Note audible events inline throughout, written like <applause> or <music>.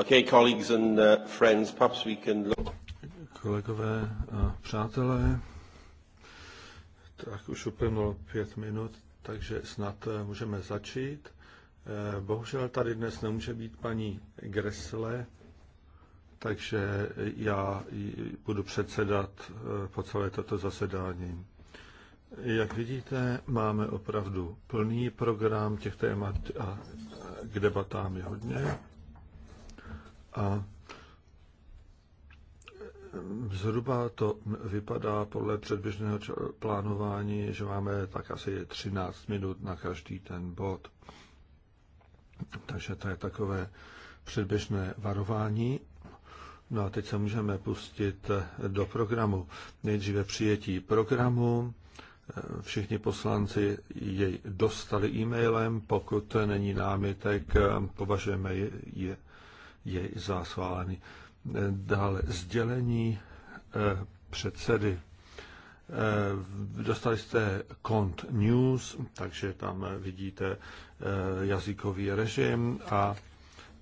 Okay, colleagues and uh, friends, perhaps we can look... Kolegové a přátelé, tak už uplynulo pět minut, takže snad eh, můžeme začít. Eh, bohužel tady dnes nemůže být paní Gresle, takže já budu předsedat eh, po celé toto zasedání. Jak vidíte, máme opravdu plný program těch témat a k debatám je hodně. A zhruba to vypadá podle předběžného plánování, že máme tak asi 13 minut na každý ten bod. Takže to je takové předběžné varování. No a teď se můžeme pustit do programu. Nejdříve přijetí programu. Všichni poslanci jej dostali e-mailem. Pokud není námitek, považujeme je je za Dále sdělení eh, předsedy. Eh, dostali jste kont News, takže tam vidíte eh, jazykový režim a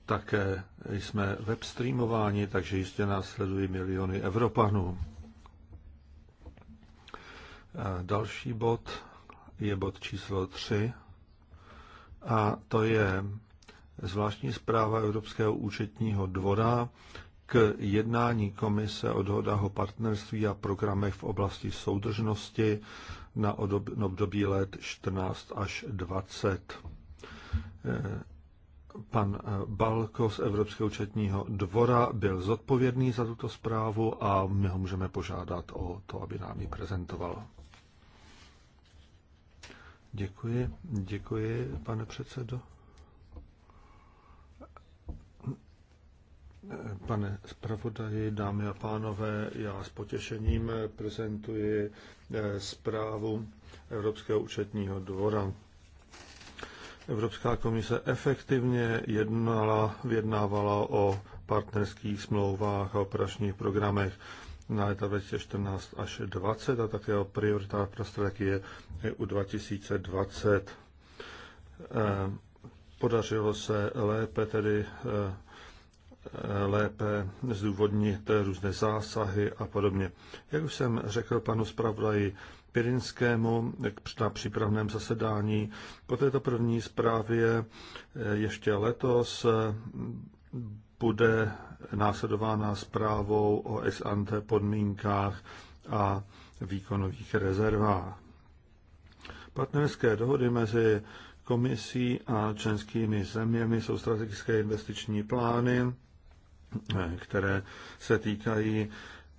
také jsme streamováni, takže jistě nás sledují miliony Evropanů. Další bod je bod číslo 3 a to je zvláštní zpráva Evropského účetního dvora k jednání komise o dohodách o partnerství a programech v oblasti soudržnosti na období let 14 až 20. Eh, pan eh, Balko z Evropského účetního dvora byl zodpovědný za tuto zprávu a my ho můžeme požádat o to, aby nám ji prezentoval. Děkuji, děkuji, pane předsedo. Pane zpravodaji, dámy a pánové, já s potěšením prezentuji eh, zprávu Evropského účetního dvora. Evropská komise efektivně jednala, vyjednávala o partnerských smlouvách a operačních programech na leta 2014 až 2020 a také o prioritách pro strategie EU 2020. Eh, podařilo se lépe tedy eh, lépe zdůvodnit různé zásahy a podobně. Jak už jsem řekl panu zpravodaji Pirinskému na přípravném zasedání, po této první zprávě eh, ještě letos eh, bude následována zprávou o ex ante podmínkách a výkonových rezervách. Partnerské dohody mezi komisí a členskými zeměmi jsou strategické investiční plány, které se týkají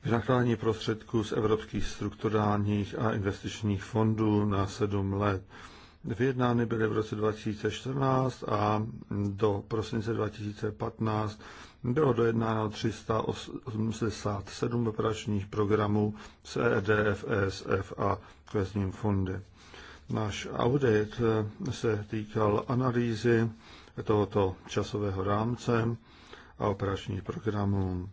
vynakládání prostředků z evropských strukturálních a investičních fondů na sedm let. Vyjednány byly v roce 2014 a do prosince 2015 bylo dojednáno 387 operačních programů z EDF, ESF a kohezním fondy. Náš audit se týkal analýzy tohoto časového rámce a operačních programů.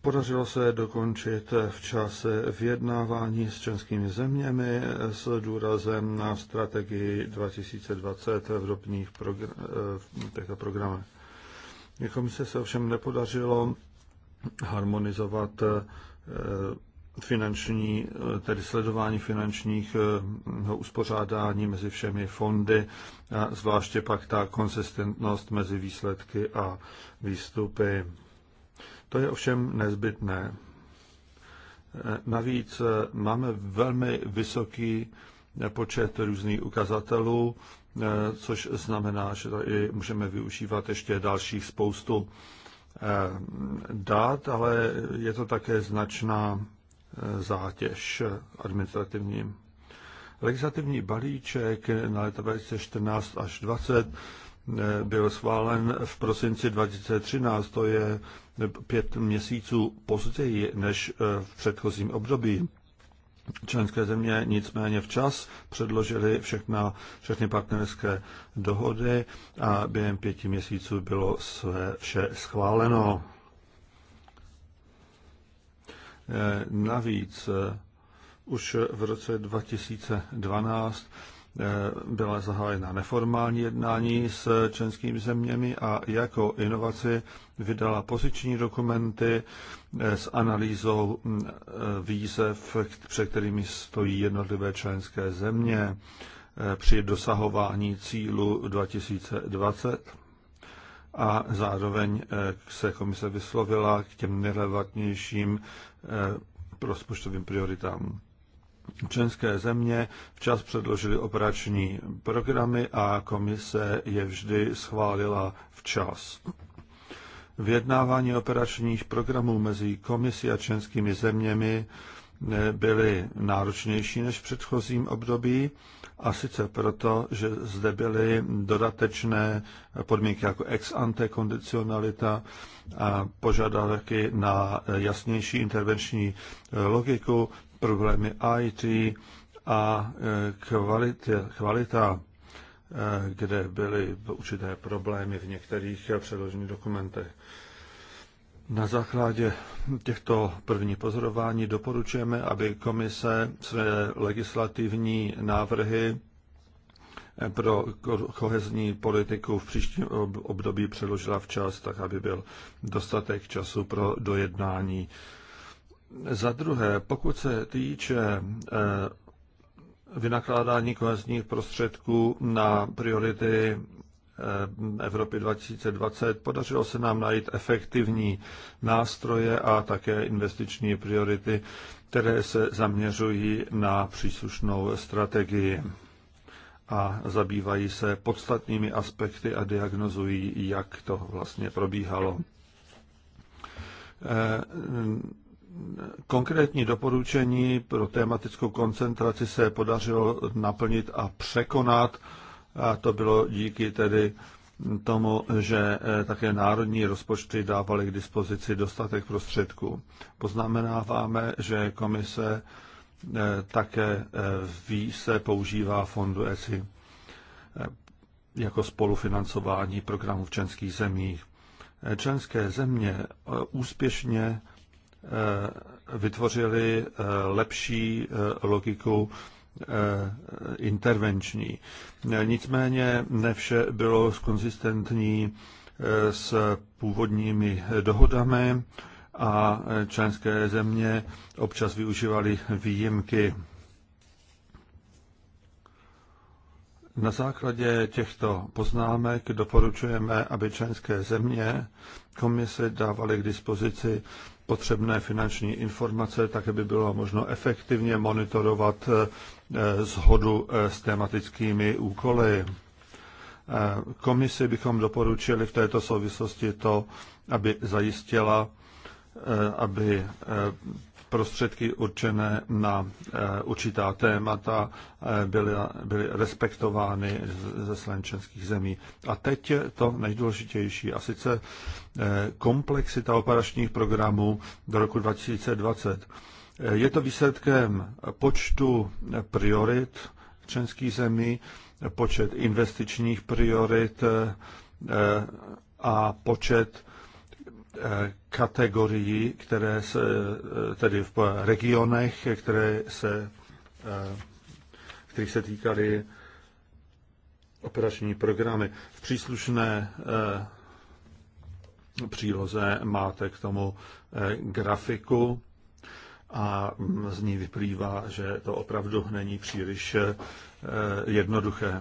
Podařilo se dokončit v čase vyjednávání s českými zeměmi s důrazem na strategii 2020 v ropných progr- těchto programech. Komise jako se ovšem nepodařilo harmonizovat eh, finanční, eh, tedy sledování finančních uspořádání mezi všemi fondy, a zvláště pak ta konsistentnost mezi výsledky a výstupy. To je ovšem nezbytné. Eh, navíc eh, máme velmi vysoký počet různých ukazatelů, což znamená, že tady můžeme využívat ještě dalších spoustu dát, ale je to také značná zátěž administrativní. Legislativní balíček na leta 2014 až 20 eh, byl schválen v prosinci 2013, to je pět měsíců později než eh, v předchozím období. Členské země nicméně včas předložili všechna, všechny partnerské dohody a během pěti měsíců bylo své vše schváleno. Eh, navíc eh, už v roce 2012 eh, byla zahájena neformální jednání s členskými zeměmi a jako inovaci vydala poziční dokumenty s analýzou mm, výzev, před kterými stojí jednotlivé členské země při dosahování cílu 2020 a zároveň eh, se komise vyslovila k těm nejrelevantnějším eh, rozpočtovým prioritám. Členské země včas předložily operační programy a komise je vždy schválila včas. Vyjednávání operačních programů mezi komisí a členskými zeměmi eh, byly náročnější než v předchozím období a sice proto, že zde byly dodatečné podmínky jako ex ante kondicionalita a požadavky na jasnější intervenční logiku, problémy IT a e, kvalita, kvalita e, kde byly určité problémy v některých předložených dokumentech. Na základě těchto prvních pozorování doporučujeme, aby komise své legislativní návrhy pro kohezní politiku v příštím období předložila včas, tak aby byl dostatek času pro dojednání. Za druhé, pokud se týče eh, vynakládání kohezních prostředků na priority Eh, Evropy 2020. Podařilo se nám najít efektivní nástroje a také investiční priority, které se zaměřují na příslušnou strategii a zabývají se podstatnými aspekty a diagnozují, jak to vlastně probíhalo. Eh, konkrétní doporučení pro tematickou koncentraci se podařilo naplnit a překonat a to bylo díky tedy tomu, že eh, také národní rozpočty dávaly k dispozici dostatek prostředků. Poznamenáváme, že komise eh, také eh, se používá fondu ESI jako spolufinancování programů v členských zemích. Členské země úspěšně vytvořily lepší logiku Eh, intervenční. Nicméně ne vše bylo konzistentní eh, s původními dohodami a členské země občas využívaly výjimky. Na základě těchto poznámek doporučujeme, aby členské země komise dávaly k dispozici potřebné finanční informace, tak aby bylo možno efektivně monitorovat zhodu eh, eh, s tematickými úkoly. Eh, komisi bychom doporučili v této souvislosti to, aby zajistila, aby prostředky určené na eh, určitá témata eh, byly, byly respektovány ze slenčenských zemí. A teď je to nejdůležitější, a sice eh, komplexita operačních programů do roku 2020. Je to výsledkem počtu priorit členských zemí, počet investičních priorit a počet kategorií, které se, tedy v regionech, které se, kterých se týkaly operační programy. V příslušné eh, příloze máte k tomu eh, grafiku a mm, z ní vyplývá, že to opravdu není příliš eh, jednoduché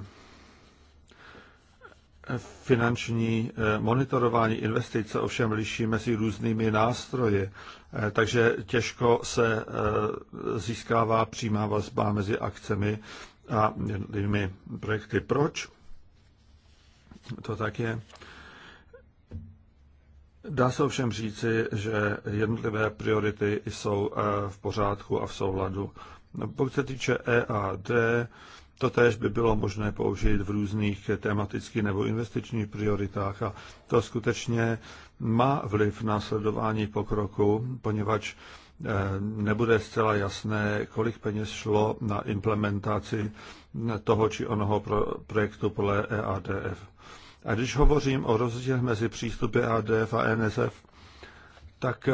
finanční eh, monitorování investic se ovšem liší mezi různými nástroji, eh, takže těžko se eh, získává přímá vazba mezi akcemi a jednotlivými projekty. Proč? To tak je. Dá se ovšem říci, že jednotlivé priority jsou v pořádku a v souladu. Pokud se týče EAD, Totež by bylo možné použít v různých tematických nebo investičních prioritách a to skutečně má vliv na sledování pokroku, poněvadž eh, nebude zcela jasné, kolik peněz šlo na implementaci toho či onoho projektu podle EADF. A když hovořím o rozdílech mezi přístupy EADF a NSF, tak eh,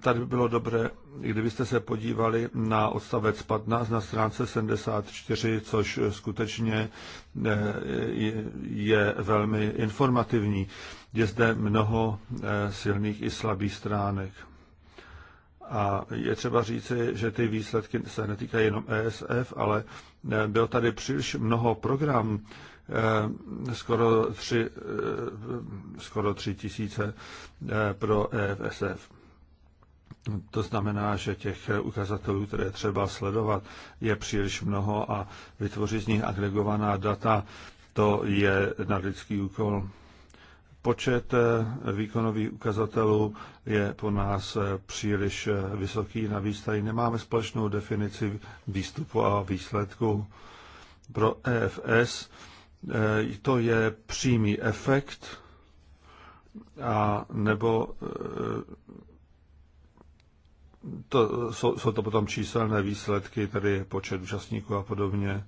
tady by bylo dobré, kdybyste se podívali na odstavec 15 na stránce 74, což eh, skutečně eh, je velmi informativní. Je zde mnoho silných i slabých stránek. A je třeba říci, že ty výsledky se netýkají jenom ESF, ale bylo tady příliš mnoho programů, Eh, skoro tři, eh, skoro tři tisíce eh, pro EFSF. To znamená, že těch ukazatelů, které třeba sledovat, je příliš mnoho a vytvořit z nich agregovaná data, to je na lidský úkol. Počet výkonových ukazatelů je po nás příliš vysoký, navíc tady nemáme společnou definici výstupu a výsledku. Pro EFS Eh, to je přímý efekt a nebo eh, to, jsou, jsou to potom číselné výsledky, tedy počet účastníků a podobně.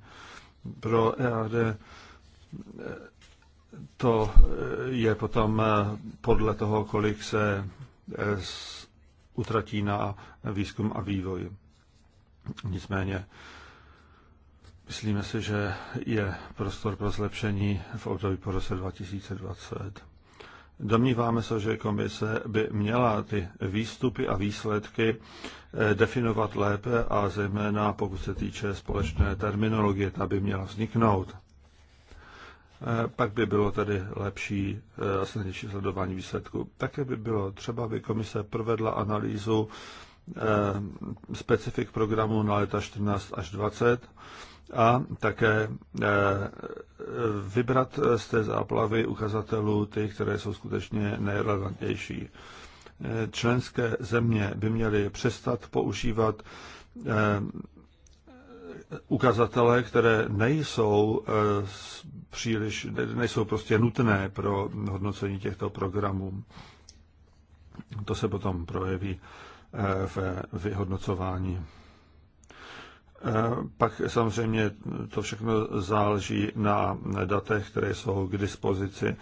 Pro EAD eh, to je potom podle toho, kolik se utratí na výzkum a vývoj. Nicméně Myslíme si, že je prostor pro zlepšení v období po roce 2020. Domníváme se, že komise by měla ty výstupy a výsledky eh, definovat lépe a zejména pokud se týče společné terminologie, ta by měla vzniknout. Eh, pak by bylo tedy lepší eh, a snadnější sledování výsledku. Také by bylo třeba, aby komise provedla analýzu specifik programu na leta 14 až 20 a také eh, vybrat z té záplavy ukazatelů ty, které jsou skutečně nejrelevantnější. Eh, členské země by měly přestat používat eh, ukazatele, které nejsou příliš, nejsou prostě nutné pro hodnocení těchto programů. To se potom projeví v vyhodnocování. Eh, pak samozřejmě to všechno záleží na datech, které jsou k dispozici.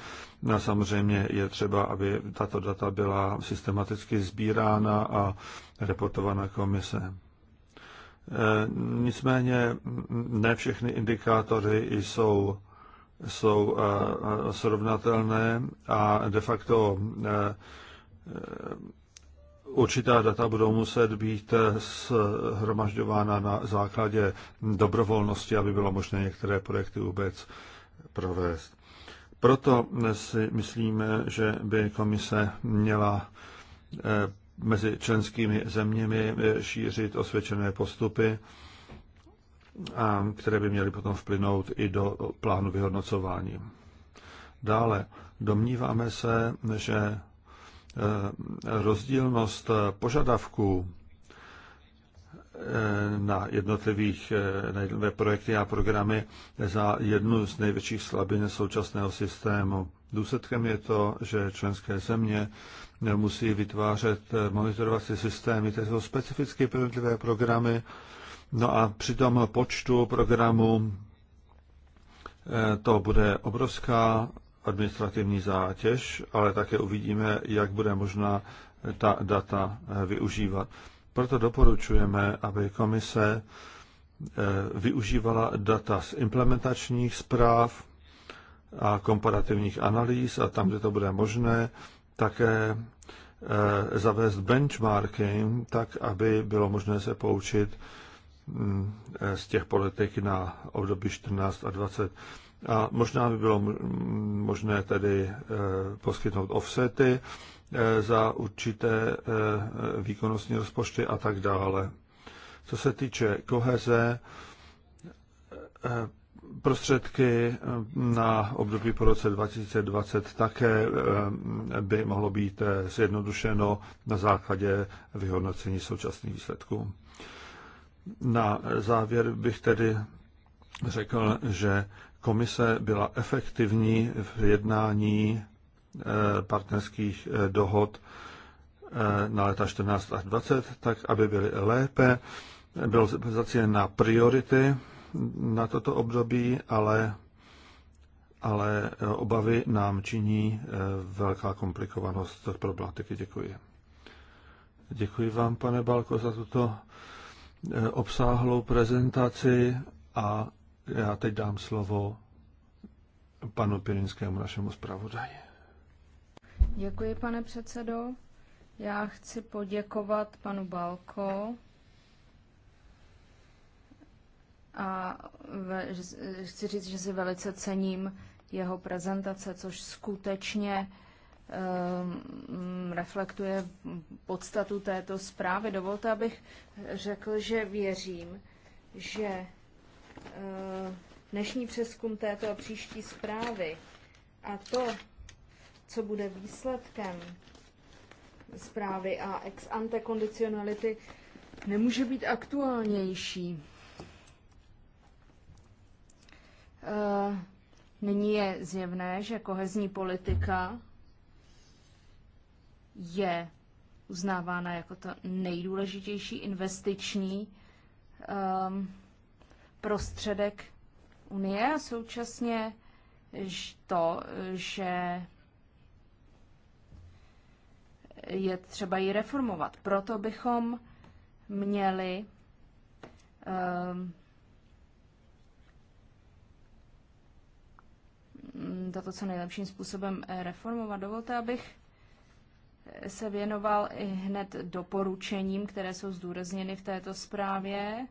A samozřejmě je třeba, aby tato data byla systematicky sbírána a reportována komise. Eh, nicméně ne všechny indikátory jsou, jsou eh, srovnatelné a de facto určitá data budou muset být eh, shromažďována na základě dobrovolnosti, aby bylo možné některé projekty vůbec provést. Proto si myslíme, že by komise měla eh, mezi členskými zeměmi eh, šířit osvědčené postupy, které by měly potom vplynout i do plánu vyhodnocování. Dále domníváme se, že Eh, rozdílnost eh, požadavků eh, na jednotlivých na jednotlivé projekty a programy za jednu z největších slabin současného systému. Důsledkem je to, že členské země musí vytvářet monitorovací systémy, které jsou specificky pro jednotlivé programy, no a při tom počtu programů to bude obrovská administrativní zátěž, ale také uvidíme, jak bude možná ta data eh, využívat. Proto doporučujeme, aby komise eh, využívala data z implementačních zpráv a komparativních analýz a tam, kde to bude možné, také eh, zavést benchmarking, tak aby bylo možné se poučit mm, z těch politik na období 14 a 20. A možná by bylo možné tedy e, poskytnout offsety e, za určité e, výkonnostní rozpočty a tak dále. Co se týče koheze, prostředky na období po roce 2020 také by mohlo být zjednodušeno na základě vyhodnocení současných výsledků. Na závěr bych tedy řekl, že komise byla efektivní v jednání eh, partnerských eh, dohod eh, na leta 14 až 20, tak aby byly lépe. Byl zacílen na priority na toto období, ale, ale obavy nám činí velká komplikovanost problematiky. Děkuji. Děkuji vám, pane Balko, za tuto obsáhlou prezentaci a já teď dám slovo panu Pirinskému, našemu zpravodaji. Děkuji, pane předsedo. Já chci poděkovat panu Balko a ve, chci říct, že si velice cením jeho prezentace, což skutečně um, reflektuje podstatu této zprávy. Dovolte, abych řekl, že věřím, že Eh, dnešní přeskum této a příští zprávy a to, co bude výsledkem zprávy a ex ante kondicionality, nemůže být aktuálnější. Eh, nyní je zjevné, že kohezní politika je uznávána jako to nejdůležitější investiční um, prostředek Unie a současně to, že je třeba ji reformovat. Proto bychom měli um, ehm, to co nejlepším způsobem reformovat. Dovolte, abych se věnoval i hned doporučením, které jsou zdůrazněny v této zprávě.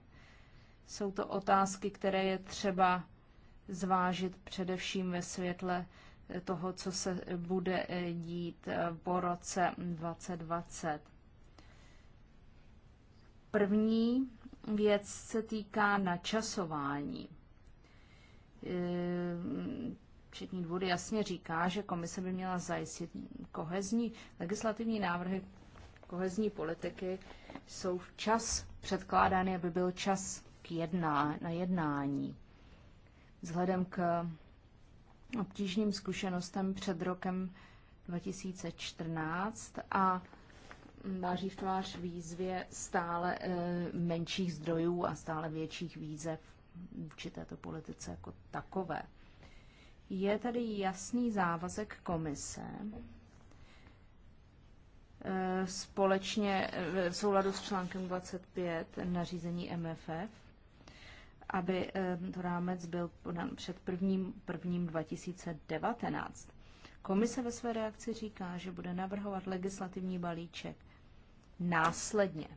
Jsou to otázky, které je třeba zvážit především ve světle toho, co se bude eh, dít eh, po roce 2020. První věc se týká načasování. Všetní eh, dvůr jasně říká, že komise by měla zajistit kohezní legislativní návrhy kohezní politiky jsou včas předkládány, aby byl čas k jedná, na jednání. Vzhledem k obtížným zkušenostem před rokem 2014 a váží v tvář výzvě stále eh, menších zdrojů a stále větších výzev vůči této politice jako takové. Je tady jasný závazek komise eh, společně eh, v souladu s článkem 25 nařízení MFF aby eh, to rámec byl před prvním, prvním 2019. Komise ve své reakci říká, že bude navrhovat legislativní balíček následně.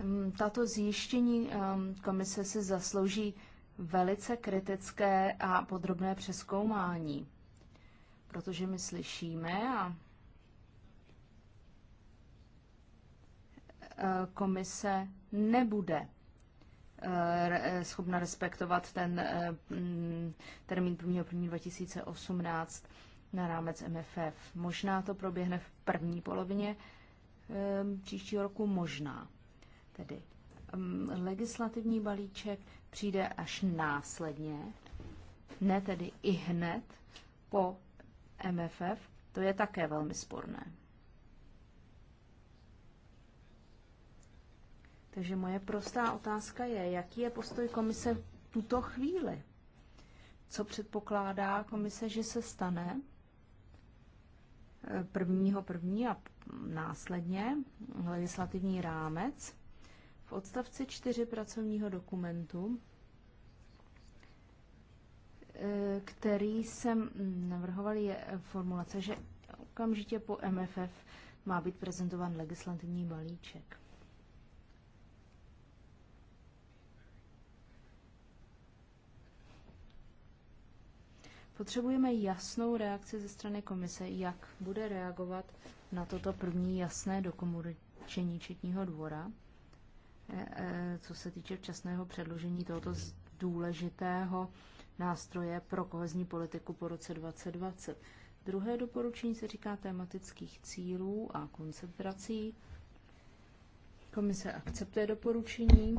Hmm, tato zjištění ehm, komise si zaslouží velice kritické a podrobné přeskoumání, protože my slyšíme a komise nebude eh, eh, schopna respektovat ten eh, mm, termín 1. 1. 2018 na rámec MFF. Možná to proběhne v první polovině příštího roku, možná. Tedy mm, legislativní balíček přijde až následně, ne tedy i hned po MFF, to je také velmi sporné. Takže moje prostá otázka je, jaký je postoj komise v tuto chvíli? Co předpokládá komise, že se stane prvního první a následně legislativní rámec? V odstavci čtyři pracovního dokumentu eh, který jsem navrhoval, je formulace, že okamžitě po MFF má být prezentovan legislativní balíček. Potřebujeme jasnou reakci ze strany komise, jak bude reagovat na toto první jasné dokumentování Četního dvora, e, e, co se týče včasného předložení tohoto důležitého nástroje pro kohezní politiku po roce 2020. Druhé doporučení se říká tematických cílů a koncentrací. Komise akceptuje doporučení,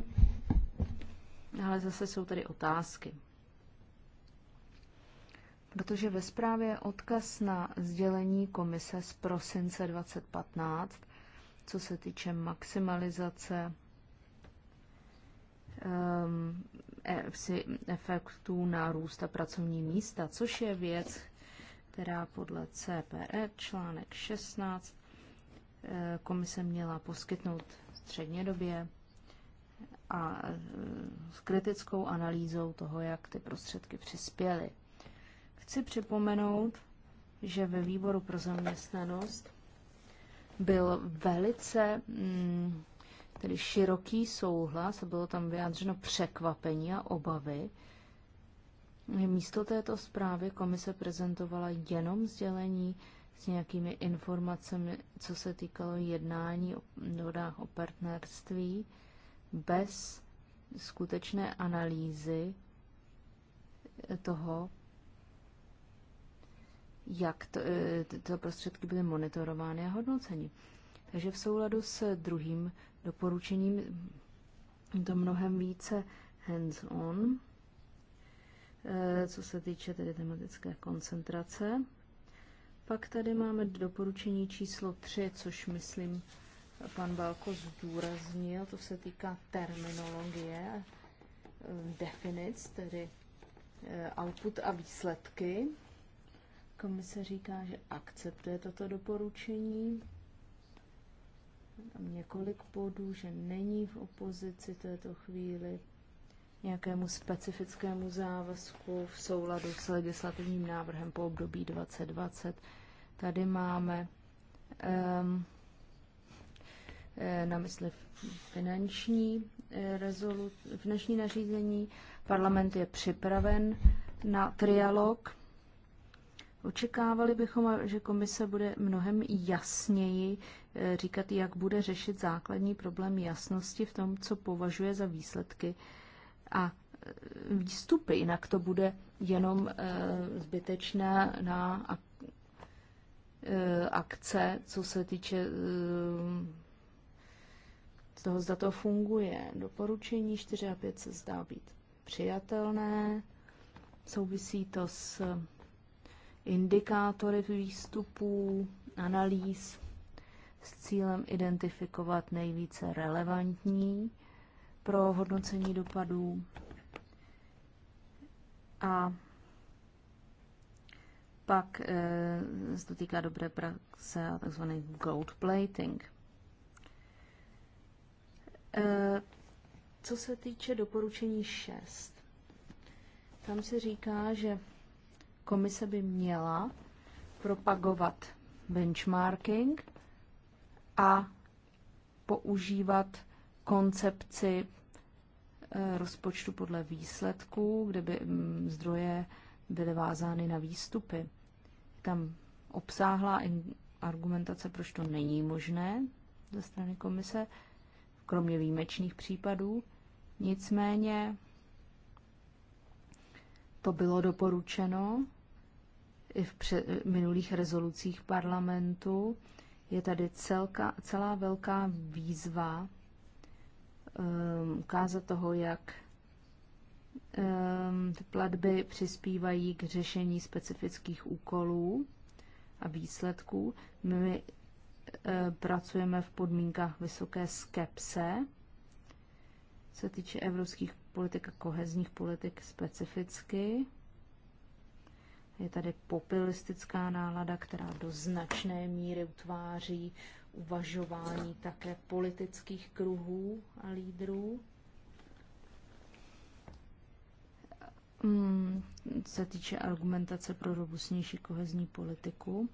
ale zase jsou tady otázky protože ve zprávě je odkaz na sdělení komise z prosince 2015, co se týče maximalizace ehm, e, efektů na růst a pracovní místa, což je věc, která podle CPE článek 16 e, komise měla poskytnout střednědobě a e, s kritickou analýzou toho, jak ty prostředky přispěly Chci připomenout, že ve výboru pro zaměstnanost byl velice mm, tedy široký souhlas, bylo tam vyjádřeno překvapení a obavy. Místo této zprávy komise prezentovala jenom sdělení s nějakými informacemi, co se týkalo jednání o dodách o partnerství, bez skutečné analýzy toho, jak to, e, tyto prostředky byly monitorovány a hodnoceny. Takže v souladu s druhým doporučením to mnohem více hands-on, e, co se týče tedy tematické koncentrace. Pak tady máme doporučení číslo 3, což myslím pan Balko zdůraznil, to se týká terminologie, e, definic, tedy output a výsledky. Komise říká, že akceptuje toto doporučení. Tam několik bodů, že není v opozici této chvíli nějakému specifickému závazku v souladu s legislativním návrhem po období 2020. Tady máme um, na mysli finanční eh, rezolu, finanční nařízení. Parlament je připraven na trialog Očekávali bychom, že komise bude mnohem jasněji eh, říkat, jak bude řešit základní problém jasnosti v tom, co považuje za výsledky a eh, výstupy, jinak to bude jenom eh, zbytečné na akce, co se týče z toho, zda to funguje. Doporučení 4 a 5 se zdá být přijatelné. Souvisí to s indikátory výstupů, analýz s cílem identifikovat nejvíce relevantní pro hodnocení dopadů a pak eh, se to týká dobré praxe a tzv. gold plating. Eh, co se týče doporučení 6, tam se říká, že Komise by měla propagovat benchmarking a používat koncepci eh, rozpočtu podle výsledků, kde by mm, zdroje byly vázány na výstupy. Tam obsáhla argumentace, proč to není možné ze strany komise, kromě výjimečných případů. Nicméně to bylo doporučeno i v před, minulých rezolucích parlamentu. Je tady celka, celá velká výzva um, ukázat toho, jak um, platby přispívají k řešení specifických úkolů a výsledků. My uh, pracujeme v podmínkách vysoké skepse, se týče evropských politik a kohezních politik specificky. Je tady populistická nálada, která do značné míry utváří uvažování také politických kruhů a lídrů. Hmm, se týče argumentace pro robustnější kohezní politiku.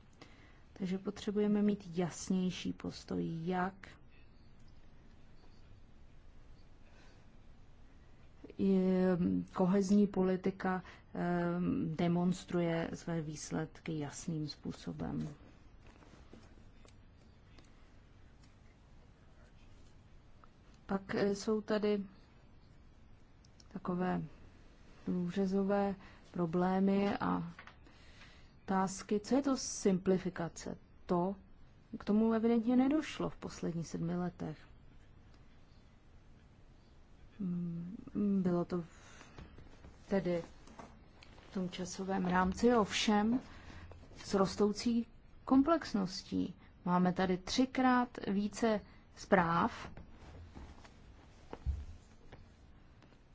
Takže potřebujeme mít jasnější postoj, jak kohezní politika Ehm, demonstruje své výsledky jasným způsobem. Pak eh, jsou tady takové průřezové problémy a tásky. Co je to simplifikace? To, k tomu evidentně nedošlo v posledních sedmi letech. Hmm, bylo to tedy tom časovém rámci, ovšem s rostoucí komplexností. Máme tady třikrát více zpráv,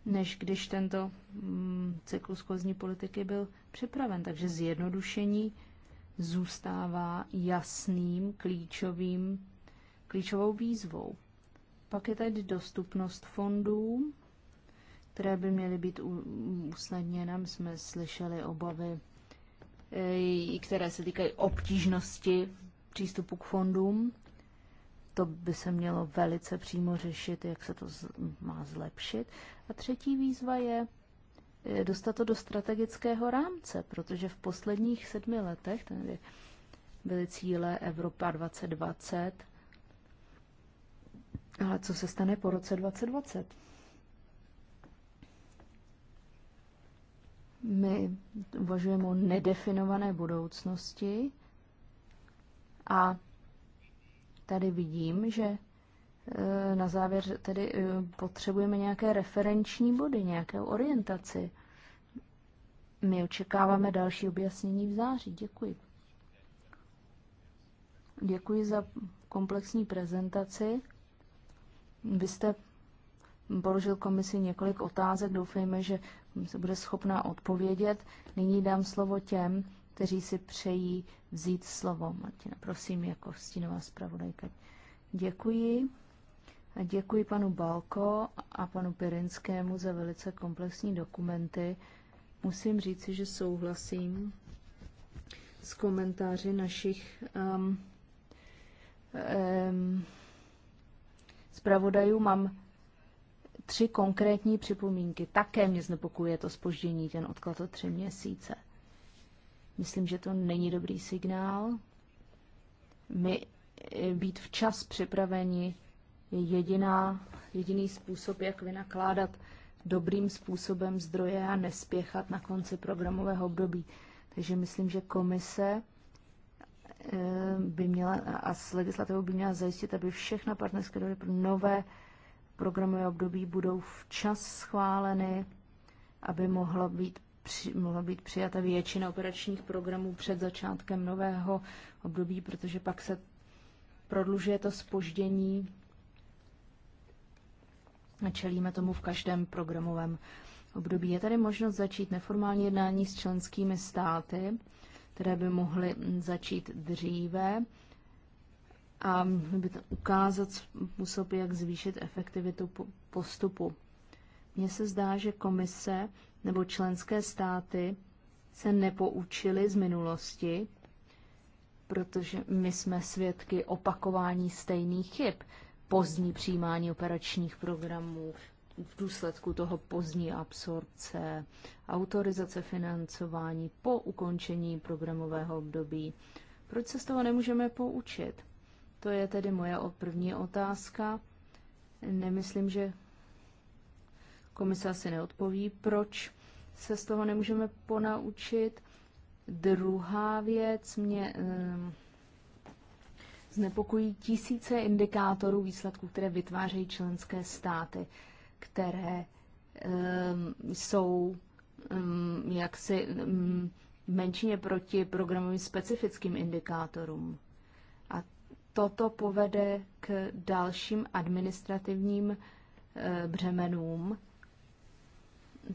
než když tento mm, cyklus kozní politiky byl připraven. Takže zjednodušení zůstává jasným, klíčovým, klíčovou výzvou. Pak je tady dostupnost fondů, které by měly být usnadněna. My jsme slyšeli obavy, eh, které se týkají obtížnosti přístupu k fondům. To by se mělo velice přímo řešit, jak se to má zlepšit. A třetí výzva je eh, dostat to do strategického rámce, protože v posledních sedmi letech tady byly cíle Evropa 2020. Ale co se stane po roce 2020? My uvažujeme o nedefinované budoucnosti a tady vidím, že eh, na závěr tedy eh, potřebujeme nějaké referenční body, nějaké orientaci. My očekáváme další objasnění v září. Děkuji. Děkuji za komplexní prezentaci. Vy jste položil komisi několik otázek. Doufejme, že se bude schopná odpovědět. Nyní dám slovo těm, kteří si přejí vzít slovo. Martina, prosím, jako stínová zpravodajka. Děkuji. A děkuji panu Balko a panu Pirinskému za velice komplexní dokumenty. Musím říci, že souhlasím s komentáři našich um, um, zpravodajů. Mám tři konkrétní připomínky. Také mě znepokuje to spoždění, ten odklad o tři měsíce. Myslím, že to není dobrý signál. My eh, být včas připraveni je jediná, jediný způsob, jak vynakládat dobrým způsobem zdroje a nespěchat na konci programového období. Takže myslím, že komise eh, by měla a s legislativou by měla zajistit, aby všechna partnerské dohody pro nové programové období budou včas schváleny, aby mohla být, při, mohla být přijata většina operačních programů před začátkem nového období, protože pak se prodlužuje to spoždění a čelíme tomu v každém programovém období. Je tady možnost začít neformální jednání s členskými státy, které by mohly začít dříve a by to ukázat způsoby, jak zvýšit efektivitu postupu. Mně se zdá, že komise nebo členské státy se nepoučily z minulosti, protože my jsme svědky opakování stejných chyb. Pozdní přijímání operačních programů, v důsledku toho pozdní absorpce, autorizace financování po ukončení programového období. Proč se z toho nemůžeme poučit? To je tedy moje první otázka. Nemyslím, že komise asi neodpoví, proč se z toho nemůžeme ponaučit. Druhá věc mě ehm, znepokojí tisíce indikátorů výsledků, které vytvářejí členské státy, které ehm, jsou ehm, jaksi menšině proti programovým specifickým indikátorům toto povede k dalším administrativním eh, břemenům.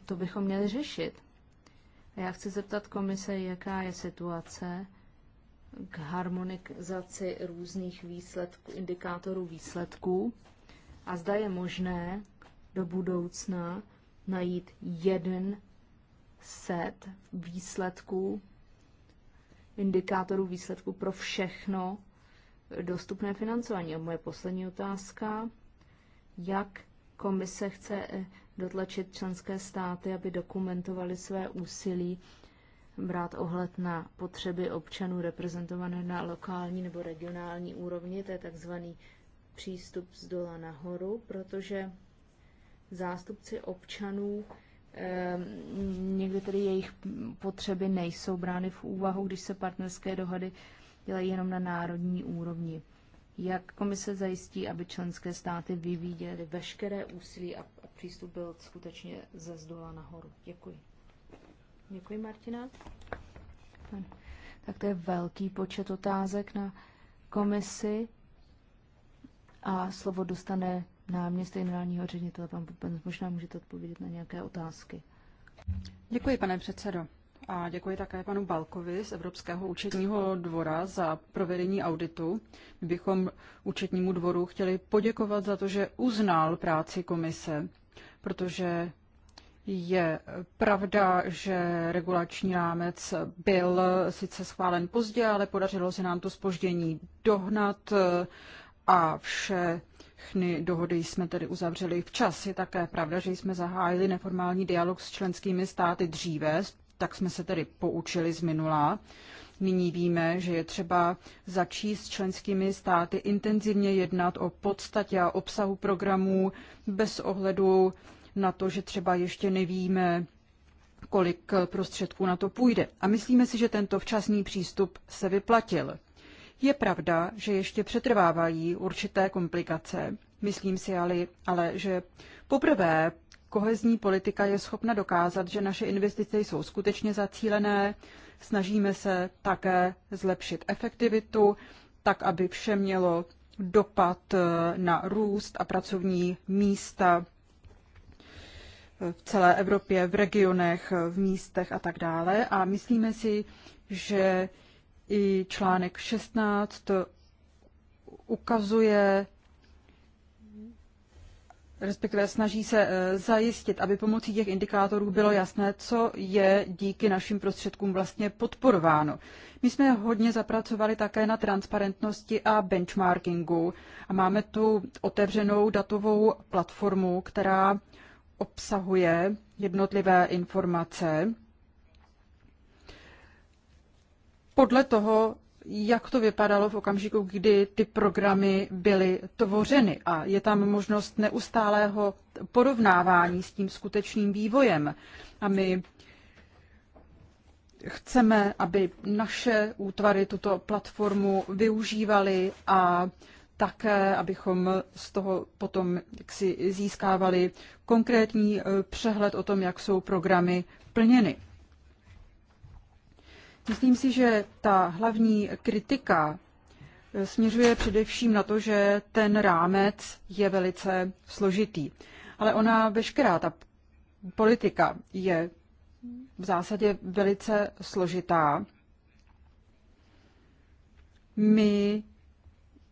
To bychom měli řešit. já chci zeptat komise, jaká je situace k harmonizaci různých výsledků, indikátorů výsledků a zda je možné do budoucna najít jeden set výsledků, indikátorů výsledků pro všechno, dostupné financování. A moje poslední otázka, jak komise chce eh, dotlačit členské státy, aby dokumentovali své úsilí brát ohled na potřeby občanů reprezentované na lokální nebo regionální úrovni, to je takzvaný přístup z dola nahoru, protože zástupci občanů eh, někdy tedy jejich potřeby nejsou brány v úvahu, když se partnerské dohody eh, dělají jenom na národní úrovni. Jak komise zajistí, aby členské státy vyvíjely veškeré úsilí a přístup byl skutečně ze zdola nahoru? Děkuji. Děkuji, Martina. Tak to je velký počet otázek na komisi a slovo dostane náměstek generálního ředitele. Pan Pupen, možná můžete odpovědět na nějaké otázky. Děkuji, pane předsedo. A děkuji také panu Balkovi z Evropského účetního dvora za provedení auditu. My bychom účetnímu dvoru chtěli poděkovat za to, že uznal práci komise, protože je pravda, že regulační rámec byl sice schválen pozdě, ale podařilo se nám to spoždění dohnat a vše všechny dohody jsme tedy uzavřeli včas. Je také pravda, že jsme zahájili neformální dialog s členskými státy dříve, tak jsme se tedy poučili z minula. Nyní víme, že je třeba začít s členskými státy intenzivně jednat o podstatě a obsahu programů bez ohledu na to, že třeba ještě nevíme, kolik prostředků na to půjde. A myslíme si, že tento včasný přístup se vyplatil. Je pravda, že ještě přetrvávají určité komplikace. Myslím si ale, ale že poprvé kohezní politika je schopna dokázat, že naše investice jsou skutečně zacílené. Snažíme se také zlepšit efektivitu, tak aby vše mělo dopad eh, na růst a pracovní místa v celé Evropě, v regionech, eh, v místech a tak dále. A myslíme si, že i článek 16 ukazuje respektive snaží se eh, zajistit, aby pomocí těch indikátorů bylo jasné, co je díky našim prostředkům vlastně podporováno. My jsme hodně zapracovali také na transparentnosti a benchmarkingu a máme tu otevřenou datovou platformu, která obsahuje jednotlivé informace podle toho, jak to vypadalo v okamžiku, kdy ty programy byly tvořeny. A je tam možnost neustálého porovnávání s tím skutečným vývojem. A my chceme, aby naše útvary tuto platformu využívaly a také, abychom z toho potom jaksi získávali konkrétní eh, přehled o tom, jak jsou programy plněny. Myslím si, že ta hlavní kritika eh, směřuje především na to, že ten rámec je velice složitý. Ale ona veškerá, ta politika je v zásadě velice složitá. My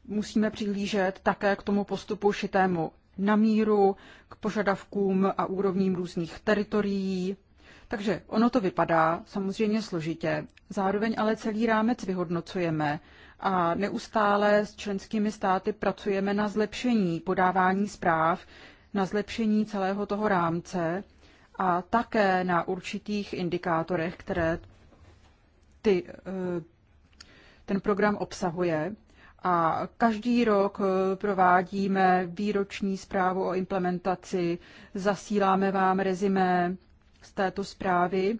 musíme přihlížet také k tomu postupu šitému na míru, k požadavkům a úrovním různých teritorií, takže ono to vypadá samozřejmě složitě, zároveň ale celý rámec vyhodnocujeme a neustále s členskými státy pracujeme na zlepšení podávání zpráv, na zlepšení celého toho rámce a také na určitých indikátorech, které ty, eh, ten program obsahuje. A každý rok eh, provádíme výroční zprávu o implementaci, zasíláme vám rezime z této zprávy.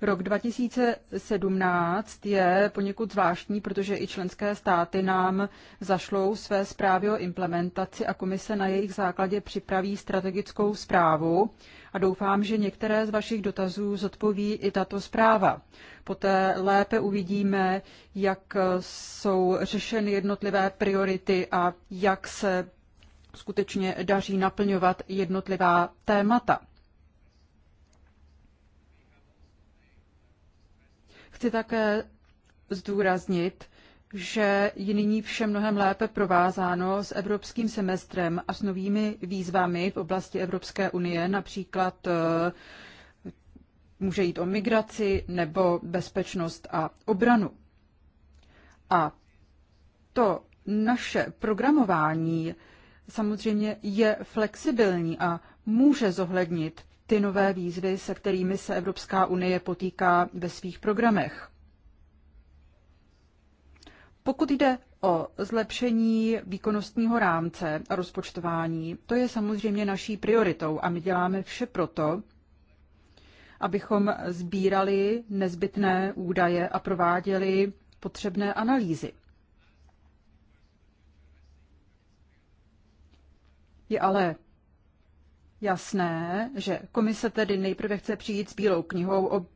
Rok 2017 je poněkud zvláštní, protože i členské státy nám zašlou své zprávy o implementaci a komise na jejich základě připraví strategickou zprávu a doufám, že některé z vašich dotazů zodpoví i tato zpráva. Poté lépe uvidíme, jak jsou řešeny jednotlivé priority a jak se skutečně daří naplňovat jednotlivá témata. Chci také zdůraznit, že je nyní vše mnohem lépe provázáno s evropským semestrem a s novými výzvami v oblasti Evropské unie, například eh, může jít o migraci nebo bezpečnost a obranu. A to naše programování samozřejmě je flexibilní a může zohlednit ty nové výzvy, se kterými se Evropská unie potýká ve svých programech. Pokud jde o zlepšení výkonnostního rámce a rozpočtování, to je samozřejmě naší prioritou a my děláme vše proto, abychom sbírali nezbytné údaje a prováděli potřebné analýzy. Je ale jasné, že komise tedy nejprve chce přijít s bílou knihou o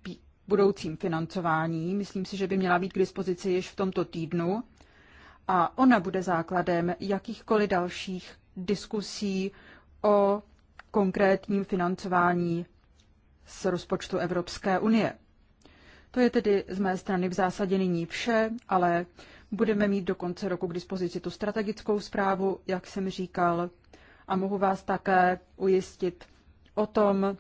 budoucím financování. Myslím si, že by měla být k dispozici již v tomto týdnu. A ona bude základem jakýchkoliv dalších diskusí o konkrétním financování z rozpočtu Evropské unie. To je tedy z mé strany v zásadě nyní vše, ale budeme mít do konce roku k dispozici tu strategickou zprávu, jak jsem říkal, a mohu vás také ujistit o tom,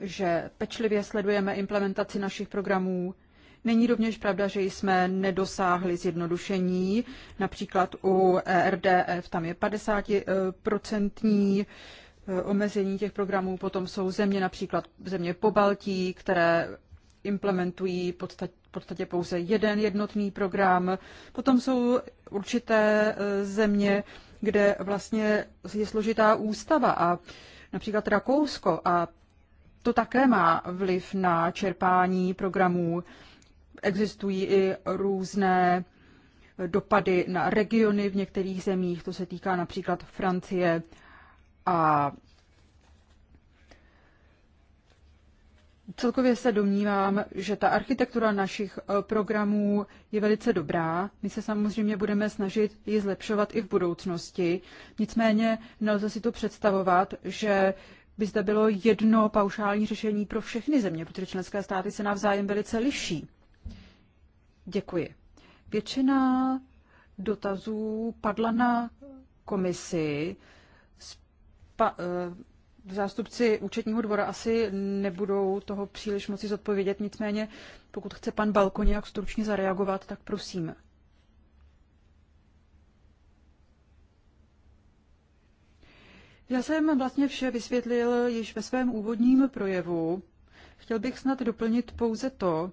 že pečlivě sledujeme implementaci našich programů. Není rovněž pravda, že jsme nedosáhli zjednodušení. Například u ERDF e tam je 50% eh, omezení těch programů. Potom jsou země, například země po Baltí, které implementují v podstatě pouze jeden jednotný program. Potom jsou určité eh, země, kde vlastně je složitá ústava a například Rakousko a to také má vliv na čerpání programů. Existují i různé dopady na regiony v některých zemích, to se týká například Francie a Celkově se domnívám, že ta architektura našich eh, programů je velice dobrá. My se samozřejmě budeme snažit ji zlepšovat i v budoucnosti. Nicméně nelze si to představovat, že by zde bylo jedno paušální řešení pro všechny země, protože členské státy se navzájem velice liší. Děkuji. Většina dotazů padla na komisi. Spa, eh, zástupci účetního dvora asi nebudou toho příliš moci zodpovědět, nicméně pokud chce pan Balko nějak stručně zareagovat, tak prosím. Já jsem vlastně vše vysvětlil již ve svém úvodním projevu. Chtěl bych snad doplnit pouze to,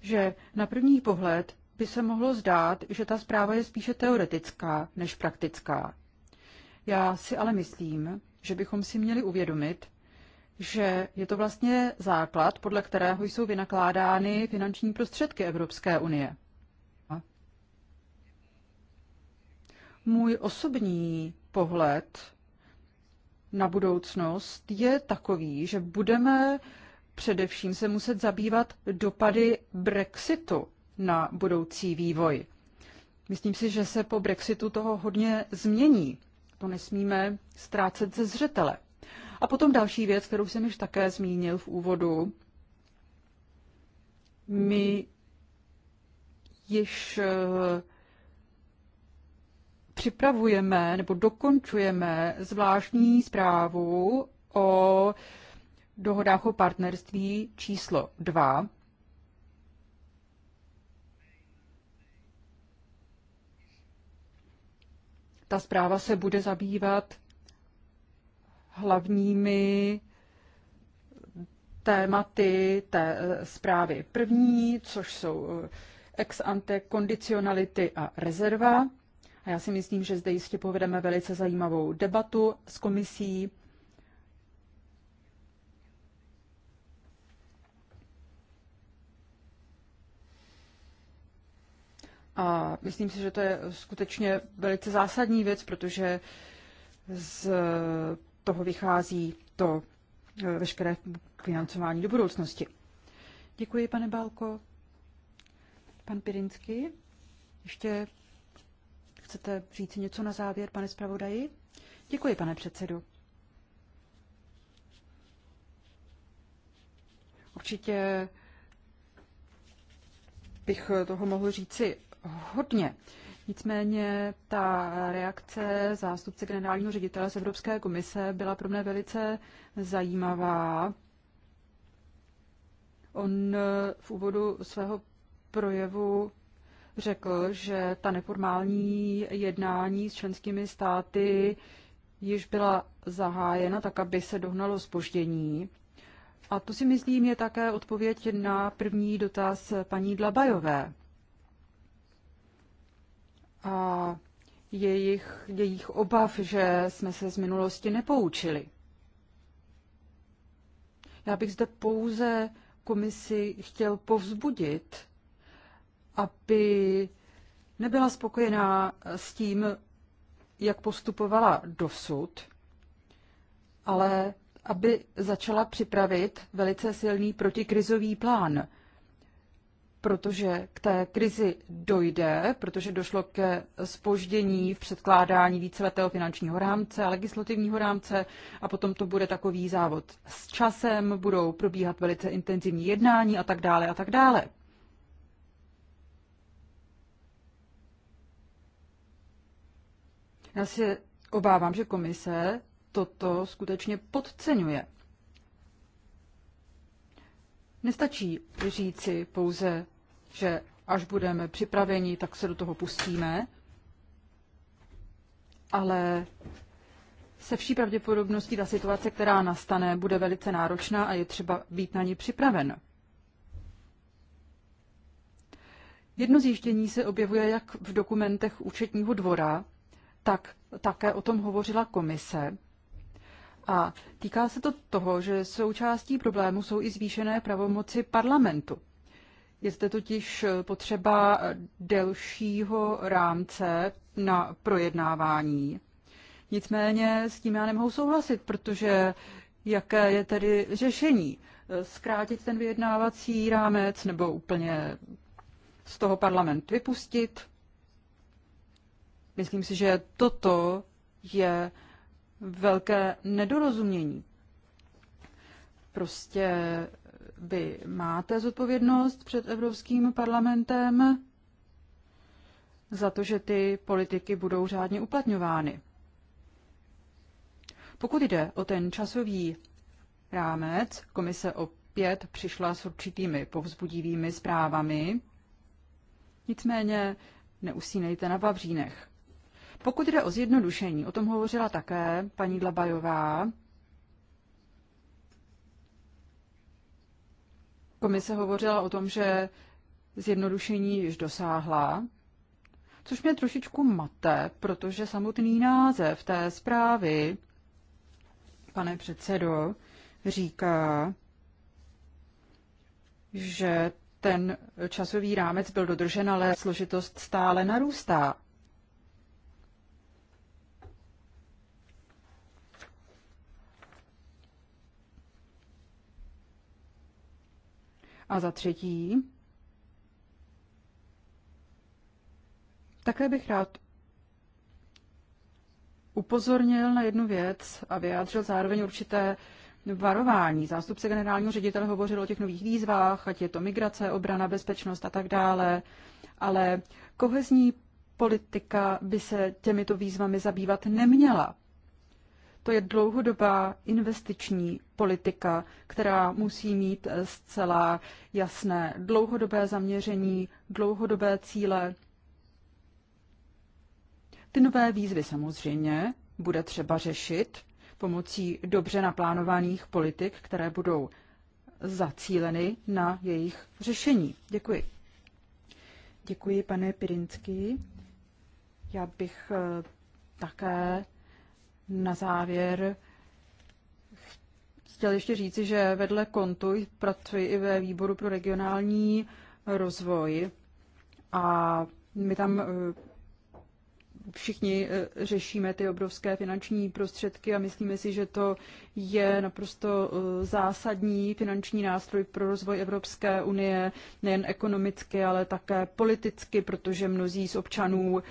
že na první pohled by se mohlo zdát, že ta zpráva je spíše teoretická než praktická. Já si ale myslím, že bychom si měli uvědomit, že je to vlastně základ, podle kterého jsou vynakládány finanční prostředky Evropské unie. Můj osobní pohled na budoucnost je takový, že budeme především se muset zabývat dopady Brexitu na budoucí vývoj. Myslím si, že se po Brexitu toho hodně změní. To nesmíme ztrácet ze zřetele. A potom další věc, kterou jsem již také zmínil v úvodu. My již eh, připravujeme nebo dokončujeme zvláštní zprávu o dohodách o partnerství číslo 2, ta zpráva se bude zabývat hlavními tématy té eh, zprávy první, což jsou eh, ex ante kondicionality a rezerva. A já si myslím, že zde jistě povedeme velice zajímavou debatu s komisí A myslím si, že to je skutečně velice zásadní věc, protože z toho vychází to eh, veškeré financování do budoucnosti. Děkuji, pane Bálko. Pan Pirinsky, ještě chcete říct něco na závěr, pane zpravodaji? Děkuji, pane předsedu. Určitě bych toho mohl říci hodně. Nicméně ta reakce zástupce generálního ředitele z Evropské komise byla pro mě velice zajímavá. On eh, v úvodu svého projevu řekl, že ta neformální jednání s členskými státy již byla zahájena tak, aby se dohnalo zpoždění. A to si myslím je také odpověď na první dotaz paní Dlabajové a jejich, jejich obav, že jsme se z minulosti nepoučili. Já bych zde pouze komisi chtěl povzbudit, aby nebyla spokojená s tím, jak postupovala dosud, ale aby začala připravit velice silný protikrizový plán – protože k té krizi dojde, protože došlo ke spoždění v předkládání víceletého finančního rámce a legislativního rámce a potom to bude takový závod s časem, budou probíhat velice intenzivní jednání a tak dále a tak dále. Já se obávám, že komise toto skutečně podceňuje. Nestačí říci pouze že až budeme připraveni, tak se do toho pustíme. Ale se vší pravděpodobností ta situace, která nastane, bude velice náročná a je třeba být na ní připraven. Jedno zjištění se objevuje jak v dokumentech účetního dvora, tak také o tom hovořila komise. A týká se to toho, že součástí problému jsou i zvýšené pravomoci parlamentu. Je zde totiž eh, potřeba eh, delšího rámce na projednávání. Nicméně s tím já nemohu souhlasit, protože jaké je tedy řešení? Eh, zkrátit ten vyjednávací rámec nebo úplně z toho parlament vypustit? Myslím si, že toto je velké nedorozumění. Prostě vy máte zodpovědnost před Evropským parlamentem za to, že ty politiky budou řádně uplatňovány. Pokud jde o ten časový rámec, komise opět přišla s určitými povzbudivými zprávami, nicméně neusínejte na Vavřínech. Pokud jde o zjednodušení, o tom hovořila také paní Dlabajová, Komise hovořila o tom, že zjednodušení již dosáhla, což mě trošičku mate, protože samotný název té zprávy, pane předsedo, říká, že ten časový rámec byl dodržen, ale složitost stále narůstá. A za třetí, také bych rád upozornil na jednu věc a vyjádřil zároveň určité varování. Zástupce generálního ředitele hovořil o těch nových výzvách, ať je to migrace, obrana, bezpečnost a tak dále, ale kohezní politika by se těmito výzvami zabývat neměla. To je dlouhodobá investiční politika, která musí mít eh, zcela jasné dlouhodobé zaměření, dlouhodobé cíle. Ty nové výzvy samozřejmě bude třeba řešit pomocí dobře naplánovaných politik, které budou zacíleny na jejich řešení. Děkuji. Děkuji, pane Pirinsky. Já bych eh, také na závěr chtěl ještě říci, že vedle kontu pracuji i ve výboru pro regionální rozvoj a my tam eh, všichni eh, řešíme ty obrovské finanční prostředky a myslíme si, že to je naprosto eh, zásadní finanční nástroj pro rozvoj Evropské unie, nejen ekonomicky, ale také politicky, protože mnozí z občanů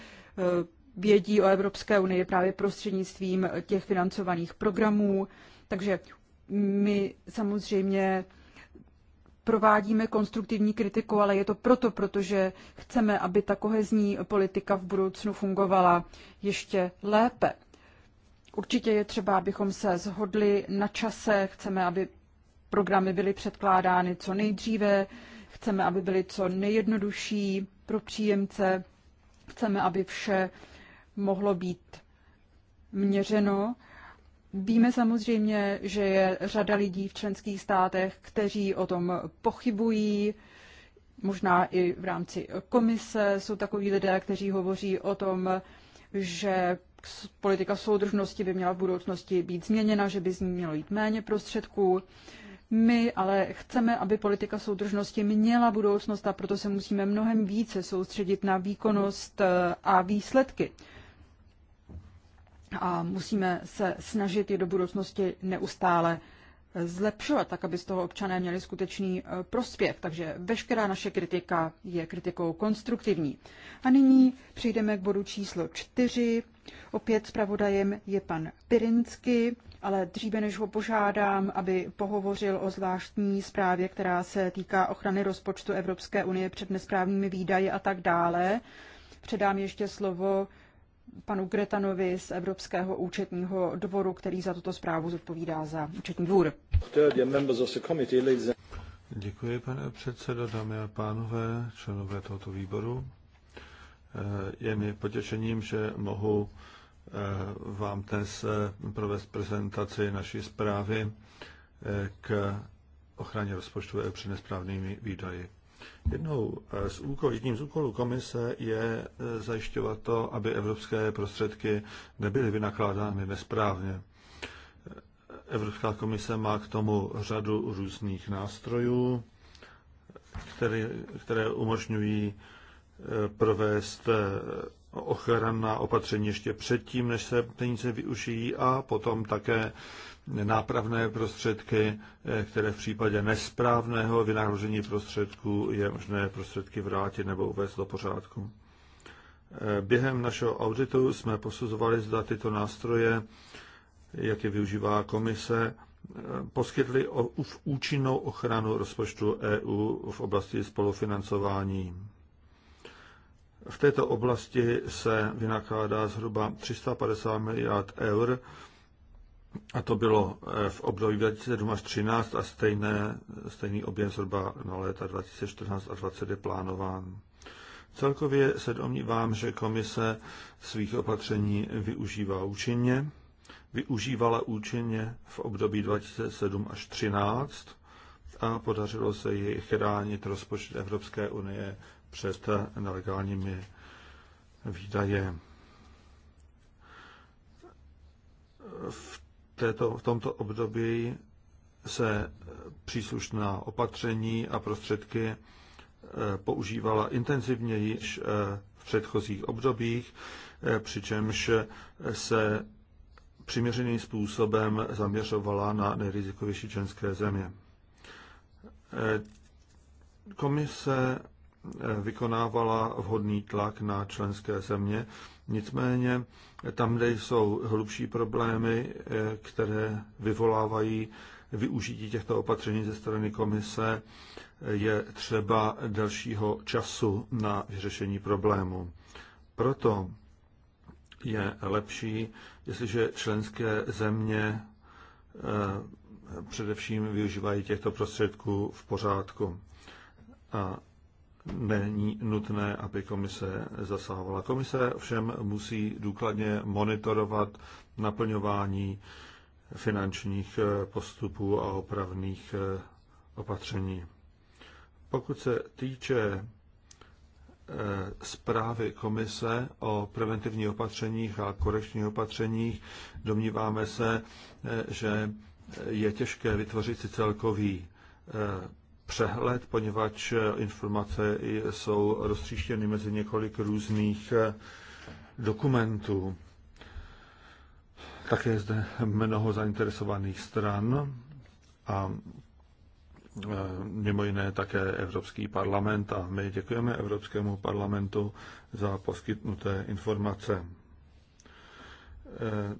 vědí o Evropské unii právě prostřednictvím těch financovaných programů. Takže my samozřejmě provádíme konstruktivní kritiku, ale je to proto, protože chceme, aby ta kohezní politika v budoucnu fungovala ještě lépe. Určitě je třeba, abychom se zhodli na čase, chceme, aby programy byly předkládány co nejdříve, chceme, aby byly co nejjednodušší pro příjemce, chceme, aby vše mohlo být měřeno. Víme samozřejmě, že je řada lidí v členských státech, kteří o tom pochybují, možná i v rámci komise jsou takoví lidé, kteří hovoří o tom, že politika soudržnosti by měla v budoucnosti být změněna, že by z ní mělo jít méně prostředků. My ale chceme, aby politika soudržnosti měla budoucnost a proto se musíme mnohem více soustředit na výkonnost eh, a výsledky a musíme se snažit i do budoucnosti neustále zlepšovat, tak aby z toho občané měli skutečný e, prospěch. Takže veškerá naše kritika je kritikou konstruktivní. A nyní přejdeme k bodu číslo čtyři. Opět zpravodajem je pan Pirinsky, ale dříve než ho požádám, aby pohovořil o zvláštní zprávě, která se týká ochrany rozpočtu Evropské unie před nesprávnými výdaji a tak dále, předám ještě slovo panu Gretanovi z Evropského účetního dvoru, který za tuto zprávu zodpovídá za účetní dvůr. Děkuji, pane předsedo, dámy a pánové, členové tohoto výboru. Eh, je mi potěšením, že mohu eh, vám dnes eh, provést prezentaci naší zprávy k ochraně rozpočtu před nesprávnými výdaji. Jednou eh, z úkol, jedním z úkolů komise je eh, zajišťovat to, aby evropské prostředky nebyly vynakládány nesprávně. Eh, Evropská komise má k tomu řadu různých nástrojů, které, které umožňují provést ochranná opatření ještě předtím, než se peníze využijí a potom také nápravné prostředky, eh, které v případě nesprávného vynaložení prostředků je možné prostředky vrátit nebo uvést do pořádku. Eh, Během našeho auditu jsme posuzovali, zda tyto nástroje, jak je využívá komise, eh, poskytly účinnou ochranu rozpočtu EU v oblasti spolufinancování. V této oblasti se vynakládá zhruba 350 miliard eur a to bylo eh, v období 2007 až 2013 a stejné, stejný objem zhruba na léta 2014 a 2020 je plánován. Celkově se domnívám, že komise svých opatření využívá účinně. Využívala účinně v období 2007 až 2013 a podařilo se jí chránit rozpočet Evropské unie před nelegálními výdaje. V této, v tomto období se příslušná opatření a prostředky eh, používala intenzivněji než eh, v předchozích obdobích, eh, přičemž se přiměřeným způsobem zaměřovala na nejrizikovější členské země. Komise vykonávala vhodný tlak na členské země, Nicméně tam, kde jsou hlubší problémy, eh, které vyvolávají využití těchto opatření ze strany komise, eh, je třeba dalšího času na vyřešení problému. Proto je lepší, jestliže členské země eh, především využívají těchto prostředků v pořádku. A není nutné, aby komise zasahovala. Komise všem musí důkladně monitorovat naplňování finančních eh, postupů a opravných eh, opatření. Pokud se týče eh, zprávy komise o preventivních opatřeních a korekčních opatřeních, domníváme se, že je těžké vytvořit si celkový přehled, poněvadž informace jsou roztříštěny mezi několik různých eh, dokumentů. Také je zde mnoho zainteresovaných stran a eh, mimo jiné také Evropský parlament a my děkujeme Evropskému parlamentu za poskytnuté informace. Eh,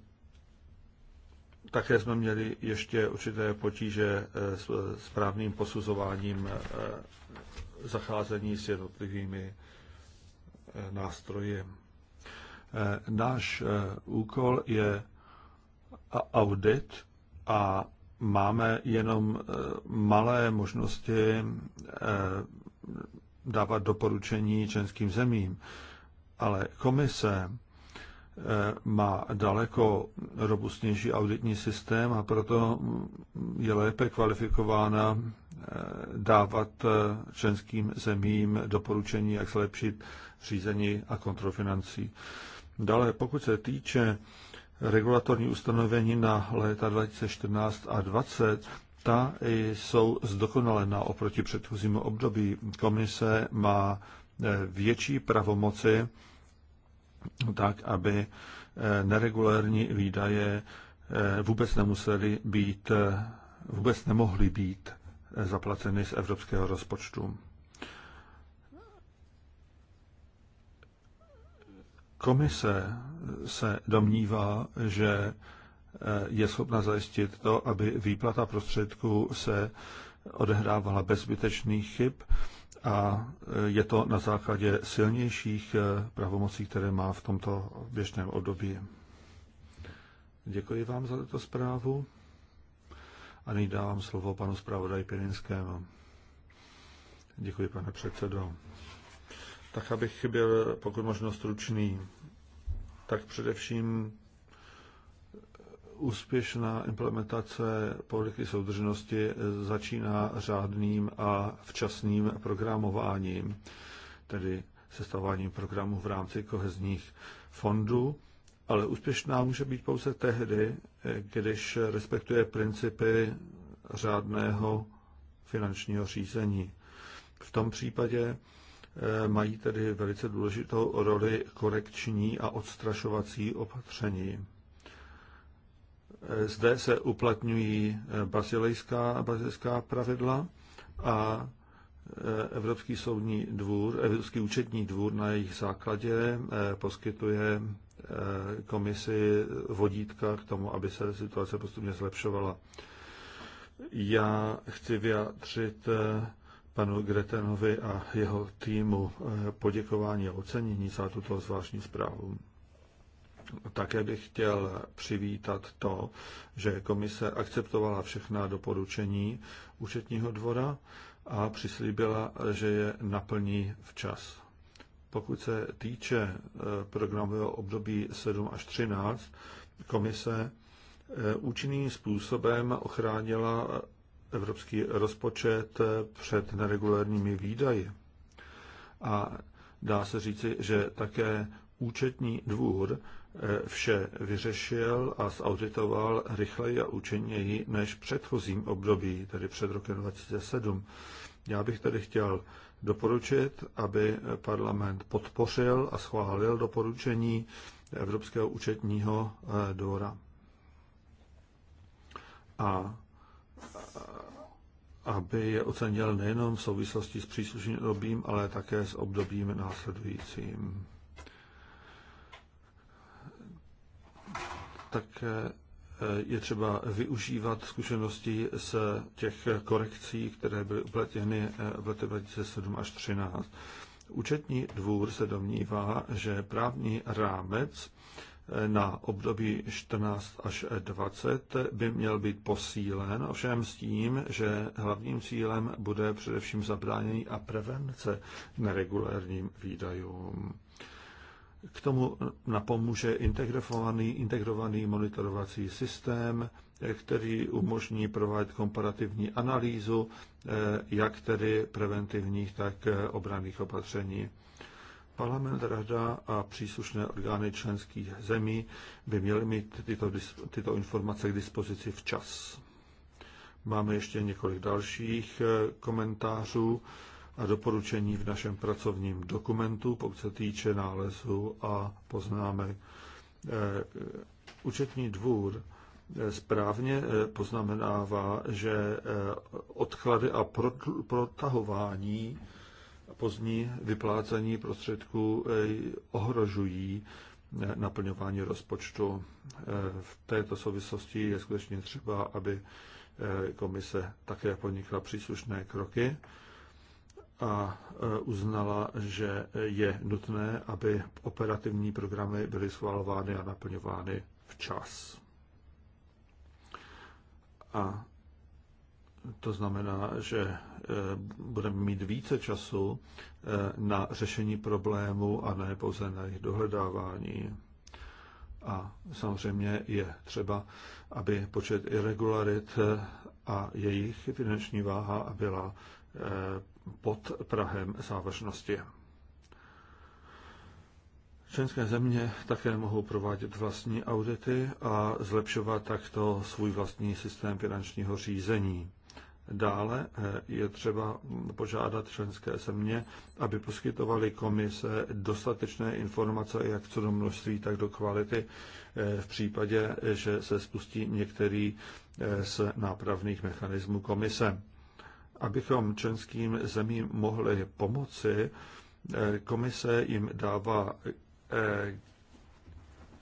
také jsme měli ještě určité potíže eh, s správným posuzováním eh, zacházení s jednotlivými eh, nástroji. Náš úkol je audit a máme jenom malé možnosti dávat doporučení členským zemím, ale komise Eh, má daleko robustnější auditní systém a proto je lépe kvalifikována eh, dávat eh, členským zemím doporučení, jak zlepšit řízení a kontrol financí. Dále, pokud se týče regulatorní ustanovení na léta 2014 a 2020, ta jsou zdokonalena oproti předchozímu období. Komise má větší pravomoci tak, aby eh, neregulérní výdaje eh, vůbec nemusely být, eh, vůbec nemohly být zaplaceny z evropského rozpočtu. Komise se domnívá, že je schopna zajistit to, aby výplata prostředků se odehrávala bez zbytečných chyb a e, je to na základě silnějších e, pravomocí, které má v tomto běžném období. Děkuji vám za tuto zprávu a nyní dávám slovo panu zpravodaji Pěninskému. Děkuji, pane předsedo. Tak abych byl pokud možno stručný, tak především úspěšná implementace politiky soudržnosti začíná řádným a včasným programováním, tedy sestavováním programů v rámci kohezních fondů, ale úspěšná může být pouze tehdy, když respektuje principy řádného finančního řízení. V tom případě eh, mají tedy velice důležitou roli korekční a odstrašovací opatření. Zde se uplatňují eh, basilejská, basilejská pravidla a eh, Evropský soudní dvůr, eh, Evropský účetní dvůr na jejich základě poskytuje komisi vodítka k tomu, aby se situace postupně zlepšovala. Já chci vyjádřit panu Gretenovi a jeho týmu poděkování a ocenění za tuto zvláštní zprávu. Také bych chtěl přivítat to, že komise akceptovala všechna doporučení účetního dvora a přislíbila, že je naplní včas. Pokud se týče eh, programového období 7 až 13, komise eh, účinným způsobem ochránila evropský rozpočet eh, před neregulérními výdaji. A dá se říci, že také účetní dvůr vše vyřešil a zauditoval rychleji a účinněji než v předchozím období, tedy před rokem 2007. Já bych tedy chtěl doporučit, aby parlament podpořil a schválil doporučení Evropského účetního eh, dvora. A aby je ocenil nejenom v souvislosti s příslušným obdobím, ale také s obdobím následujícím. tak eh, je třeba využívat zkušenosti z těch korekcí, které byly uplatěny eh, v letech 2007 až 2013. Účetní dvůr se domnívá, že právní rámec eh, na období 14 až 20 by měl být posílen, ovšem s tím, že hlavním cílem bude především zabránění a prevence neregulérním výdajům. K tomu napomůže integrovaný, integrovaný monitorovací systém, eh, který umožní provádět komparativní analýzu eh, jak tedy preventivních, tak eh, obraných opatření. Parlament, rada a příslušné orgány členských zemí by měly mít tyto, tyto informace k dispozici včas. Máme ještě několik dalších komentářů a doporučení v našem pracovním dokumentu, pokud se týče nálezu a poznámek. Eh, účetní dvůr eh, správně eh, poznamenává, že odklady a protahování pozdní vyplácení prostředků ohrožují naplňování rozpočtu. V této souvislosti je skutečně třeba, aby komise také podnikla příslušné kroky a e, uznala, že je nutné, aby operativní programy byly schvalovány a naplňovány včas. A to znamená, že e, budeme mít více času e, na řešení problémů a ne pouze na jejich dohledávání. A samozřejmě je třeba, aby počet irregularit a jejich finanční váha byla pod Prahem závažnosti. Členské země také mohou provádět vlastní audity a zlepšovat takto svůj vlastní systém finančního řízení. Dále eh, je třeba požádat členské země, aby poskytovaly komise dostatečné informace jak co do množství, tak do kvality eh, v případě, že se spustí některý eh, z nápravných mechanismů komise abychom členským zemím mohli pomoci, eh, komise jim dává, eh,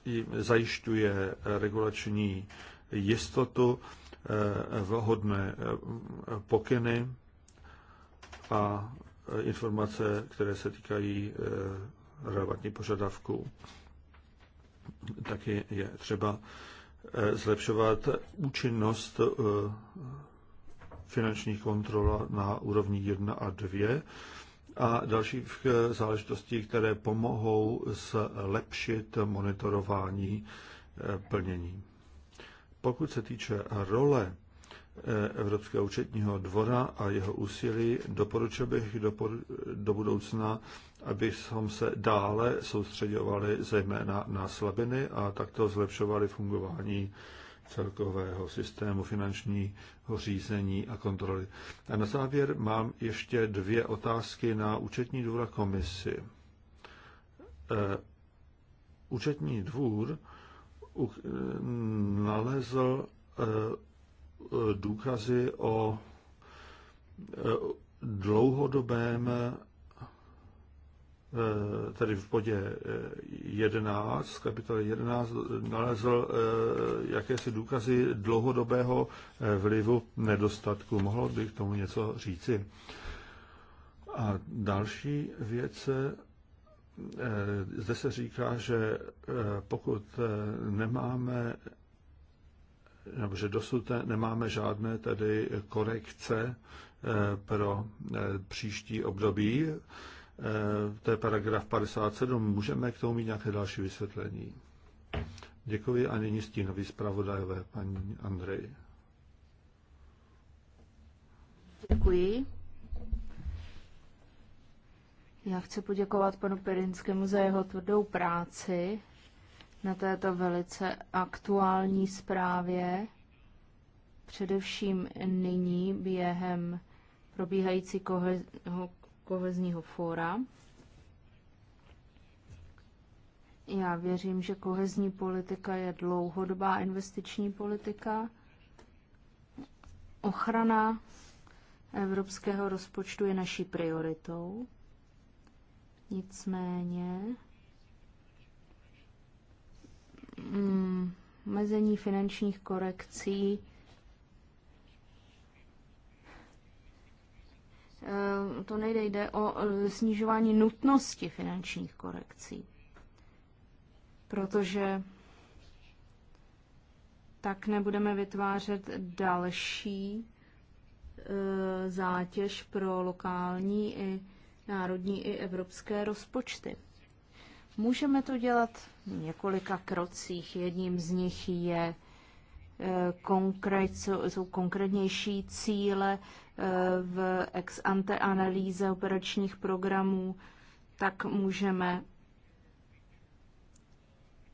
jim zajišťuje regulační jistotu, eh, vhodné pokyny a informace, které se týkají relevantní požadavků. Taky je třeba zlepšovat účinnost finanční kontrola na úrovni 1 a 2 a dalších eh, záležitostí, které pomohou zlepšit monitorování eh, plnění. Pokud se týče role eh, Evropského účetního dvora a jeho úsilí, doporučil bych do, do budoucna, abychom se dále soustředovali zejména na slabiny a takto zlepšovali fungování celkového systému finančního řízení a kontroly. A na závěr mám ještě dvě otázky na účetní dvůr a komisi. Eh, účetní dvůr nalezl eh, důkazy o eh, dlouhodobém Eh, tedy v bodě 11, eh, kapitole 11, nalezl eh, jakési důkazy dlouhodobého vlivu nedostatku. Mohlo bych tomu něco říci? A další věc, zde se říká, že pokud nemáme, nebo že dosud nemáme žádné tedy korekce pro příští období, Eh, to je paragraf 57, můžeme k tomu mít nějaké další vysvětlení. Děkuji a nyní stínový zpravodajové, paní Andrej. Děkuji. Já chci poděkovat panu Perinskému za jeho tvrdou práci na této velice aktuální zprávě, především nyní během probíhající kohezního fóra. Já věřím, že kohezní politika je dlouhodobá investiční politika. Ochrana evropského rozpočtu je naší prioritou. Nicméně mm, mezení finančních korekcí Eh, to nejde, jde o eh, snižování nutnosti finančních korekcí. Protože tak nebudeme vytvářet další eh, zátěž pro lokální i národní i evropské rozpočty. Můžeme to dělat v několika krocích. Jedním z nich je konkrét, jsou konkrétnější cíle eh, v ex ante analýze operačních programů, tak můžeme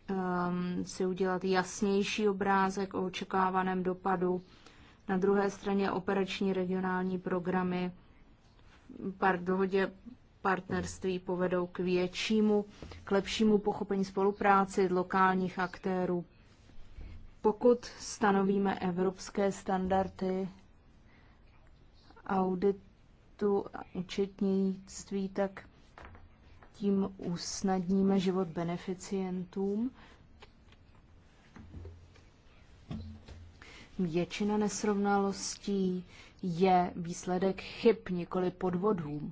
ehm, si udělat jasnější obrázek o očekávaném dopadu. Na druhé straně operační regionální programy par dohodě partnerství povedou k většímu, k lepšímu pochopení spolupráci lokálních aktérů, pokud stanovíme evropské standardy auditu a účetnictví, tak tím usnadníme život beneficientům. Většina nesrovnalostí je výsledek chyb, nikoli podvodů.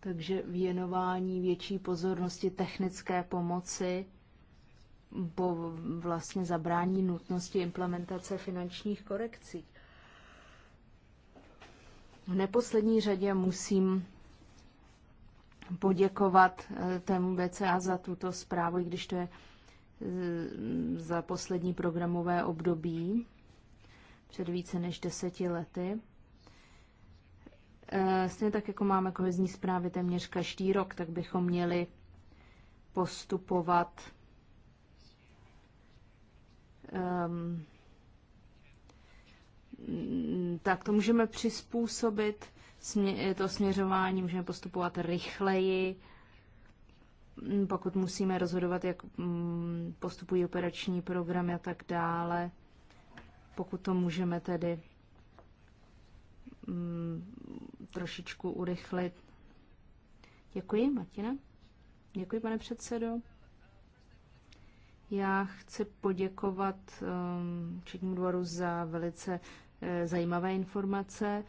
Takže věnování větší pozornosti technické pomoci bo vlastně zabrání nutnosti implementace finančních korekcí. V neposlední řadě musím poděkovat eh, tému BCA za tuto zprávu, i když to je eh, za poslední programové období před více než deseti lety. Eh, stejně tak, jako máme kohezní zprávy téměř každý rok, tak bychom měli postupovat um, tak to můžeme přizpůsobit to směřování, můžeme postupovat rychleji, mm, pokud musíme rozhodovat, jak mm, postupují operační programy a tak dále, pokud to můžeme tedy mm, trošičku urychlit. Děkuji, Martina. Děkuji, pane předsedo. Já chci poděkovat ehm, Četnímu dvoru za velice eh, zajímavé informace.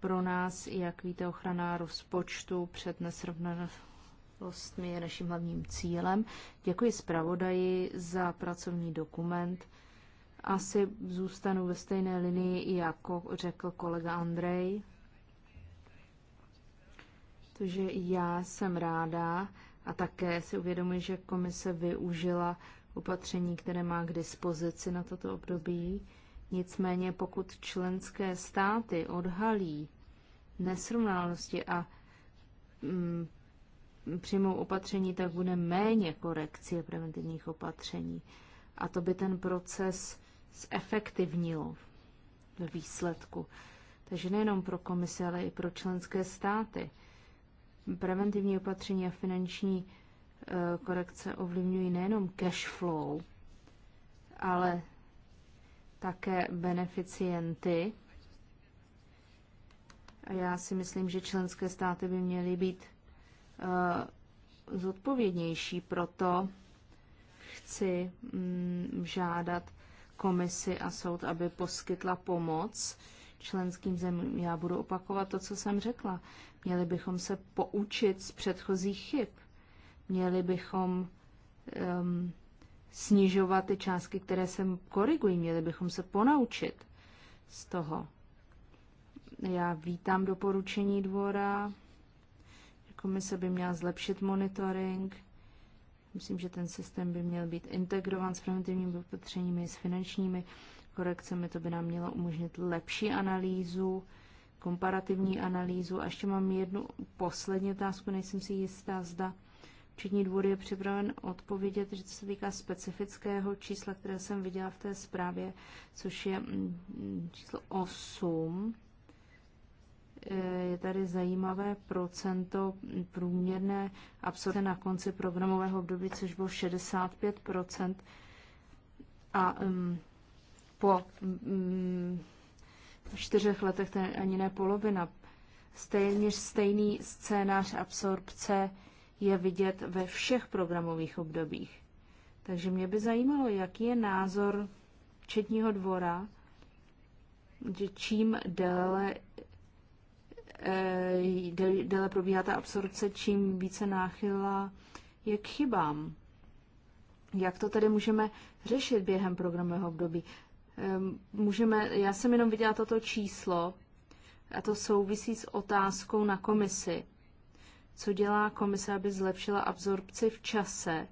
Pro nás, jak víte, ochrana rozpočtu před nesrovnanostmi je naším hlavním cílem. Děkuji zpravodaji za pracovní dokument. Asi zůstanu ve stejné linii, jako řekl kolega Andrej. Takže já jsem ráda a také si uvědomuji, že komise využila opatření, které má k dispozici na toto období. Nicméně pokud členské státy odhalí nesrovnalosti a mm, přijmou opatření, tak bude méně korekcí a preventivních opatření. A to by ten proces zefektivnilo ve výsledku. Takže nejenom pro komise, ale i pro členské státy. Preventivní opatření a finanční Eh, korekce ovlivňují nejenom cash flow, ale také beneficienty. A já si myslím, že členské státy by měly být uh, zodpovědnější, proto chci mm, žádat komisi a soud, aby poskytla pomoc členským zemím. Já budu opakovat to, co jsem řekla. Měli bychom se poučit z předchozích chyb. Měli bychom um, snižovat ty částky, které se korigují. Měli bychom se ponaučit z toho. Já vítám doporučení dvora. Komise by měla zlepšit monitoring. Myslím, že ten systém by měl být integrován s preventivními opatřeními, s finančními korekcemi. To by nám mělo umožnit lepší analýzu, komparativní analýzu. A ještě mám jednu poslední otázku, nejsem si jistá, zda Účetní dvůr je připraven odpovědět, že se týká specifického čísla, které jsem viděla v té zprávě, což je mm, číslo 8, e, je tady zajímavé procento průměrné absorce na konci programového období, což bylo 65 a um, po um, čtyřech letech to ani ne polovina. Stejně stejný scénář absorpce je vidět ve všech programových obdobích. Takže mě by zajímalo, jaký je názor Četního dvora, že čím déle, eh, déle probíhá ta absorpce, čím více náchyla je k chybám. Jak to tedy můžeme řešit během programového období? Ehm, můžeme, já jsem jenom viděla toto číslo a to souvisí s otázkou na komisi co dělá komise, aby zlepšila absorpci v čase,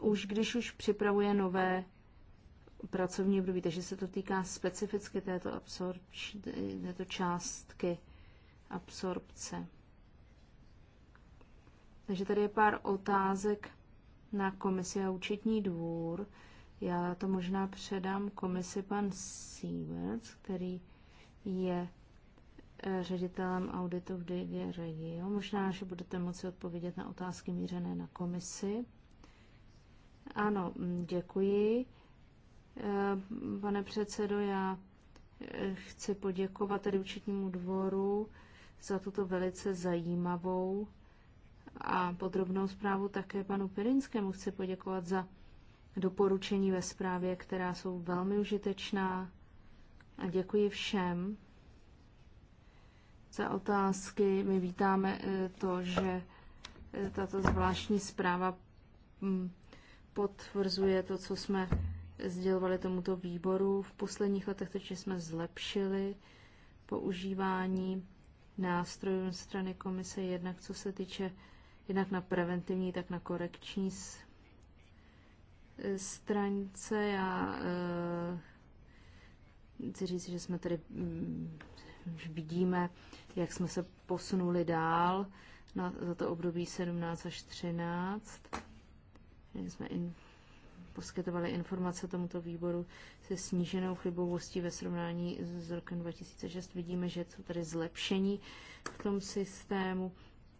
už když už připravuje nové pracovní období, takže se to týká specificky této, absorpč, této částky absorpce. Takže tady je pár otázek na komisi a účetní dvůr. Já to možná předám komisi pan Sievers, který je ředitelem auditu v DG Regio. Možná, že budete moci odpovědět na otázky mířené na komisi. Ano, děkuji. Eh, pane předsedo, já eh, chci poděkovat tady účetnímu dvoru za tuto velice zajímavou a podrobnou zprávu také panu Pirinskému. Chci poděkovat za doporučení ve zprávě, která jsou velmi užitečná a děkuji všem, za otázky. My vítáme eh, to, že eh, tato zvláštní zpráva mm, potvrzuje to, co jsme sdělovali tomuto výboru. V posledních letech takže jsme zlepšili používání nástrojů strany komise, jednak co se týče jednak na preventivní, tak na korekční eh, stránce. Já e, chci říct, že jsme tady mm, vidíme, jak jsme se posunuli dál na, za to období 17 až 13. Jsme in, poskytovali informace tomuto výboru se sníženou chybovostí ve srovnání s rokem 2006. Vidíme, že jsou tady zlepšení v tom systému.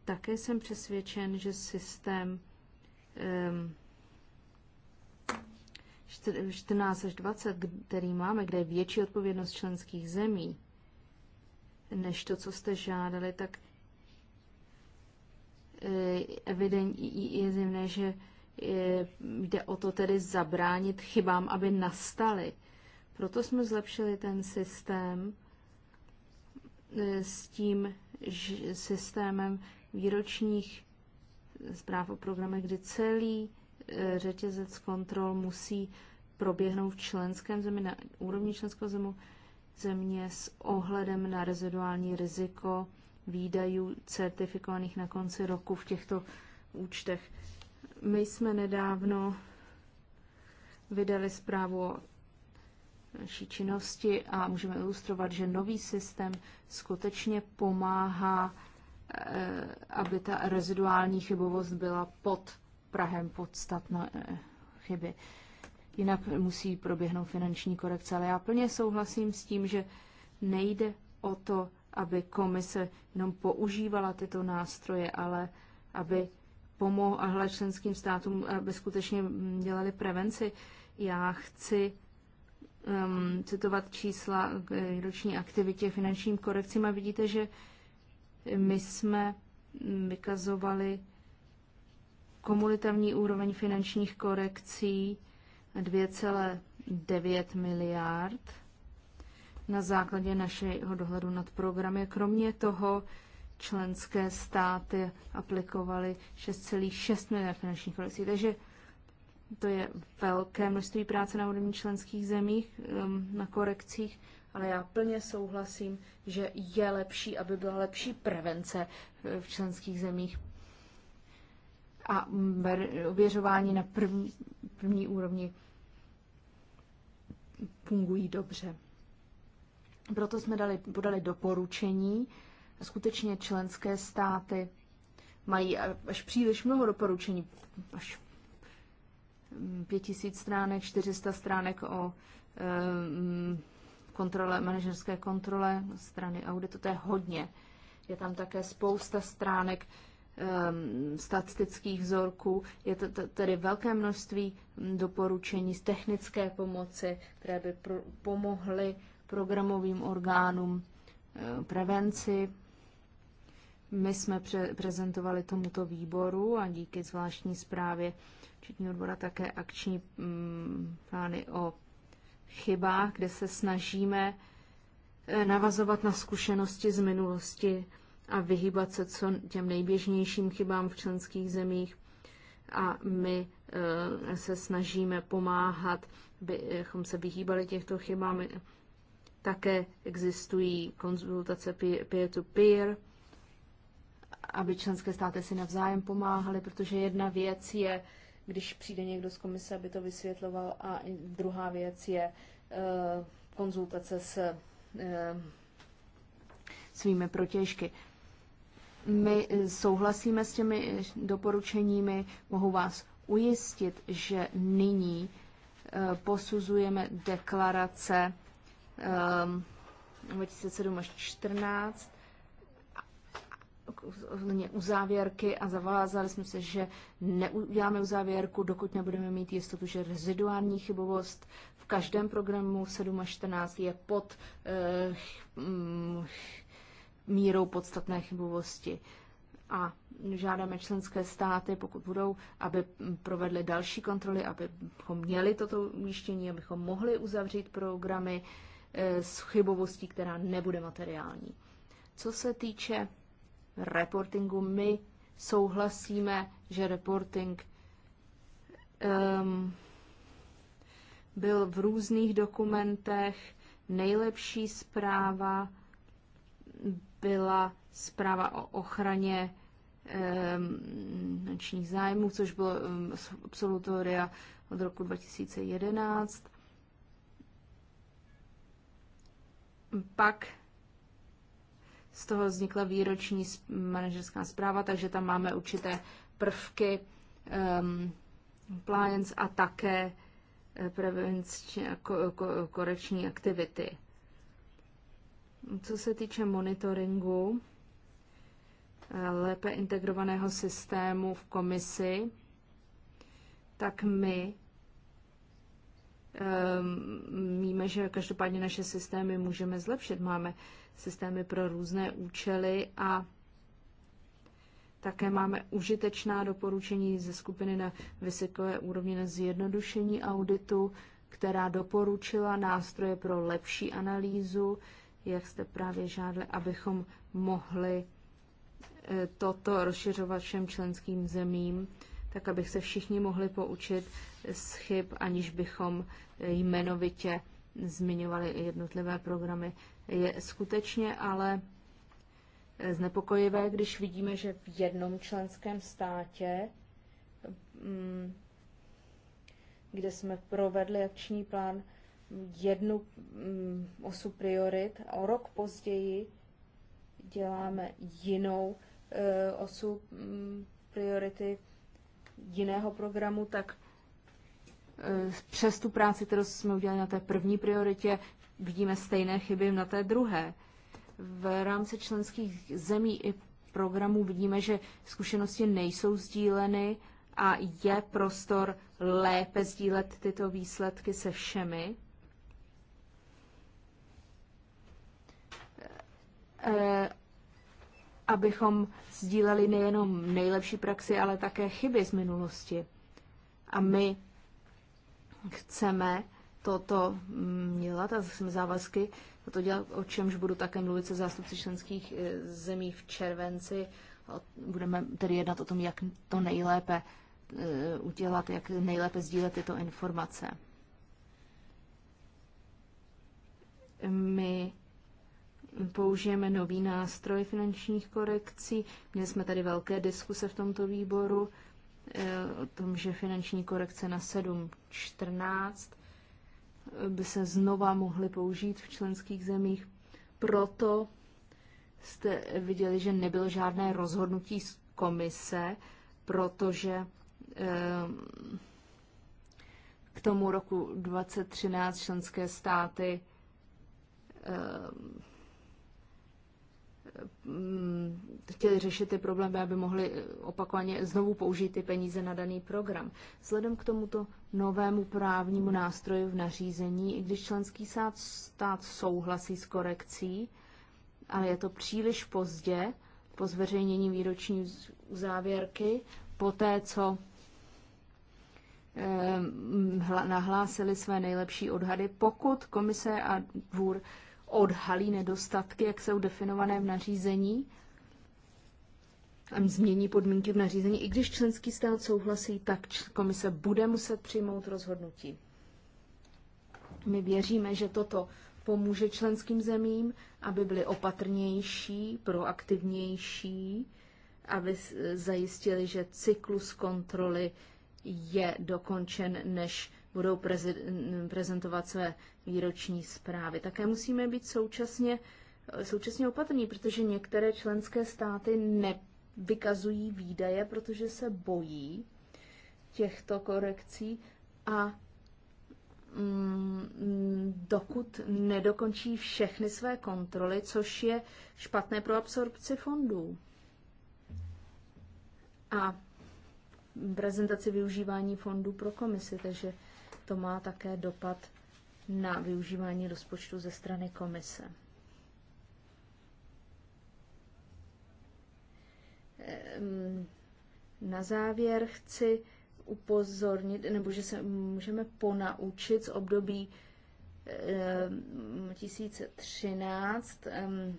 Také jsem přesvědčen, že systém um, ehm, 14 až 20, který máme, kde je větší odpovědnost členských zemí, než to, co jste žádali, tak e, evidentní je zjevné, že e, jde o to tedy zabránit chybám, aby nastaly. Proto jsme zlepšili ten systém e, s tím systémem výročních zpráv o programech, kdy celý řetězec kontrol musí proběhnout v členském zemi, na úrovni členského zemu, země s ohledem na reziduální riziko výdajů certifikovaných na konci roku v těchto účtech. My jsme nedávno vydali zprávu o naší činnosti a můžeme ilustrovat, že nový systém skutečně pomáhá, eh, aby ta reziduální chybovost byla pod Prahem podstatné chyby jinak musí proběhnout finanční korekce. Ale já plně souhlasím s tím, že nejde o to, aby komise jenom používala tyto nástroje, ale aby pomohla členským státům, aby skutečně dělali prevenci. Já chci um, citovat čísla k roční aktivitě finančním korekcím a vidíte, že my jsme vykazovali komunitární úroveň finančních korekcí 2,9 miliard na základě našeho dohledu nad programy. Kromě toho členské státy aplikovaly 6,6 miliard finančních korekcí. Takže to je velké množství práce na úrovni členských zemích um, na korekcích, ale já plně souhlasím, že je lepší, aby byla lepší prevence uh, v členských zemích a ověřování na prv, první úrovni fungují dobře. Proto jsme dali, podali doporučení. Skutečně členské státy mají až příliš mnoho doporučení, až 5000 stránek, 400 stránek o eh, kontrole, manažerské kontrole strany auditu, to je hodně. Je tam také spousta stránek Um, statistických vzorků. Je to tedy velké množství doporučení z technické pomoci, které by pomohly programovým orgánům uh, prevenci. My jsme pře- prezentovali tomuto výboru a díky zvláštní zprávě včetně odbora také akční mm, plány o chybách, kde se snažíme eh, navazovat na zkušenosti z minulosti a vyhýbat se co těm nejběžnějším chybám v členských zemích. A my eh, se snažíme pomáhat, abychom se vyhýbali těchto chybám. Také existují konzultace peer-to-peer, aby členské státy si navzájem pomáhaly, protože jedna věc je, když přijde někdo z komise, aby to vysvětloval, a druhá věc je eh, konzultace s eh, svými protěžky. My souhlasíme s těmi doporučeními, mohu vás ujistit, že nyní eh, posuzujeme deklarace 2007 ehm, až 14 uzávěrky a zavázali jsme se, že neuděláme uzávěrku, dokud nebudeme mít jistotu, že reziduální chybovost v každém programu 7 až 14 je pod eh, mm, mírou podstatné chybovosti. A žádáme členské státy, pokud budou, aby provedly další kontroly, abychom měli toto ujištění, abychom mohli uzavřít programy eh, s chybovostí, která nebude materiální. Co se týče reportingu, my souhlasíme, že reporting um, byl v různých dokumentech nejlepší zpráva byla zpráva o ochraně nočních zájmů, což bylo absolutoria od roku 2011. Pak z toho vznikla výroční manažerská zpráva, takže tam máme určité prvky um, compliance a také eh, prevenční korekční aktivity. Co se týče monitoringu, eh, lépe integrovaného systému v komisi, tak my um, víme, že každopádně naše systémy můžeme zlepšit. Máme systémy pro různé účely a také máme užitečná doporučení ze skupiny na vysokové úrovni na zjednodušení auditu, která doporučila nástroje pro lepší analýzu, jak jste právě žádali, abychom mohli eh, toto rozšiřovat všem členským zemím, tak abych se všichni mohli poučit z chyb, aniž bychom eh, jmenovitě zmiňovali jednotlivé programy. Je skutečně ale eh, znepokojivé, když vidíme, že v jednom členském státě, mm, kde jsme provedli akční plán, jednu mm, osu priorit a rok později děláme jinou eh, osu mm, priority jiného programu, tak eh, přes tu práci, kterou jsme udělali na té první prioritě, vidíme stejné chyby na té druhé. V rámci členských zemí i programů vidíme, že zkušenosti nejsou sdíleny a je prostor lépe sdílet tyto výsledky se všemi. Eh, abychom sdíleli nejenom nejlepší praxi, ale také chyby z minulosti. A my chceme toto mm, dělat a jsme závazky to dělat, o čemž budu také mluvit se zástupci členských eh, zemí v červenci. Budeme tedy jednat o tom, jak to nejlépe eh, udělat, jak nejlépe sdílet tyto informace. My použijeme nový nástroj finančních korekcí. Měli jsme tady velké diskuse v tomto výboru eh, o tom, že finanční korekce na 7.14 by se znova mohly použít v členských zemích. Proto jste viděli, že nebylo žádné rozhodnutí z komise, protože eh, k tomu roku 2013 členské státy eh, Eh, mm, chtěli řešit ty problémy, aby mohli opakovaně znovu použít ty peníze na daný program. Vzhledem k tomuto novému právnímu nástroji v nařízení, i když členský stát souhlasí s korekcí, ale je to příliš pozdě po zveřejnění výroční uzávěrky, po té, co eh, nahlásili své nejlepší odhady, pokud komise a dvůr odhalí nedostatky, jak jsou definované v nařízení a změní podmínky v nařízení. I když členský stát souhlasí, tak komise bude muset přijmout rozhodnutí. My věříme, že toto pomůže členským zemím, aby byly opatrnější, proaktivnější, aby zajistili, že cyklus kontroly je dokončen, než budou prezentovat své výroční zprávy. Také musíme být současně, e, současně opatrní, protože některé členské státy nevykazují výdaje, protože se bojí těchto korekcí a mm, dokud nedokončí všechny své kontroly, což je špatné pro absorpci fondů. A prezentaci využívání fondů pro komisi, takže to má také dopad na využívání rozpočtu ze strany komise. Ehm, na závěr chci upozornit, nebo že se můžeme ponaučit z období 2013. Ehm,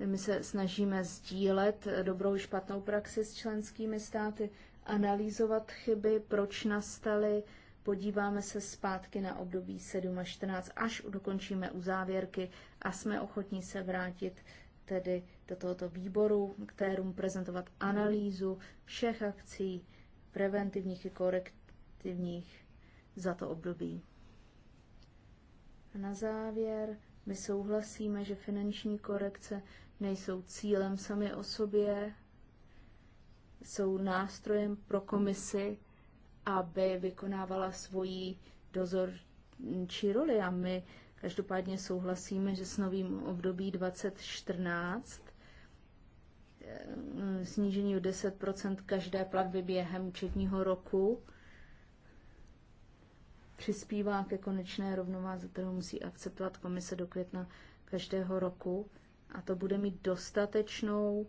ehm, my se snažíme sdílet dobrou i špatnou praxi s členskými státy, analyzovat chyby, proč nastaly, podíváme se zpátky na období 7 až 14, až dokončíme uzávěrky a jsme ochotní se vrátit tedy do tohoto výboru, kterým prezentovat analýzu všech akcí preventivních i korektivních za to období. A na závěr, my souhlasíme, že finanční korekce nejsou cílem sami o sobě, jsou nástrojem pro komisi, aby vykonávala svoji dozorčí roli. A my každopádně souhlasíme, že s novým období 2014 eh, snížení o 10 každé platby během účetního roku přispívá ke konečné rovnováze, kterou musí akceptovat komise do května každého roku. A to bude mít dostatečnou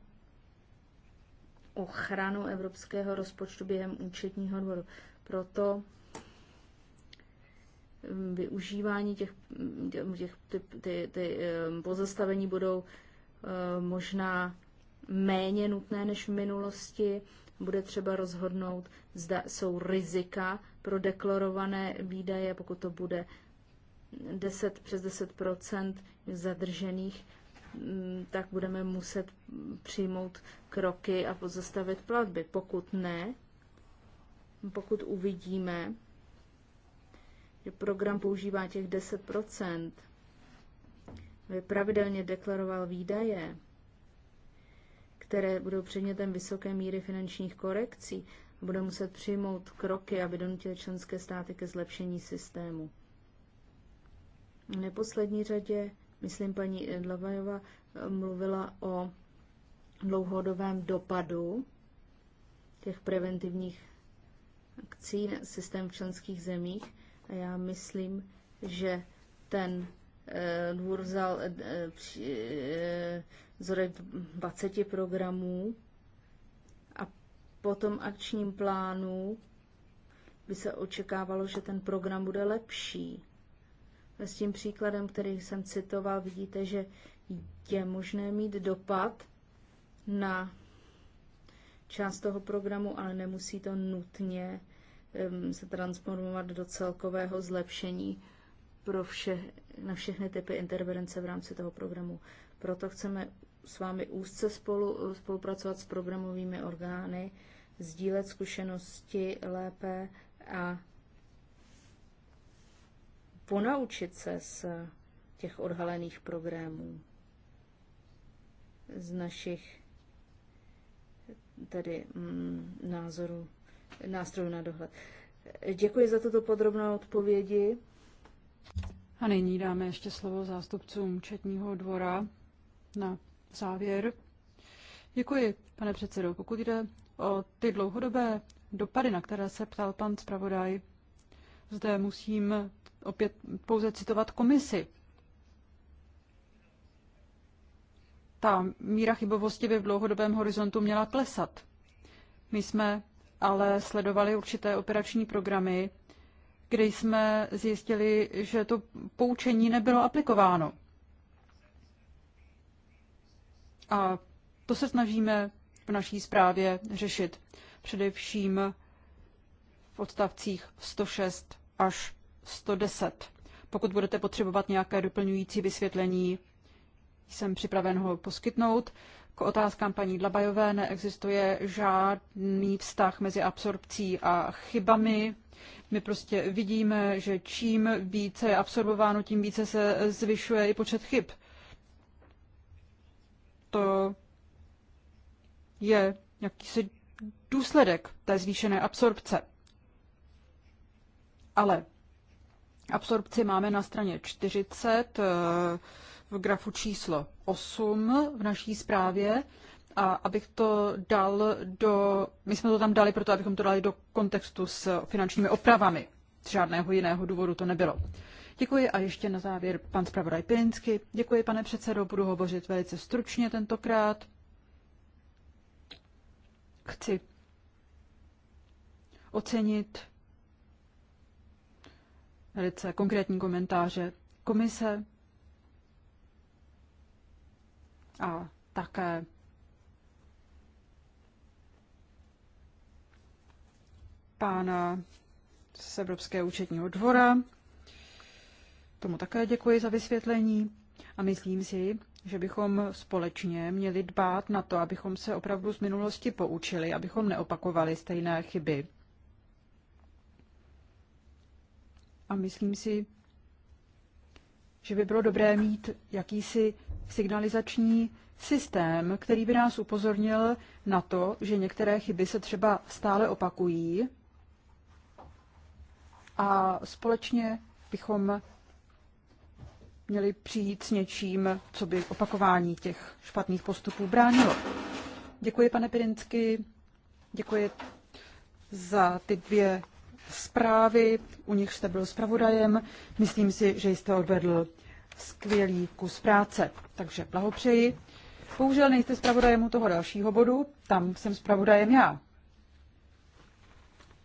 ochranu evropského rozpočtu během účetního dvoru. Proto mm, využívání těch, mm, těch ty, ty, ty mm, pozastavení budou možná méně nutné než v minulosti. Bude třeba rozhodnout, zda jsou rizika pro deklarované výdaje, pokud to bude 10, přes 10 zadržených Mm, tak budeme muset přijmout kroky a pozastavit platby. Pokud ne, pokud uvidíme, že program používá těch 10 aby pravidelně deklaroval výdaje, které budou předmětem vysoké míry finančních korekcí, bude muset přijmout kroky, aby donutili členské státy ke zlepšení systému. V neposlední řadě Myslím, paní Dlavajova eh, mluvila o dlouhodobém dopadu těch preventivních akcí na systém v členských zemích a já myslím, že ten eh, dvůr vzal eh, vzorek 20 programů a po tom akčním plánu by se očekávalo, že ten program bude lepší. S tím příkladem, který jsem citoval, vidíte, že je možné mít dopad na část toho programu, ale nemusí to nutně se transformovat do celkového zlepšení pro vše, na všechny typy intervence v rámci toho programu. Proto chceme s vámi úzce spolu, spolupracovat s programovými orgány, sdílet zkušenosti lépe a ponaučit se z těch odhalených programů, z našich tedy mm, názorů, nástrojů na dohled. Děkuji za tuto podrobnou odpovědi. A nyní dáme ještě slovo zástupcům Četního dvora na závěr. Děkuji, pane předsedo. Pokud jde o ty dlouhodobé dopady, na které se ptal pan zpravodaj, zde musím opět pouze citovat komisi. Ta míra chybovosti by v dlouhodobém horizontu měla klesat. My jsme ale sledovali určité operační programy, kde jsme zjistili, že to poučení nebylo aplikováno. A to se snažíme v naší zprávě řešit především v odstavcích 106 až 110. Pokud budete potřebovat nějaké doplňující vysvětlení, jsem připraven ho poskytnout. K otázkám paní Dlabajové neexistuje žádný vztah mezi absorpcí a chybami. My prostě vidíme, že čím více je absorbováno, tím více se zvyšuje i počet chyb. To je jakýsi důsledek té zvýšené absorpce. Ale Absorpci máme na straně 40 eh, v grafu číslo 8 v naší zprávě. A abych to dal do, my jsme to tam dali proto, abychom to dali do kontextu s finančními opravami. Z žádného jiného důvodu to nebylo. Děkuji a ještě na závěr pan zpravodaj Pirinsky. Děkuji, pane předsedo, budu hovořit velice stručně tentokrát. Chci ocenit velice konkrétní komentáře komise a také pána z Evropské účetního dvora. Tomu také děkuji za vysvětlení a myslím si, že bychom společně měli dbát na to, abychom se opravdu z minulosti poučili, abychom neopakovali stejné chyby. a myslím si, že by bylo dobré mít jakýsi signalizační systém, který by nás upozornil na to, že některé chyby se třeba stále opakují a společně bychom měli přijít s něčím, co by opakování těch špatných postupů bránilo. Děkuji, pane Pirinsky, děkuji za ty dvě zprávy, u nich jste byl zpravodajem. Myslím si, že jste odvedl skvělý kus práce, takže blahopřeji. Bohužel nejste zpravodajem u toho dalšího bodu, tam jsem zpravodajem já.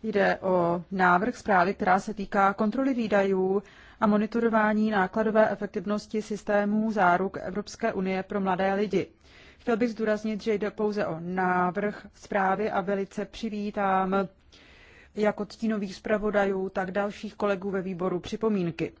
Jde o návrh zprávy, která se týká kontroly výdajů a monitorování nákladové efektivnosti systémů záruk Evropské unie pro mladé lidi. Chtěl bych zdůraznit, že jde pouze o návrh zprávy a velice přivítám jak od stínových zpravodajů, tak dalších kolegů ve výboru připomínky.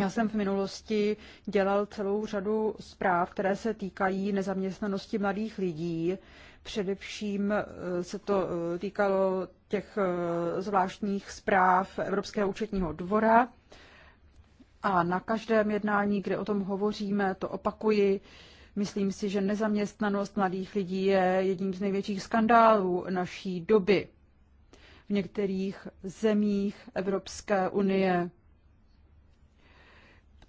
Já jsem v minulosti dělal celou řadu zpráv, které se týkají nezaměstnanosti mladých lidí. Především eh, se to eh, týkalo těch eh, zvláštních zpráv Evropského účetního dvora. A na každém jednání, kde o tom hovoříme, to opakuji, myslím si, že nezaměstnanost mladých lidí je jedním z největších skandálů naší doby v některých zemích Evropské unie.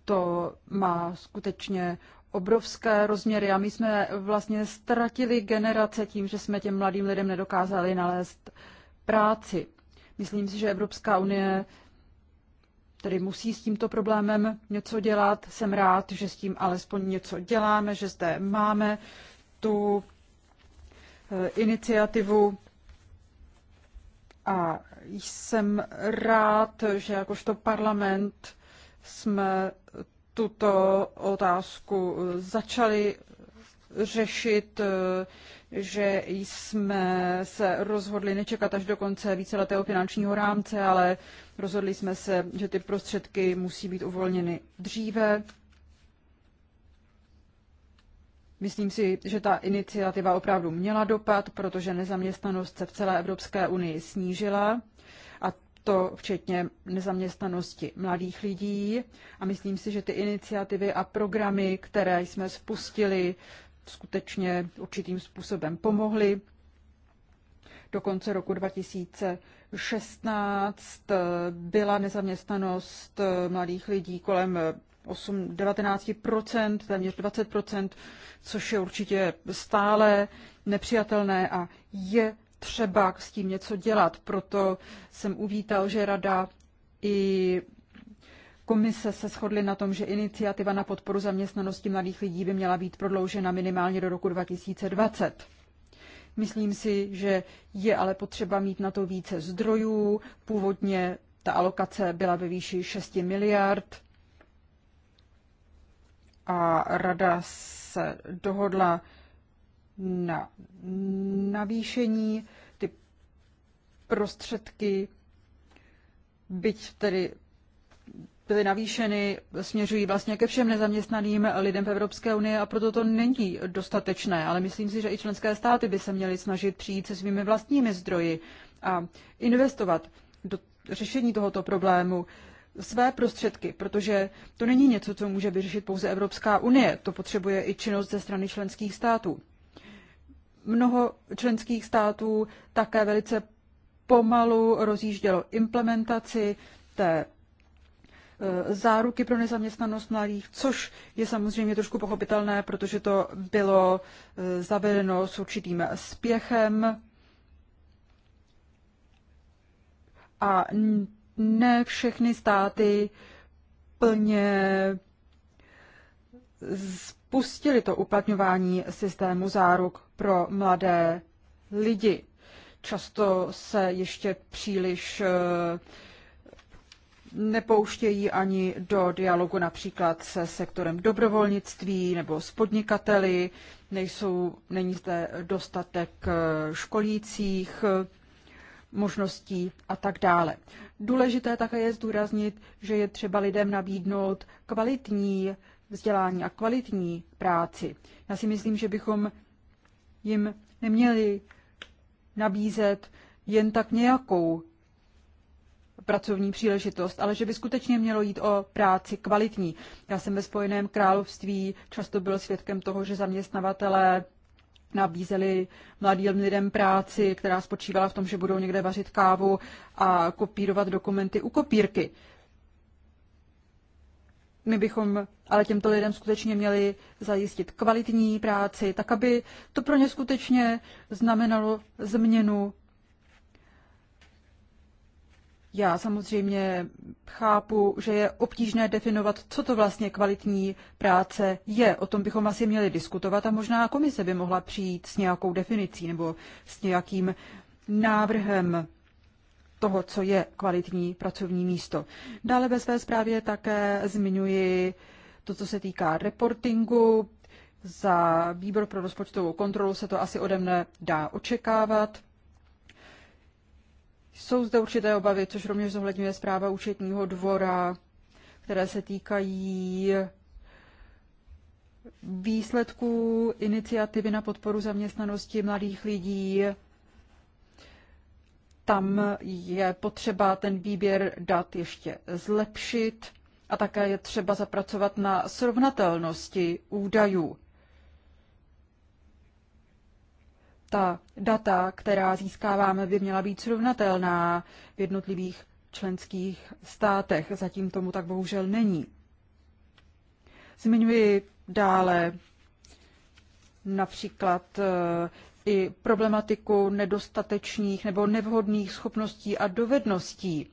To má skutečně obrovské rozměry a my jsme vlastně ztratili generace tím, že jsme těm mladým lidem nedokázali nalézt práci. Myslím si, že Evropská unie tedy musí s tímto problémem něco dělat. Jsem rád, že s tím alespoň něco děláme, že zde máme tu eh, iniciativu a jsem rád, že jakožto parlament jsme tuto otázku začali řešit, že jsme se rozhodli nečekat až do konce víceletého finančního rámce, ale rozhodli jsme se, že ty prostředky musí být uvolněny dříve. Myslím si, že ta iniciativa opravdu měla dopad, protože nezaměstnanost se v celé Evropské unii snížila a to včetně nezaměstnanosti mladých lidí. A myslím si, že ty iniciativy a programy, které jsme spustili, skutečně určitým způsobem pomohly. Do konce roku 2016 byla nezaměstnanost mladých lidí kolem 8, 19%, téměř 20%, což je určitě stále nepřijatelné a je třeba s tím něco dělat. Proto jsem uvítal, že rada i komise se shodly na tom, že iniciativa na podporu zaměstnanosti mladých lidí by měla být prodloužena minimálně do roku 2020. Myslím si, že je ale potřeba mít na to více zdrojů. Původně ta alokace byla ve výši 6 miliard a rada se dohodla na navýšení ty prostředky, byť tedy byly navýšeny, směřují vlastně ke všem nezaměstnaným lidem v Evropské unii a proto to není dostatečné. Ale myslím si, že i členské státy by se měly snažit přijít se svými vlastními zdroji a investovat do řešení tohoto problému své prostředky, protože to není něco, co může vyřešit pouze Evropská unie. To potřebuje i činnost ze strany členských států. Mnoho členských států také velice pomalu rozjíždělo implementaci té e, záruky pro nezaměstnanost mladých, což je samozřejmě trošku pochopitelné, protože to bylo e, zavedeno s určitým spěchem a ne všechny státy plně spustili to uplatňování systému záruk pro mladé lidi. Často se ještě příliš eh, nepouštějí ani do dialogu například se sektorem dobrovolnictví nebo s podnikateli, nejsou, není zde dostatek eh, školících možností a tak dále. Důležité také je zdůraznit, že je třeba lidem nabídnout kvalitní vzdělání a kvalitní práci. Já si myslím, že bychom jim neměli nabízet jen tak nějakou pracovní příležitost, ale že by skutečně mělo jít o práci kvalitní. Já jsem ve Spojeném království často byl svědkem toho, že zaměstnavatelé nabízeli mladým lidem práci, která spočívala v tom, že budou někde vařit kávu a kopírovat dokumenty u kopírky. My bychom ale těmto lidem skutečně měli zajistit kvalitní práci, tak aby to pro ně skutečně znamenalo změnu já samozřejmě chápu, že je obtížné definovat, co to vlastně kvalitní práce je. O tom bychom asi měli diskutovat a možná komise by mohla přijít s nějakou definicí nebo s nějakým návrhem toho, co je kvalitní pracovní místo. Dále ve své zprávě také zmiňuji to, co se týká reportingu. Za výbor pro rozpočtovou kontrolu se to asi ode mne dá očekávat. Jsou zde určité obavy, což rovněž zohledňuje zpráva účetního dvora, které se týkají výsledků iniciativy na podporu zaměstnanosti mladých lidí. Tam je potřeba ten výběr dat ještě zlepšit a také je třeba zapracovat na srovnatelnosti údajů. ta data, která získáváme, by měla být srovnatelná v jednotlivých členských státech. Zatím tomu tak bohužel není. Zmiňuji dále například e, i problematiku nedostatečných nebo nevhodných schopností a dovedností,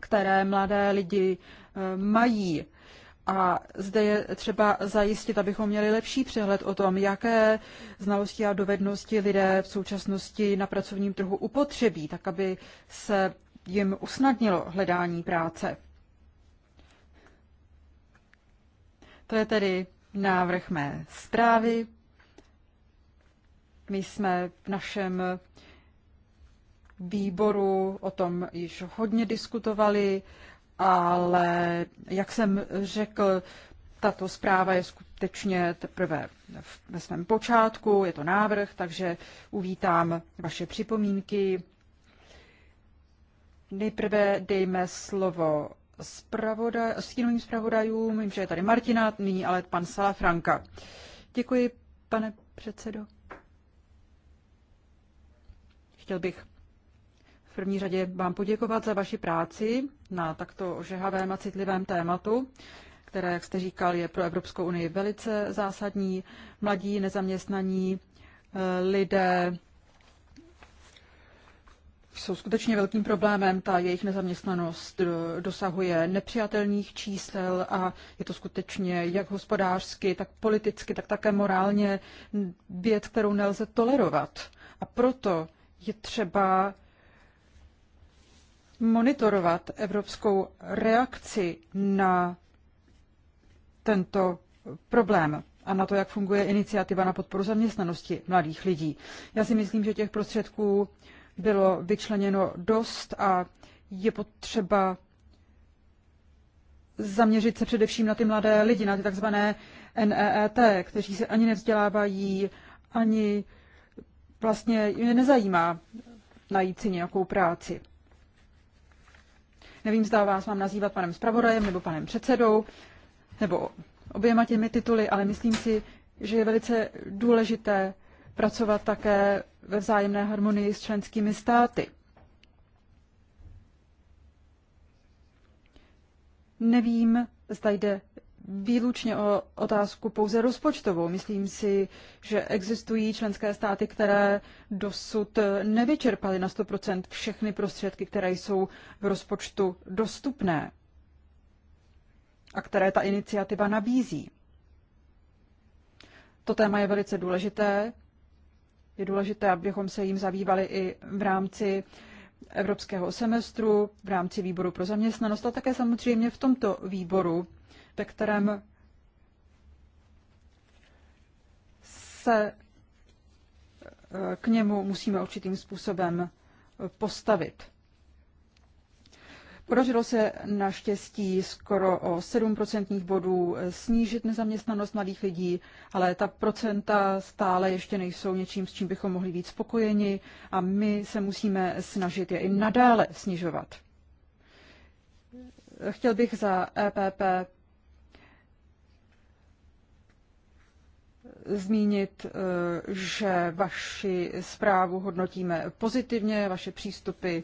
které mladé lidi e, mají. A zde je třeba zajistit, abychom měli lepší přehled o tom, jaké znalosti a dovednosti lidé v současnosti na pracovním trhu upotřebí, tak aby se jim usnadnilo hledání práce. To je tedy návrh mé zprávy. My jsme v našem výboru o tom již hodně diskutovali ale jak jsem řekl, tato zpráva je skutečně teprve ve svém počátku, je to návrh, takže uvítám vaše připomínky. Nejprve dejme slovo zpravodaj, stínovým zpravodajům, vím, že je tady Martina, nyní ale pan Salafranka. Děkuji, pane předsedo. Chtěl bych první řadě vám poděkovat za vaši práci na takto ožehavém a citlivém tématu, které, jak jste říkal, je pro Evropskou unii velice zásadní. Mladí, nezaměstnaní eh, lidé jsou skutečně velkým problémem. Ta jejich nezaměstnanost eh, dosahuje nepřijatelných čísel a je to skutečně jak hospodářsky, tak politicky, tak také morálně věc, kterou nelze tolerovat. A proto je třeba monitorovat evropskou reakci na tento problém a na to, jak funguje iniciativa na podporu zaměstnanosti mladých lidí. Já si myslím, že těch prostředků bylo vyčleněno dost a je potřeba zaměřit se především na ty mladé lidi, na ty takzvané NEET, kteří se ani nevzdělávají, ani vlastně je nezajímá najít si nějakou práci. Nevím, zda vás mám nazývat panem zpravodajem nebo panem předsedou, nebo oběma těmi tituly, ale myslím si, že je velice důležité pracovat také ve vzájemné harmonii s členskými státy. Nevím, zda jde výlučně o otázku pouze rozpočtovou. Myslím si, že existují členské státy, které dosud nevyčerpaly na 100% všechny prostředky, které jsou v rozpočtu dostupné a které ta iniciativa nabízí. To téma je velice důležité. Je důležité, abychom se jim zabývali i v rámci evropského semestru, v rámci výboru pro zaměstnanost a také samozřejmě v tomto výboru ve kterém se eh, k němu musíme určitým způsobem eh, postavit. Podařilo se naštěstí skoro o 7% bodů eh, snížit nezaměstnanost mladých lidí, ale ta procenta stále ještě nejsou něčím, s čím bychom mohli být spokojeni a my se musíme snažit je i nadále snižovat. Chtěl bych za EPP zmínit, eh, že vaši zprávu hodnotíme pozitivně, vaše přístupy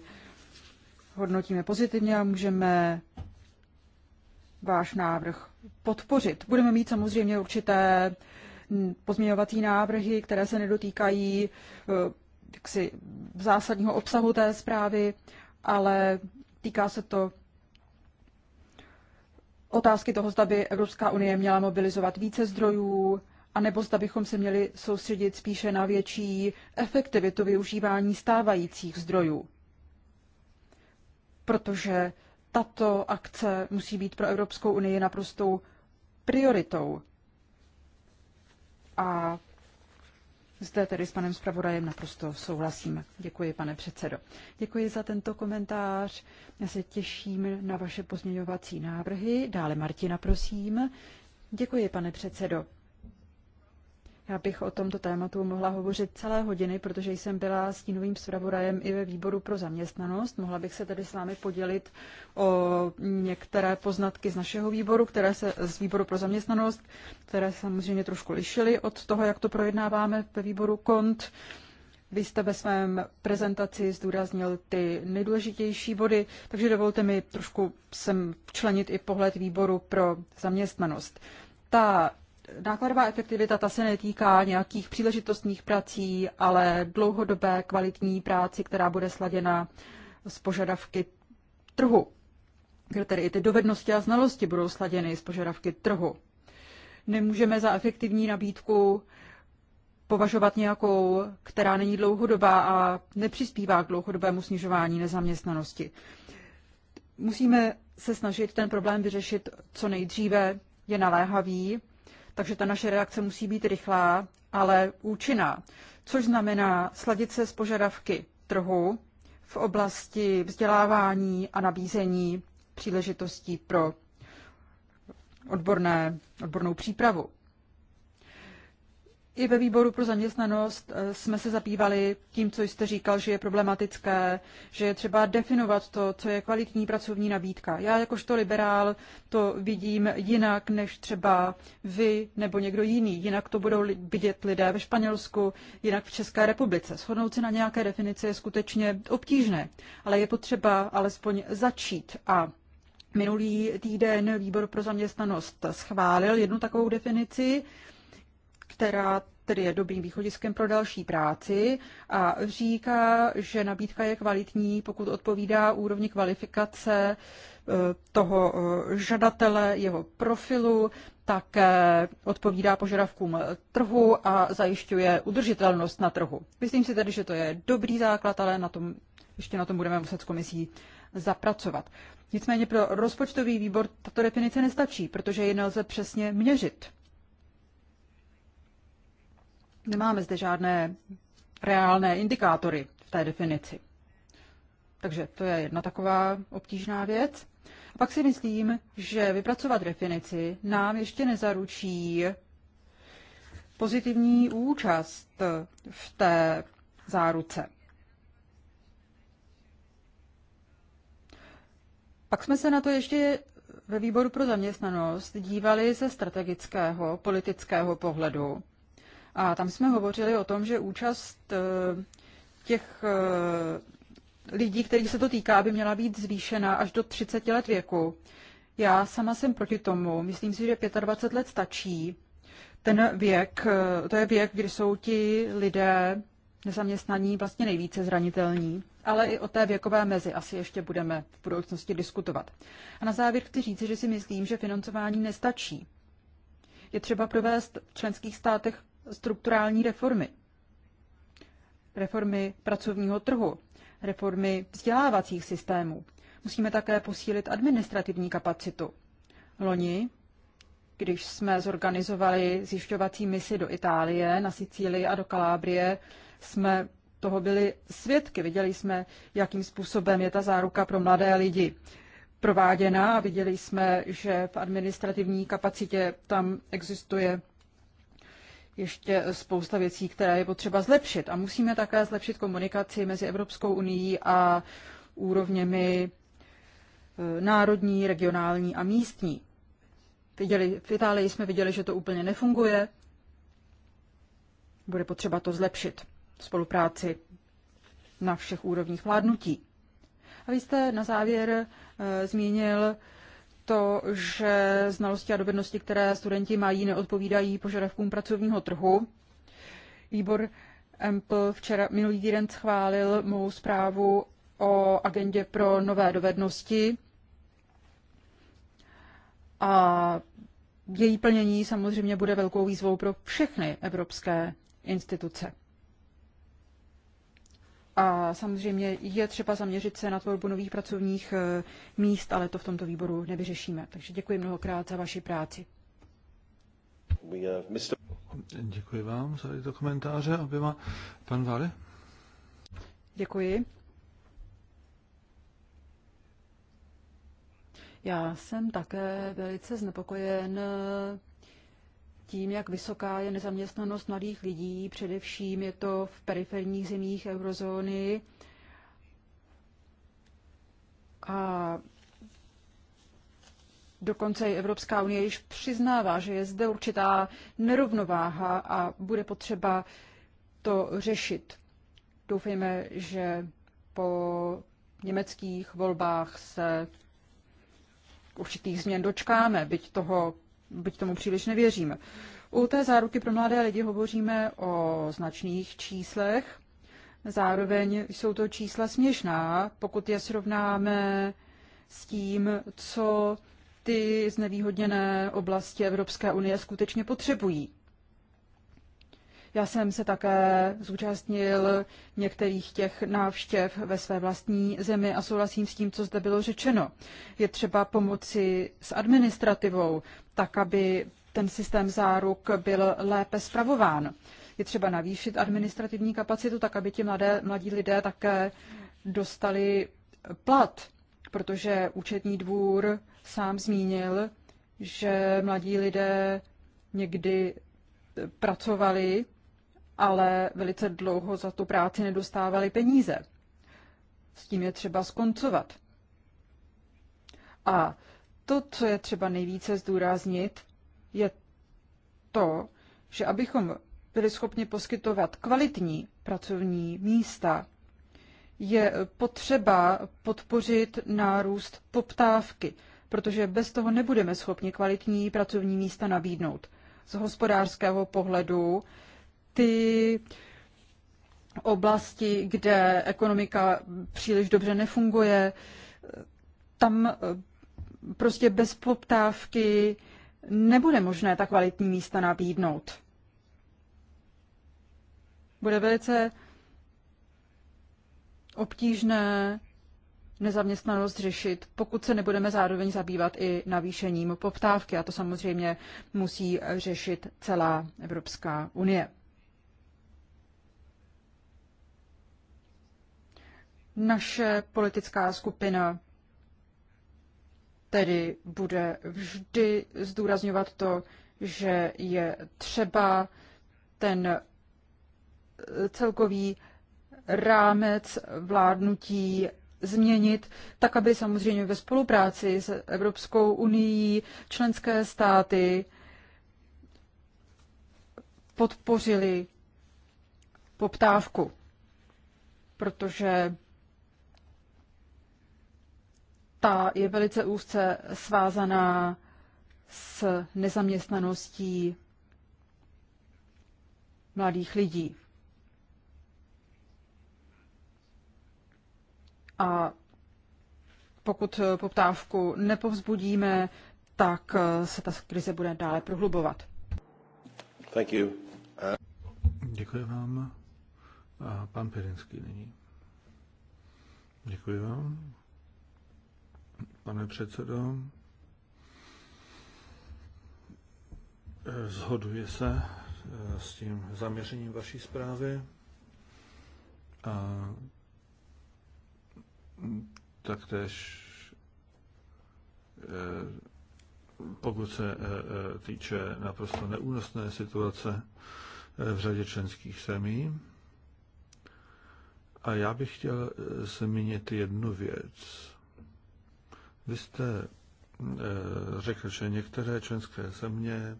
hodnotíme pozitivně a můžeme váš návrh podpořit. Budeme mít samozřejmě určité pozměňovací návrhy, které se nedotýkají eh, jaksi, zásadního obsahu té zprávy, ale týká se to otázky toho, zda by Evropská unie měla mobilizovat více zdrojů, anebo zda bychom se měli soustředit spíše na větší efektivitu využívání stávajících zdrojů. Protože tato akce musí být pro Evropskou unii naprostou prioritou. A zde tedy s panem zpravodajem naprosto souhlasím. Děkuji, pane předsedo. Děkuji za tento komentář. Já se těším na vaše pozměňovací návrhy. Dále Martina, prosím. Děkuji, pane předsedo. Já bych o tomto tématu mohla hovořit celé hodiny, protože jsem byla stínovým zpravodajem i ve výboru pro zaměstnanost. Mohla bych se tedy s vámi podělit o některé poznatky z našeho výboru, které se z výboru pro zaměstnanost, které samozřejmě trošku lišily od toho, jak to projednáváme ve výboru KONT. Vy jste ve svém prezentaci zdůraznil ty nejdůležitější body, takže dovolte mi trošku sem včlenit i pohled výboru pro zaměstnanost. Ta nákladová efektivita ta se netýká nějakých příležitostních prací, ale dlouhodobé kvalitní práci, která bude sladěna s požadavky trhu, kde tedy i ty dovednosti a znalosti budou sladěny s požadavky trhu. Nemůžeme za efektivní nabídku považovat nějakou, která není dlouhodobá a nepřispívá k dlouhodobému snižování nezaměstnanosti. Musíme se snažit ten problém vyřešit co nejdříve, je naléhavý takže ta naše reakce musí být rychlá, ale účinná, což znamená sladit se s požadavky trhu v oblasti vzdělávání a nabízení příležitostí pro odborné, odbornou přípravu. I ve výboru pro zaměstnanost eh, jsme se zabývali tím, co jste říkal, že je problematické, že je třeba definovat to, co je kvalitní pracovní nabídka. Já jakožto liberál to vidím jinak než třeba vy nebo někdo jiný. Jinak to budou vidět lidé ve Španělsku, jinak v České republice. Shodnout se na nějaké definici je skutečně obtížné, ale je potřeba alespoň začít a Minulý týden výbor pro zaměstnanost schválil jednu takovou definici, která tedy je dobrým východiskem pro další práci a říká, že nabídka je kvalitní, pokud odpovídá úrovni kvalifikace eh, toho eh, žadatele, jeho profilu, také odpovídá požadavkům trhu a zajišťuje udržitelnost na trhu. Myslím si tedy, že to je dobrý základ, ale na tom, ještě na tom budeme muset s komisí zapracovat. Nicméně pro rozpočtový výbor tato definice nestačí, protože ji nelze přesně měřit. Nemáme zde žádné reálné indikátory v té definici. Takže to je jedna taková obtížná věc. A pak si myslím, že vypracovat definici nám ještě nezaručí pozitivní účast v té záruce. Pak jsme se na to ještě ve výboru pro zaměstnanost dívali ze strategického politického pohledu a tam jsme hovořili o tom, že účast eh, těch eh, lidí, kterých se to týká, by měla být zvýšena až do 30 let věku. Já sama jsem proti tomu. Myslím si, že 25 let stačí. Ten věk, eh, to je věk, kdy jsou ti lidé nezaměstnaní vlastně nejvíce zranitelní, ale i o té věkové mezi asi ještě budeme v budoucnosti diskutovat. A na závěr chci říct, že si myslím, že financování nestačí. Je třeba provést v členských státech strukturální reformy. Reformy pracovního trhu, reformy vzdělávacích systémů. Musíme také posílit administrativní kapacitu. Loni, když jsme zorganizovali zjišťovací misi do Itálie, na Sicílii a do Kalábrie, jsme toho byli svědky. Viděli jsme, jakým způsobem je ta záruka pro mladé lidi prováděna a viděli jsme, že v administrativní kapacitě tam existuje ještě spousta věcí, které je potřeba zlepšit. A musíme také zlepšit komunikaci mezi Evropskou unii a úrovněmi eh, národní, regionální a místní. Viděli, v Itálii jsme viděli, že to úplně nefunguje. Bude potřeba to zlepšit. Spolupráci na všech úrovních vládnutí. A vy jste na závěr e, zmínil to, že znalosti a dovednosti, které studenti mají, neodpovídají požadavkům pracovního trhu. Výbor EMPL včera minulý týden schválil mou zprávu o agendě pro nové dovednosti a její plnění samozřejmě bude velkou výzvou pro všechny evropské instituce. A samozřejmě je třeba zaměřit se na tvorbu nových pracovních eh, míst, ale to v tomto výboru nevyřešíme. Takže děkuji mnohokrát za vaši práci. Děkuji vám za tyto komentáře oběma. Pan Vary? Děkuji. Já jsem také velice znepokojen tím, jak vysoká je nezaměstnanost mladých lidí, především je to v periferních zemích eurozóny. A dokonce i Evropská unie již přiznává, že je zde určitá nerovnováha a bude potřeba to řešit. Doufejme, že po německých volbách se určitých změn dočkáme, byť toho byť tomu příliš nevěříme. U té záruky pro mladé lidi hovoříme o značných číslech. Zároveň jsou to čísla směšná, pokud je srovnáme s tím, co ty znevýhodněné oblasti Evropské unie skutečně potřebují. Já jsem se také zúčastnil některých těch návštěv ve své vlastní zemi a souhlasím s tím, co zde bylo řečeno. Je třeba pomoci s administrativou, tak aby ten systém záruk byl lépe spravován. Je třeba navýšit administrativní kapacitu, tak aby ti mladé, mladí lidé také dostali plat, protože účetní dvůr sám zmínil, že mladí lidé někdy pracovali ale velice dlouho za tu práci nedostávali peníze. S tím je třeba skoncovat. A to, co je třeba nejvíce zdůraznit, je to, že abychom byli schopni poskytovat kvalitní pracovní místa, je potřeba podpořit nárůst poptávky, protože bez toho nebudeme schopni kvalitní pracovní místa nabídnout. Z hospodářského pohledu ty oblasti, kde ekonomika příliš dobře nefunguje, tam eh, prostě bez poptávky nebude možné ta kvalitní místa nabídnout. Bude velice obtížné nezaměstnanost řešit, pokud se nebudeme zároveň zabývat i navýšením poptávky. A to samozřejmě musí řešit celá Evropská unie. Naše politická skupina tedy bude vždy zdůrazňovat to, že je třeba ten celkový rámec vládnutí změnit, tak aby samozřejmě ve spolupráci s Evropskou unii členské státy podpořili poptávku, protože ta je velice úzce svázaná s nezaměstnaností mladých lidí. A pokud poptávku nepovzbudíme, tak se ta krize bude dále prohlubovat. Thank you. Děkuji vám. A pan Perinský nyní. Děkuji vám pane předsedo. Eh, zhoduje se eh, s tím zaměřením vaší zprávy. A taktéž eh, pokud se týče naprosto neúnosné situace v řadě členských zemí. A já bych chtěl zmínit jednu věc. Vy jste e, řekl, že některé členské země e,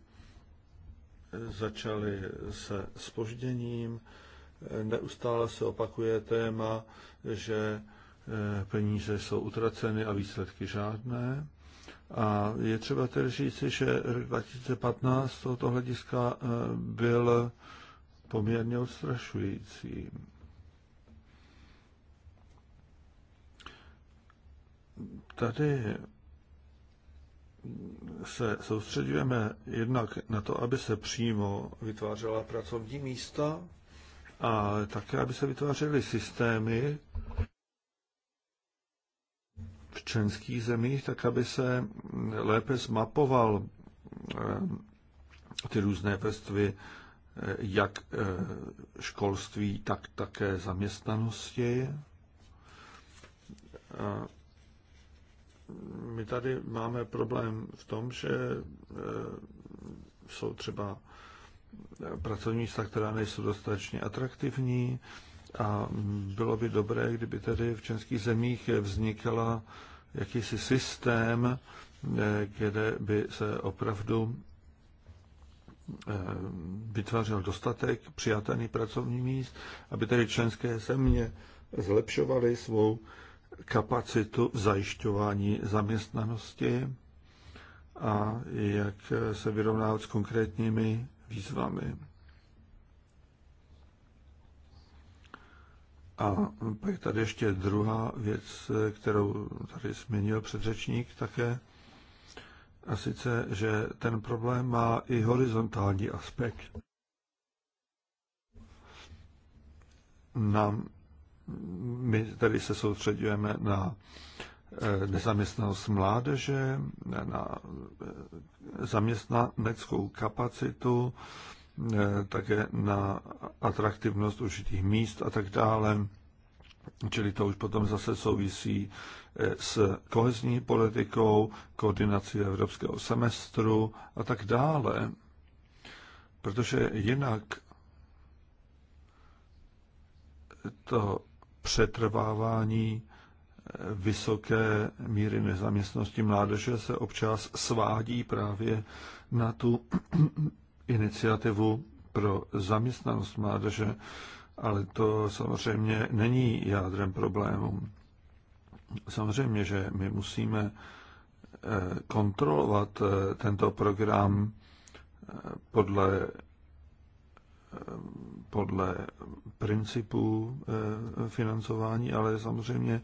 začaly se spožděním, e, neustále se opakuje téma, že peníze jsou utraceny a výsledky žádné. A je třeba tedy říci, že rok 2015 z tohoto hlediska byl poměrně odstrašující. Tady se soustředujeme jednak na to, aby se přímo vytvářela pracovní místa a také, aby se vytvářely systémy v členských zemích, tak aby se lépe zmapoval eh, ty různé vrstvy eh, jak eh, školství, tak také zaměstnanosti my tady máme problém v tom, že eh, jsou třeba eh, pracovní místa, která nejsou dostatečně atraktivní a bylo by dobré, kdyby tedy v českých zemích vznikala jakýsi systém, eh, kde by se opravdu vytvářel dostatek přijatelných pracovních míst, aby tedy členské země zlepšovaly svou kapacitu v zajišťování zaměstnanosti a jak se vyrovnávat s konkrétními výzvami. A pak tady ještě druhá věc, kterou tady zmínil předřečník také, a sice, že ten problém má i horizontální aspekt. Nám my tady se soustředujeme na eh, nezaměstnanost mládeže, na eh, zaměstnaneckou kapacitu, eh, také na atraktivnost určitých míst a tak dále. Čili to už potom zase souvisí s kohezní politikou, koordinací evropského semestru a tak dále. Protože jinak to přetrvávání eh, vysoké míry nezaměstnosti mládeže se občas svádí právě na tu <clears throat> iniciativu pro zaměstnanost mládeže, ale to samozřejmě není jádrem problému. Samozřejmě, že my musíme eh, kontrolovat eh, tento program podle podle principů eh, financování, ale samozřejmě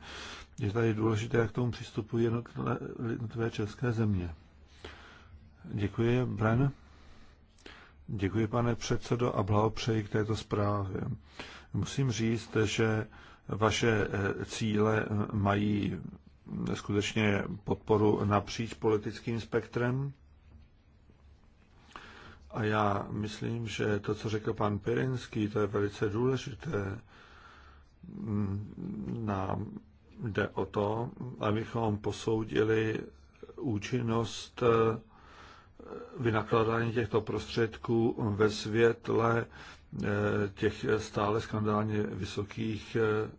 je tady důležité, jak k tomu přistupují jednotlivé české země. Děkuji, Bren. Děkuji, pane předsedo, a blahopřeji k této zprávě. Musím říct, že vaše eh, cíle eh, mají skutečně podporu napříč politickým spektrem a já myslím, že to, co řekl pan Pirinský, to je velice důležité. Mm, nám jde o to, abychom posoudili účinnost eh, vynakládání těchto prostředků ve světle eh, těch stále skandálně vysokých eh,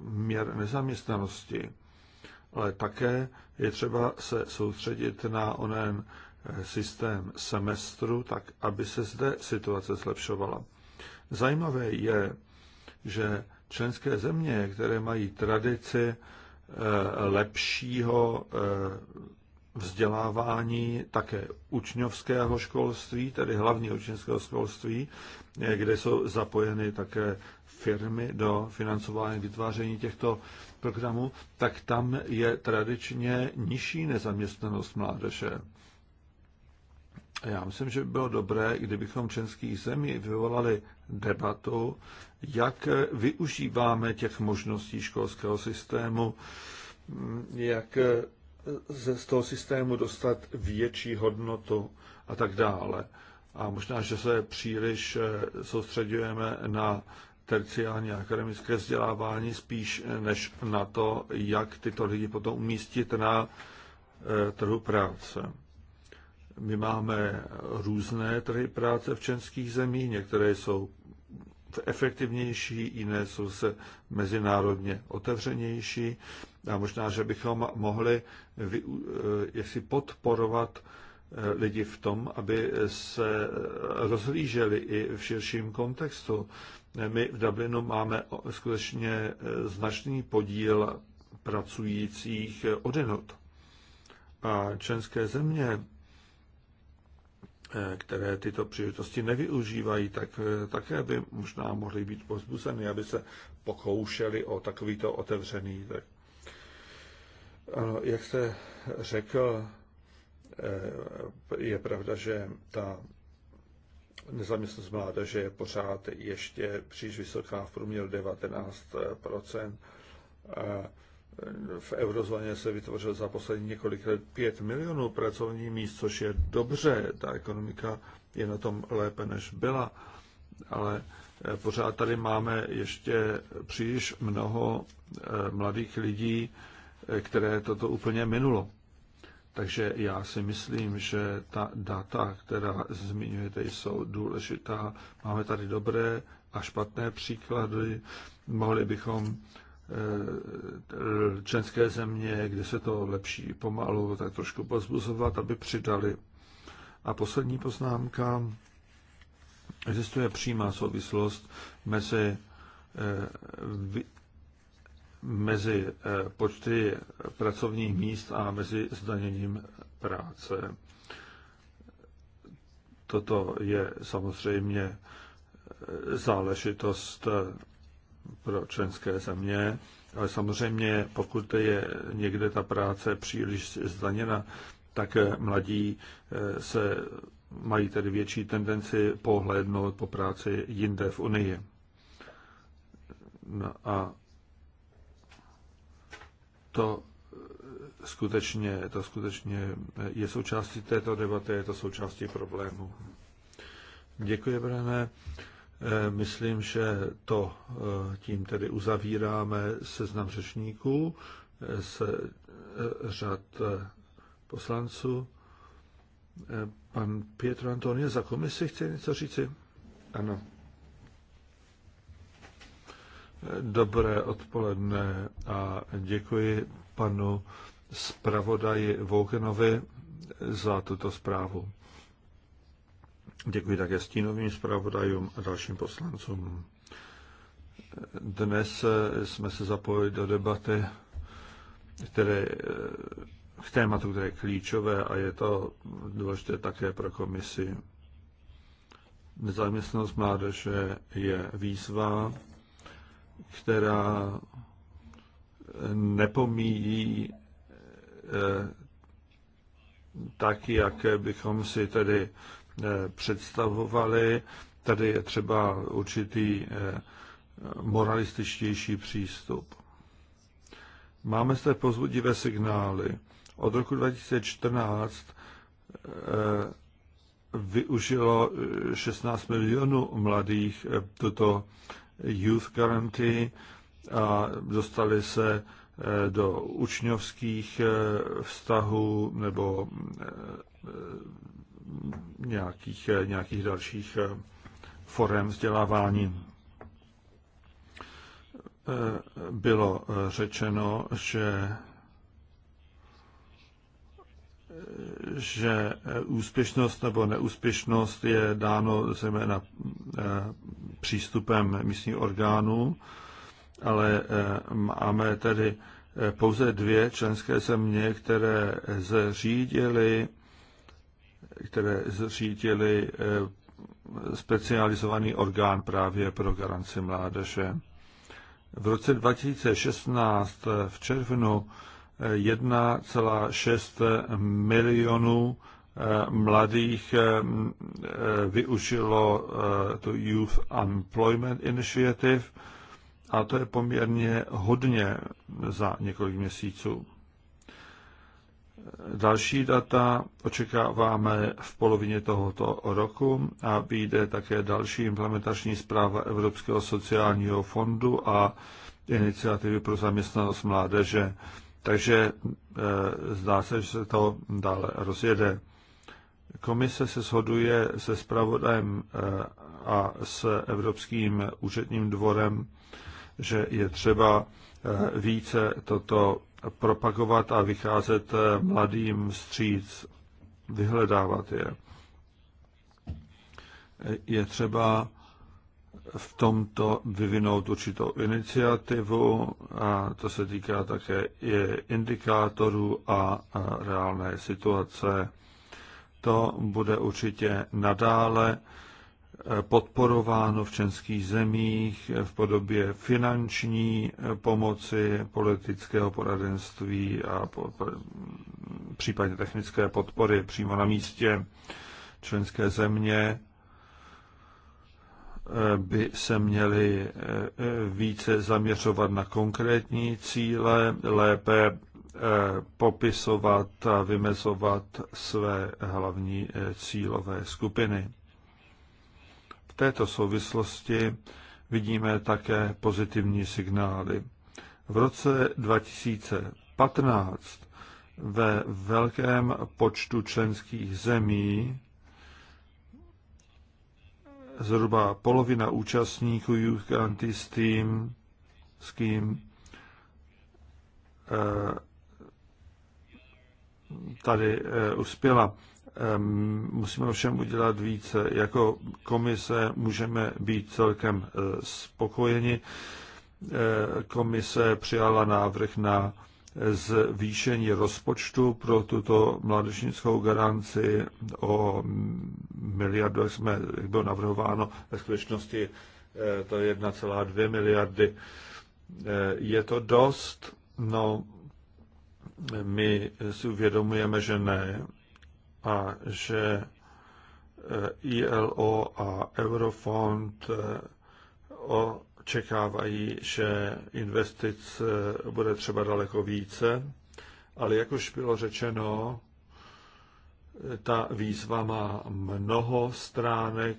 měr nezaměstnanosti. Ale také je třeba se soustředit na onen systém semestru, tak aby se zde situace zlepšovala. Zajímavé je, že členské země, které mají tradici eh, lepšího eh, vzdělávání také učňovského školství, tedy hlavní učňovského školství, eh, kde jsou zapojeny také firmy do financování vytváření těchto programů, tak tam je tradičně nižší nezaměstnanost mládeže. Já myslím, že by bylo dobré, kdybychom členských zemí vyvolali debatu, jak využíváme těch možností školského systému, jak ze z toho systému dostat větší hodnotu a tak dále. A možná, že se příliš eh, soustředujeme na terciální akademické vzdělávání spíš než na to, jak tyto lidi potom umístit na eh, trhu práce. My máme různé trhy práce v českých zemích, některé jsou efektivnější, jiné jsou se mezinárodně otevřenější a možná, že bychom mohli eh, jaksi podporovat eh, lidi v tom, aby se rozhlíželi i v širším kontextu. My v Dublinu máme skutečně eh, značný podíl pracujících odinut. A členské země Eh, které tyto příležitosti nevyužívají, tak eh, také by možná mohly být pozbuzeny, aby se pokoušeli o takovýto otevřený trh. Ano, jak jste řekl, eh, je pravda, že ta nezaměstnost mládeže je pořád ještě příliš vysoká, v průměru 19 v eurozóně se vytvořilo za poslední několik let 5 milionů pracovních míst, což je dobře, ta ekonomika je na tom lépe, než byla, ale eh, pořád tady máme ještě příliš mnoho eh, mladých lidí, eh, které toto úplně minulo. Takže já si myslím, že ta data, která zmiňujete, jsou důležitá. Máme tady dobré a špatné příklady. Mohli bychom Eh, členské země, kde se to lepší pomalu, tak trošku pozbuzovat, aby přidali. A poslední poznámka. Existuje přímá souvislost mezi, eh, mezi eh, počty pracovních míst a mezi zdaněním práce. Toto je samozřejmě záležitost pro členské země, ale samozřejmě pokud je někde ta práce příliš zdaněna, tak eh, mladí eh, se mají tedy větší tendenci pohlédnout po práci jinde v Unii. No a to eh, skutečně, to skutečně je součástí této debaty, je to součástí problému. Děkuji, Brené. Eh, myslím, že to eh, tím tedy uzavíráme seznam řečníků z eh, řad poslanců. Pan Pietro Antonio za komisi chce něco říci? Ano. Dobré odpoledne a děkuji panu zpravodaji Voukenovi za tuto zprávu. Děkuji také stínovým zpravodajům a dalším poslancům. Dnes eh, jsme se zapojili do debaty které, eh, k tématu, které je klíčové a je to důležité také pro komisi. Nezaměstnanost mládeže je výzva, která eh, nepomíjí tak, jak bychom si tedy Eh, představovali. Tady je třeba určitý eh, moralističtější přístup. Máme zde pozbudivé signály. Od roku 2014 eh, využilo 16 milionů mladých tuto Youth Guarantee a dostali se do učňovských vztahů nebo nějakých, eh, nějakých dalších eh, forem vzdělávání. Eh, bylo řečeno, že že úspěšnost nebo neúspěšnost je dáno zejména přístupem místních orgánů, ale máme tedy pouze dvě členské země, které zřídily které zřídili eh, specializovaný orgán právě pro garanci mládeže. V roce 2016 eh, v červnu 1,6 eh, milionů mladých využilo to Youth Employment Initiative a to je poměrně hodně za několik měsíců. Další data očekáváme v polovině tohoto roku a vyjde také další implementační zpráva Evropského sociálního fondu a iniciativy pro zaměstnanost mládeže. Takže e, zdá se, že se to dále rozjede. Komise se shoduje se zpravodajem e, a s Evropským účetním dvorem že je třeba eh, více toto propagovat a vycházet eh, mladým vstříc, vyhledávat je. Eh, je třeba v tomto vyvinout určitou iniciativu a to se týká také i indikátorů a reálné situace. To bude určitě nadále podporováno v českých zemích v podobě finanční pomoci, politického poradenství a po, případně technické podpory přímo na místě členské země eh, by se měly eh, více zaměřovat na konkrétní cíle, lépe eh, popisovat a vymezovat své hlavní cílové skupiny této souvislosti vidíme také pozitivní signály. V roce 2015 ve velkém počtu členských zemí zhruba polovina účastníků Youth Guarantee Steam, s kým eh, tady eh, uspěla. Musíme ovšem udělat více. Jako komise můžeme být celkem eh, spokojeni. Eh, komise přijala návrh na zvýšení rozpočtu pro tuto mládežnickou garanci o miliardu, jak, jsme, jak bylo navrhováno, ve skutečnosti eh, to je 1,2 miliardy. Je to dost? No, my si uvědomujeme, že ne a že eh, ILO a Eurofond eh, očekávají, že investic eh, bude třeba daleko více, ale jak už bylo řečeno, ta výzva má mnoho stránek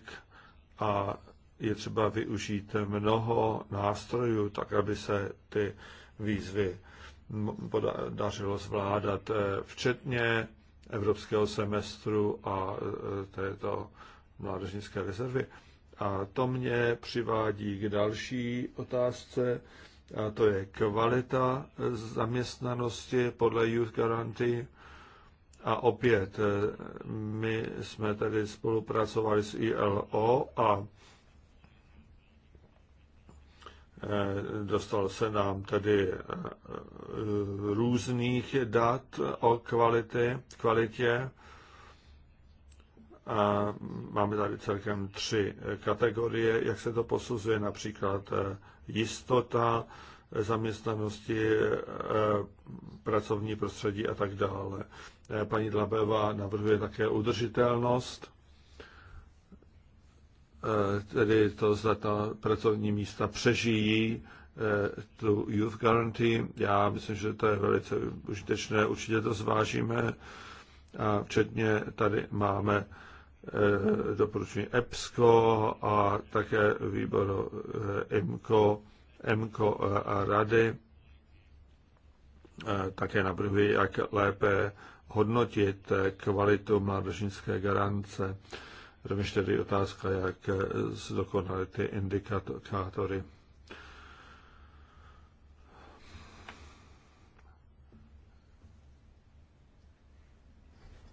a je třeba využít mnoho nástrojů, tak aby se ty výzvy dařilo zvládat, včetně evropského semestru a e, této mládežnické rezervy. A to mě přivádí k další otázce, a to je kvalita zaměstnanosti podle Youth Guarantee. A opět, e, my jsme tady spolupracovali s ILO a Eh, dostal se nám tedy eh, různých dat o kvality, kvalitě. A máme tady celkem tři eh, kategorie, jak se to posuzuje, například jistota zaměstnanosti, pracovní prostředí a tak dále. Paní Dlabeva navrhuje také udržitelnost Eh, tedy to, zda ta pracovní místa přežijí eh, tu Youth Guarantee. Já myslím, že to je velice užitečné, určitě to zvážíme. A včetně tady máme eh, doporučení EPSCO a také výbor EMCO, EMCO a rady. Také navrhuji, jak lépe hodnotit kvalitu mládežnické garance. Rovněž tedy otázka, jak zdokonalit ty indikátory.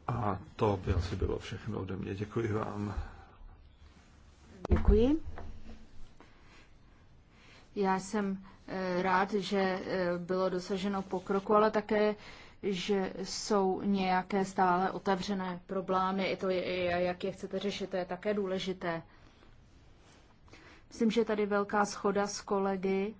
A to by asi bylo všechno ode mě. Děkuji vám. Děkuji. Já jsem eh, rád, že eh, bylo dosaženo pokroku, ale také že jsou nějaké stále otevřené problémy, i to, jak je chcete řešit, to je také důležité. Myslím, že tady velká schoda s kolegy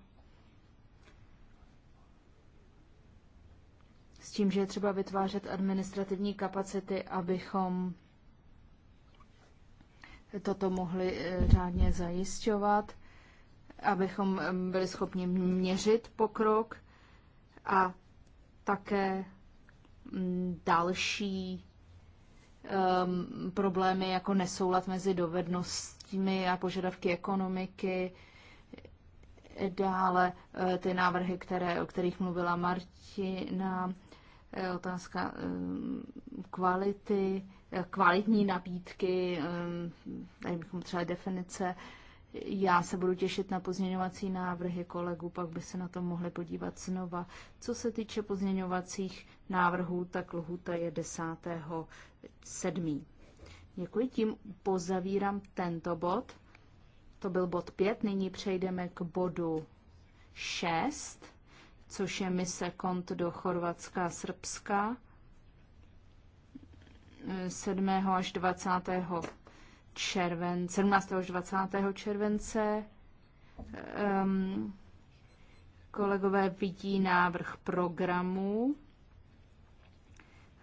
s tím, že je třeba vytvářet administrativní kapacity, abychom toto mohli eh, řádně zajišťovat, abychom eh, byli schopni měřit pokrok a také mm, další um, problémy jako nesoulad mezi dovednostmi a požadavky ekonomiky, dále eh, ty návrhy, které, o kterých mluvila Martina, eh, otázka ehm, kvality, eh, kvalitní nabídky, ehm, tady bychom třeba definice já se budu těšit na pozměňovací návrhy kolegů, pak by se na to mohli podívat znova. Co se týče pozměňovacích návrhů, tak lhuta je 10.7. Děkuji, tím pozavírám tento bod. To byl bod 5, nyní přejdeme k bodu 6, což je mise kont do Chorvatska a Srbska 7. až 20 červen 17. až 20. července. Um, kolegové vidí návrh programu.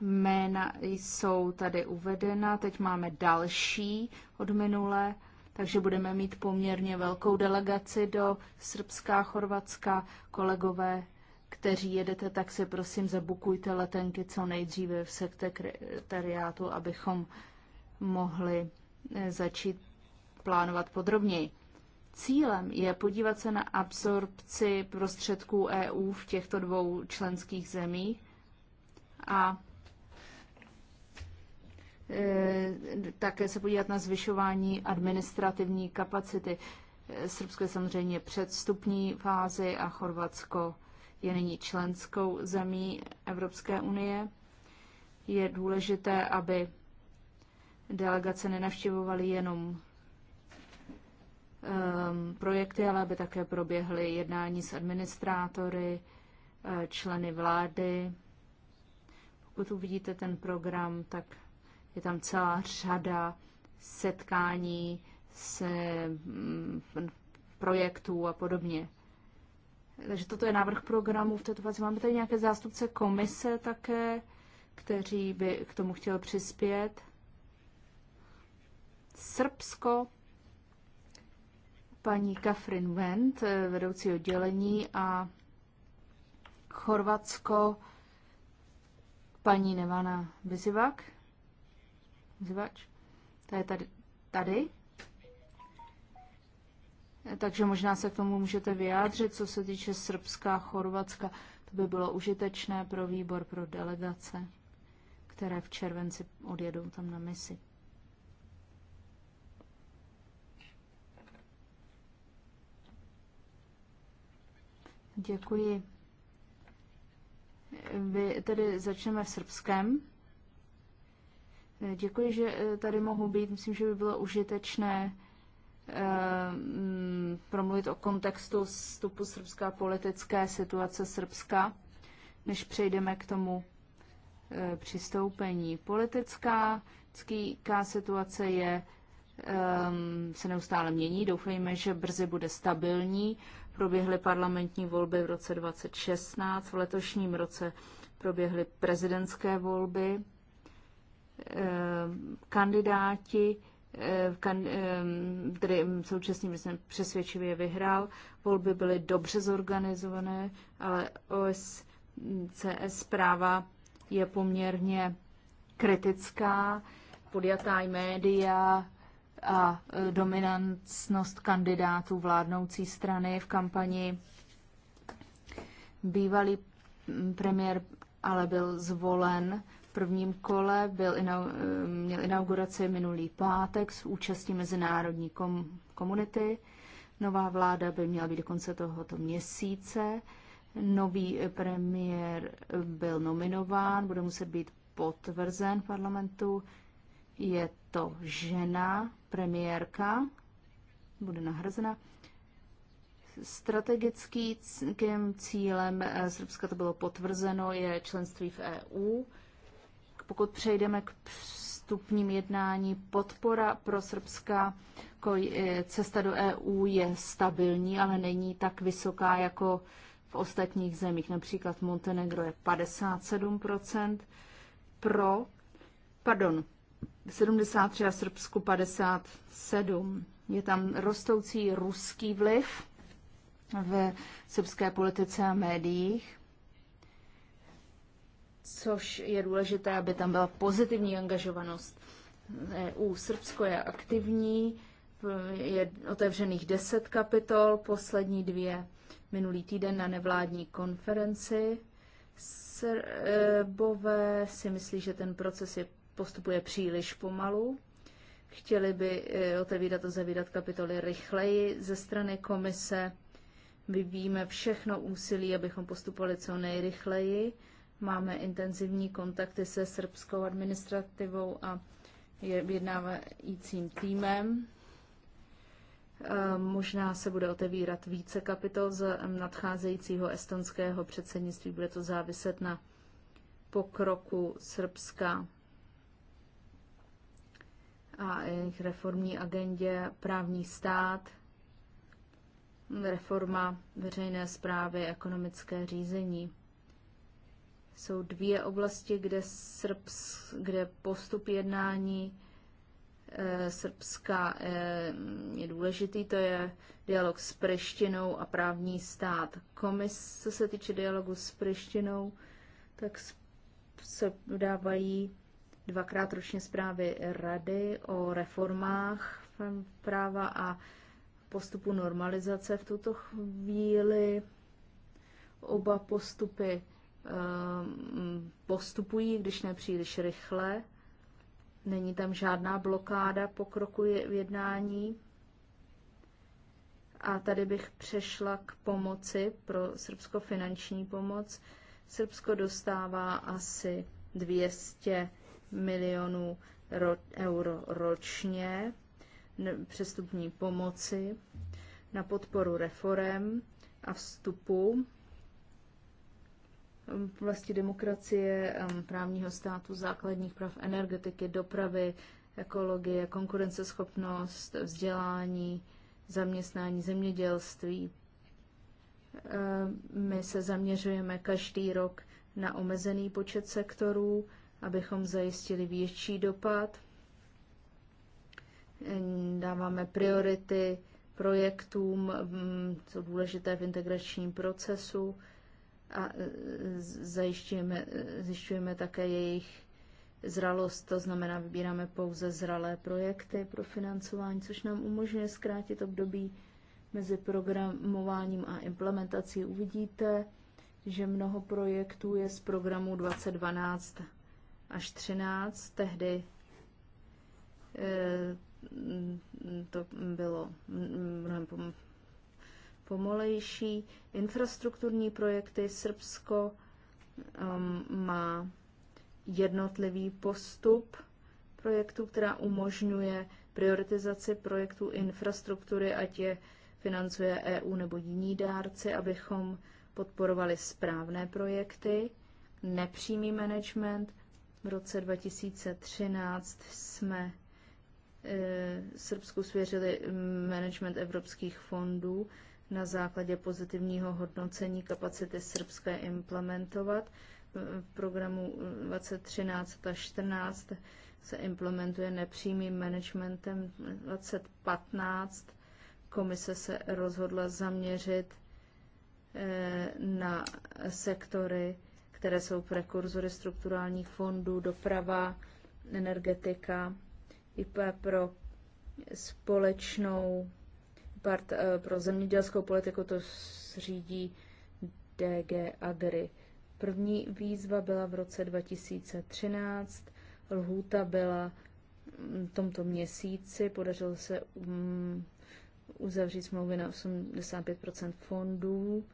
Jména jsou tady uvedena, teď máme další od minule, takže budeme mít poměrně velkou delegaci do Srbská, Chorvatska. Kolegové, kteří jedete, tak si prosím zabukujte letenky co nejdříve v sekretariátu, abychom mohli začít plánovat podrobněji. Cílem je podívat se na absorpci prostředků EU v těchto dvou členských zemích a e, také se podívat na zvyšování administrativní kapacity. Srbsko je samozřejmě předstupní fázi a Chorvatsko je nyní členskou zemí Evropské unie. Je důležité, aby delegace nenavštěvovaly jenom um, projekty, ale aby také proběhly jednání s administrátory, eh, členy vlády. Pokud uvidíte ten program, tak je tam celá řada setkání se mm, projektů a podobně. Takže toto je návrh programu v této fázi. Máme tady nějaké zástupce komise také, kteří by k tomu chtěl přispět. Srbsko, paní Kafrin Wendt, eh, vedoucí oddělení a Chorvatsko, paní Nevana Vizivak. Vizivač. to je tady, tady. Takže možná se k tomu můžete vyjádřit, co se týče Srbská, Chorvatska. To by bylo užitečné pro výbor, pro delegace, které v červenci odjedou tam na misi. Děkuji. Vy tedy začneme v srbském. Děkuji, že eh, tady mohu být. Myslím, že by bylo užitečné eh, promluvit o kontextu vstupu srbská politické situace Srbska, než přejdeme k tomu eh, přistoupení. Politická situace je, se neustále mění. Doufejme, že brzy bude stabilní proběhly parlamentní volby v roce 2016, v letošním roce proběhly prezidentské volby. Eh, kandidáti, eh, který eh, současně jsem přesvědčivě vyhrál, volby byly dobře zorganizované, ale OSCS zpráva je poměrně kritická, podjatá média, a e, dominantnost kandidátů vládnoucí strany v kampani. Bývalý premiér ale byl zvolen v prvním kole, byl, e, měl inauguraci minulý pátek s účastí mezinárodní komunity. Nová vláda by měla být do konce tohoto měsíce. Nový premiér byl nominován, bude muset být potvrzen v parlamentu. Je to žena, premiérka bude nahrazena. Strategickým cílem eh, Srbska to bylo potvrzeno, je členství v EU. Pokud přejdeme k vstupním jednání, podpora pro Srbska jako, eh, cesta do EU je stabilní, ale není tak vysoká jako v ostatních zemích. Například Montenegro je 57 pro, pardon, 73 a Srbsku 57. Je tam rostoucí ruský vliv v srbské politice a médiích, což je důležité, aby tam byla pozitivní angažovanost EU. Srbsko je aktivní, je otevřených deset kapitol, poslední dvě minulý týden na nevládní konferenci. Srbové si myslí, že ten proces je postupuje příliš pomalu. Chtěli by eh, otevírat a zavírat kapitoly rychleji ze strany komise. Vyvíjíme všechno úsilí, abychom postupovali co nejrychleji. Máme intenzivní kontakty se srbskou administrativou a vyjednávajícím týmem. Eh, možná se bude otevírat více kapitol z nadcházejícího estonského předsednictví. Bude to záviset na pokroku Srbska a jejich reformní agendě, právní stát, reforma veřejné zprávy, ekonomické řízení. Jsou dvě oblasti, kde, Srbs, kde postup jednání e, eh, Srbska e, eh, je důležitý, to je dialog s Prištinou a právní stát. Komis, co se týče dialogu s Prištinou, tak se dávají dvakrát ročně zprávy Rady o reformách práva a postupu normalizace v tuto chvíli. Oba postupy ehm, postupují, když ne rychle. Není tam žádná blokáda pokroku v jednání. A tady bych přešla k pomoci pro Srbsko finanční pomoc. Srbsko dostává asi 200 milionů ro, euro ročně přestupní pomoci na podporu reform a vstupu um, vlasti demokracie, um, právního státu, základních práv, energetiky, dopravy, ekologie, konkurenceschopnost, vzdělání, zaměstnání, zemědělství. Um, my se zaměřujeme každý rok na omezený počet sektorů, abychom zajistili větší dopad. Dáváme priority projektům, mm, co důležité v integračním procesu a e, zajišťujeme, e, zjišťujeme také jejich zralost, to znamená, vybíráme pouze zralé projekty pro financování, což nám umožňuje zkrátit období mezi programováním a implementací. Uvidíte, že mnoho projektů je z programu 2012 až 13, tehdy eh, to bylo mnohem pomalejší. Infrastrukturní projekty Srbsko um, má jednotlivý postup projektu, která umožňuje prioritizaci projektů infrastruktury, ať je financuje EU nebo jiní dárci, abychom podporovali správné projekty, nepřímý management, v roce 2013 jsme eh, Srbsku svěřili management evropských fondů na základě pozitivního hodnocení kapacity Srbské implementovat. V programu 2013 a 2014 se implementuje nepřímým managementem 2015. Komise se rozhodla zaměřit eh, na sektory, které jsou prekurzory strukturálních fondů, doprava, energetika, IP pro společnou part, eh, pro zemědělskou politiku to řídí DG Agri. První výzva byla v roce 2013, lhůta byla tomto měsíci, podařilo se mm, uzavřít smlouvy na 85 fondů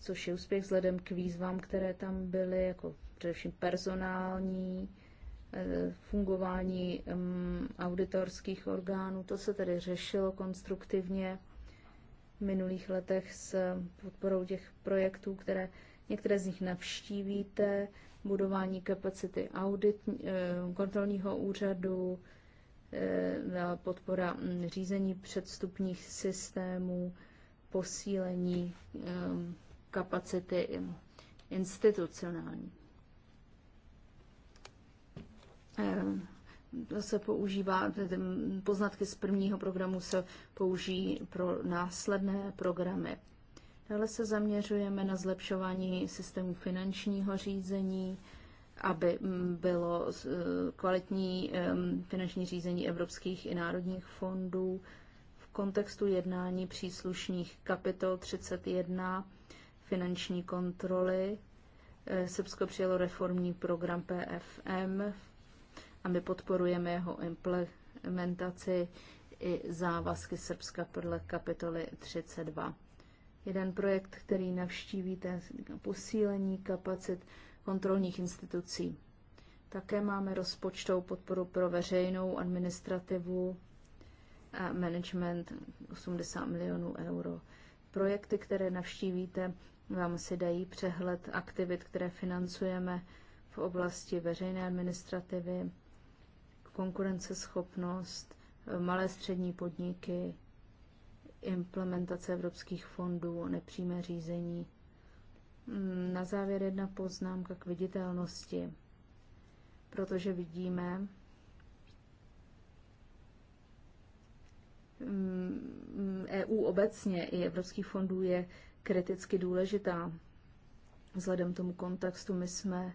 což je úspěch vzhledem k výzvám, které tam byly, jako především personální, eh, fungování mm, auditorských orgánů. To se tedy řešilo konstruktivně v minulých letech s podporou těch projektů, které některé z nich navštívíte, budování kapacity audit, eh, kontrolního úřadu, eh, podpora mm, řízení předstupních systémů, posílení ehm, kapacity institucionální. Ehm, to se používá, poznatky z prvního programu se použijí pro následné programy. Dále se zaměřujeme na zlepšování systému finančního řízení, aby mm, bylo e, kvalitní ehm, finanční řízení evropských i národních fondů. V kontextu jednání příslušných kapitol 31 finanční kontroly. Eh, Srbsko přijelo reformní program PFM a my podporujeme jeho implementaci i závazky Srbska podle kapitoly 32. Jeden projekt, který navštívíte, posílení kapacit kontrolních institucí. Také máme rozpočtovou podporu pro veřejnou administrativu a management 80 milionů euro. Projekty, které navštívíte, vám si dají přehled aktivit, které financujeme v oblasti veřejné administrativy, konkurenceschopnost, malé střední podniky, implementace evropských fondů, nepřímé řízení. Na závěr jedna poznámka k viditelnosti, protože vidíme, mm, mm, EU obecně i evropských fondů je kriticky důležitá. Vzhledem tomu kontextu my jsme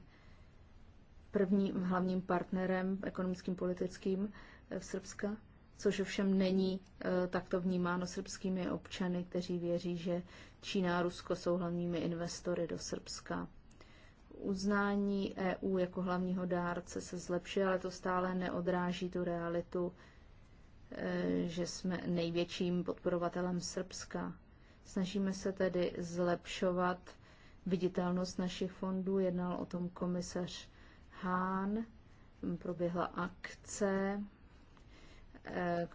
prvním hlavním partnerem ekonomickým politickým eh, v Srbska, což ovšem není eh, takto vnímáno srbskými občany, kteří věří, že Čína a Rusko jsou hlavními investory do Srbska. Uznání EU jako hlavního dárce se zlepšuje, ale to stále neodráží tu realitu, eh, že jsme největším podporovatelem Srbska Snažíme se tedy zlepšovat viditelnost našich fondů. Jednal o tom komisař Hán, proběhla akce eh,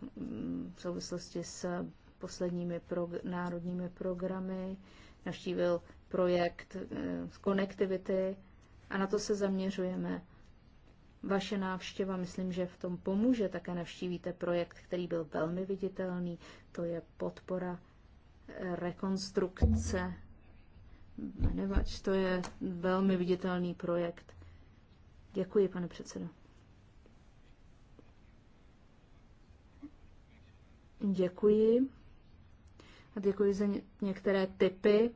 v souvislosti s posledními prog- národními programy, navštívil projekt eh, z konektivity a na to se zaměřujeme. Vaše návštěva, myslím, že v tom pomůže. Také navštívíte projekt, který byl velmi viditelný, to je podpora rekonstrukce Nevač, to je velmi viditelný projekt. Děkuji, pane předsedo. Děkuji. A děkuji za některé typy,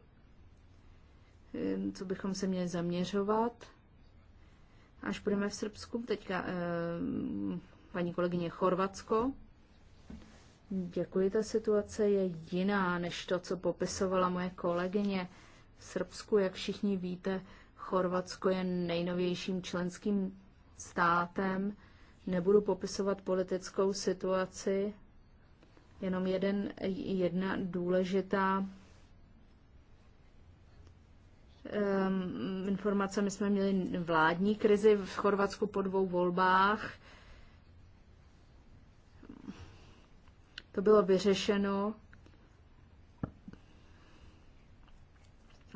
eh, co bychom se měli zaměřovat. Až budeme v Srbsku, teďka eh, paní kolegyně Chorvatsko. Děkuji, ta situace je jiná než to, co popisovala moje kolegyně. V Srbsku, jak všichni víte, Chorvatsko je nejnovějším členským státem. Nebudu popisovat politickou situaci, jenom jeden, jedna důležitá um, informace. My jsme měli vládní krizi v Chorvatsku po dvou volbách to bylo vyřešeno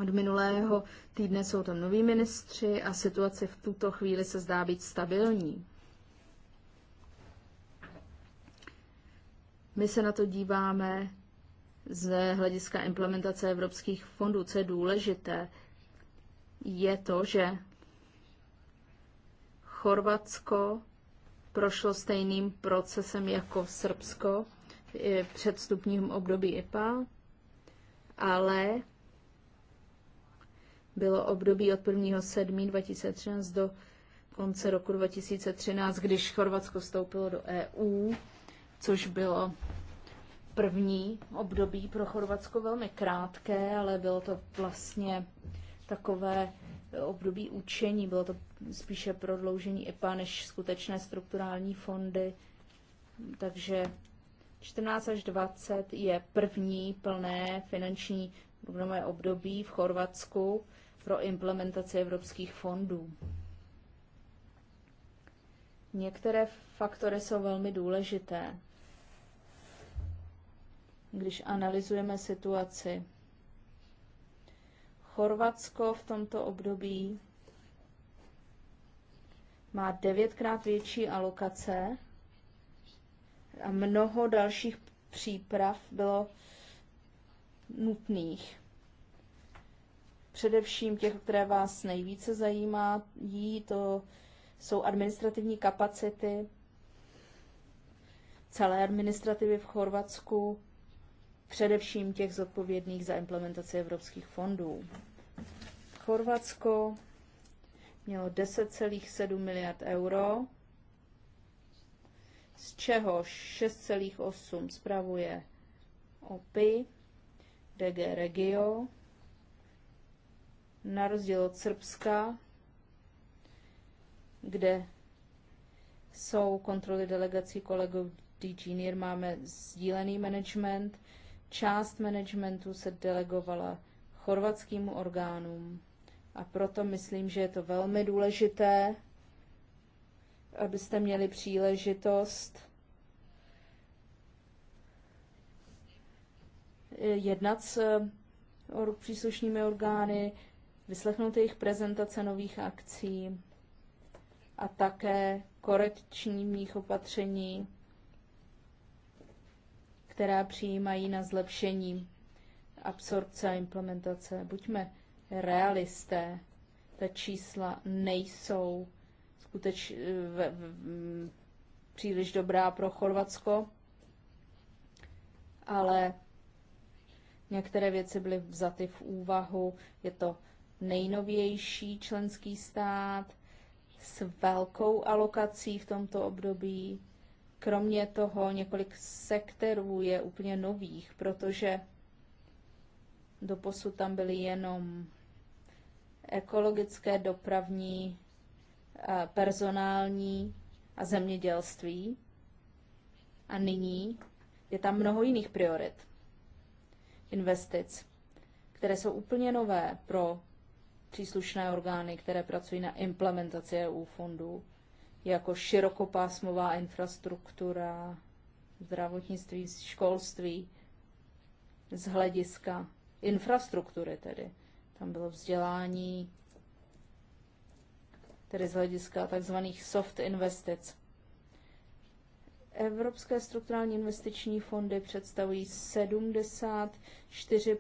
Od minulého týdne jsou tam noví ministři a situace v tuto chvíli se zdá být stabilní. My se na to díváme z hlediska implementace evropských fondů. Co je důležité, je to, že Chorvatsko prošlo stejným procesem jako Srbsko předstupním období IPA, ale bylo období od 1. 7. 2013 do konce roku 2013, když Chorvatsko vstoupilo do EU, což bylo první období pro Chorvatsko velmi krátké, ale bylo to vlastně takové období učení, bylo to spíše prodloužení IPA než skutečné strukturální fondy, takže 14 až 20 je první plné finanční rovnomé období v Chorvatsku pro implementaci evropských fondů. Některé faktory jsou velmi důležité, když analyzujeme situaci. Chorvatsko v tomto období má devětkrát větší alokace a mnoho dalších příprav bylo nutných. Především těch, které vás nejvíce zajímají, to jsou administrativní kapacity celé administrativy v Chorvatsku, především těch zodpovědných za implementaci evropských fondů. Chorvatsko mělo 10,7 miliard euro z čeho 6,8 spravuje OPI, DG Regio, na rozdíl od Srbska, kde jsou kontroly delegací kolegů DG NIR, máme sdílený management, část managementu se delegovala chorvatským orgánům a proto myslím, že je to velmi důležité, abyste měli příležitost jednat s eh, příslušnými orgány, vyslechnout jejich prezentace nových akcí a také korekčních opatření, která přijímají na zlepšení absorpce a implementace. Buďme realisté, ta čísla nejsou skuteč, eh, v, v, příliš dobrá pro Chorvatsko, ale některé věci byly vzaty v úvahu. Je to nejnovější členský stát s velkou alokací v tomto období. Kromě toho několik sektorů je úplně nových, protože doposud tam byly jenom ekologické, dopravní, Eh, personální a zemědělství. A nyní je tam mnoho jiných priorit investic, které jsou úplně nové pro příslušné orgány, které pracují na implementaci EU fondů, jako širokopásmová infrastruktura, zdravotnictví, školství, z hlediska infrastruktury tedy. Tam bylo vzdělání, tedy z hlediska tzv. soft investic. Evropské strukturální investiční fondy představují 74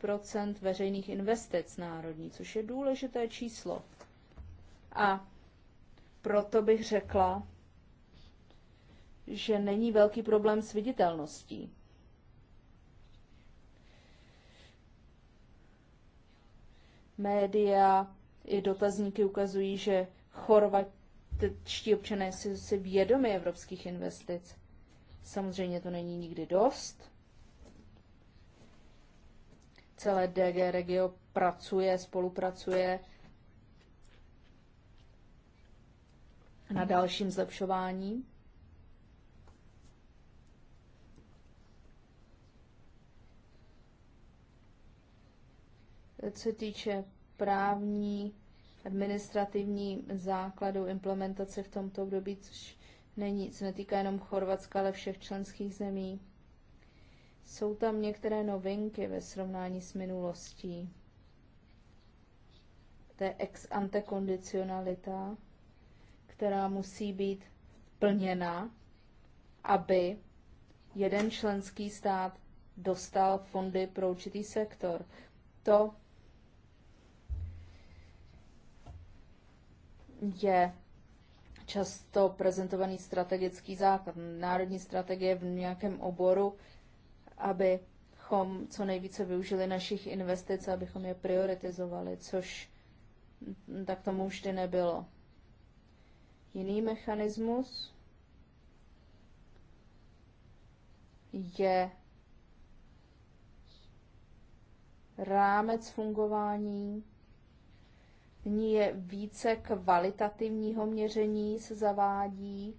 veřejných investic národní, což je důležité číslo. A proto bych řekla, že není velký problém s viditelností. Média i dotazníky ukazují, že chorvatští občané si, si vědomi evropských investic. Samozřejmě to není nikdy dost. Celé DG Regio pracuje, spolupracuje na dalším zlepšování. Co se týče právní administrativní základu implementace v tomto období, což není, nic, netýká jenom Chorvatska, ale všech členských zemí. Jsou tam některé novinky ve srovnání s minulostí. To je ex ante kondicionalita, která musí být plněna, aby jeden členský stát dostal fondy pro určitý sektor. To je často prezentovaný strategický základ, národní strategie v nějakém oboru, abychom co nejvíce využili našich investic, abychom je prioritizovali, což tak tomu vždy nebylo. Jiný mechanismus je rámec fungování Nyní je více kvalitativního měření se zavádí.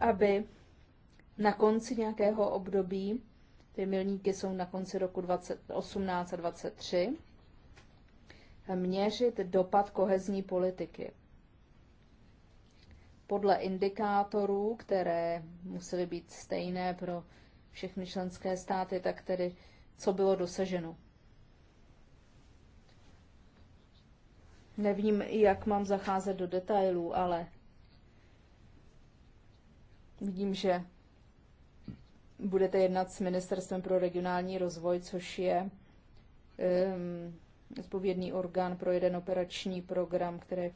aby na konci nějakého období, ty milníky jsou na konci roku 2018 a 2023, měřit dopad kohezní politiky. Podle indikátorů, které musely být stejné pro všechny členské státy, tak tedy co bylo dosaženo. Nevím, jak mám zacházet do detailů, ale vidím, že budete jednat s Ministerstvem pro regionální rozvoj, což je um, zpovědný orgán pro jeden operační program, který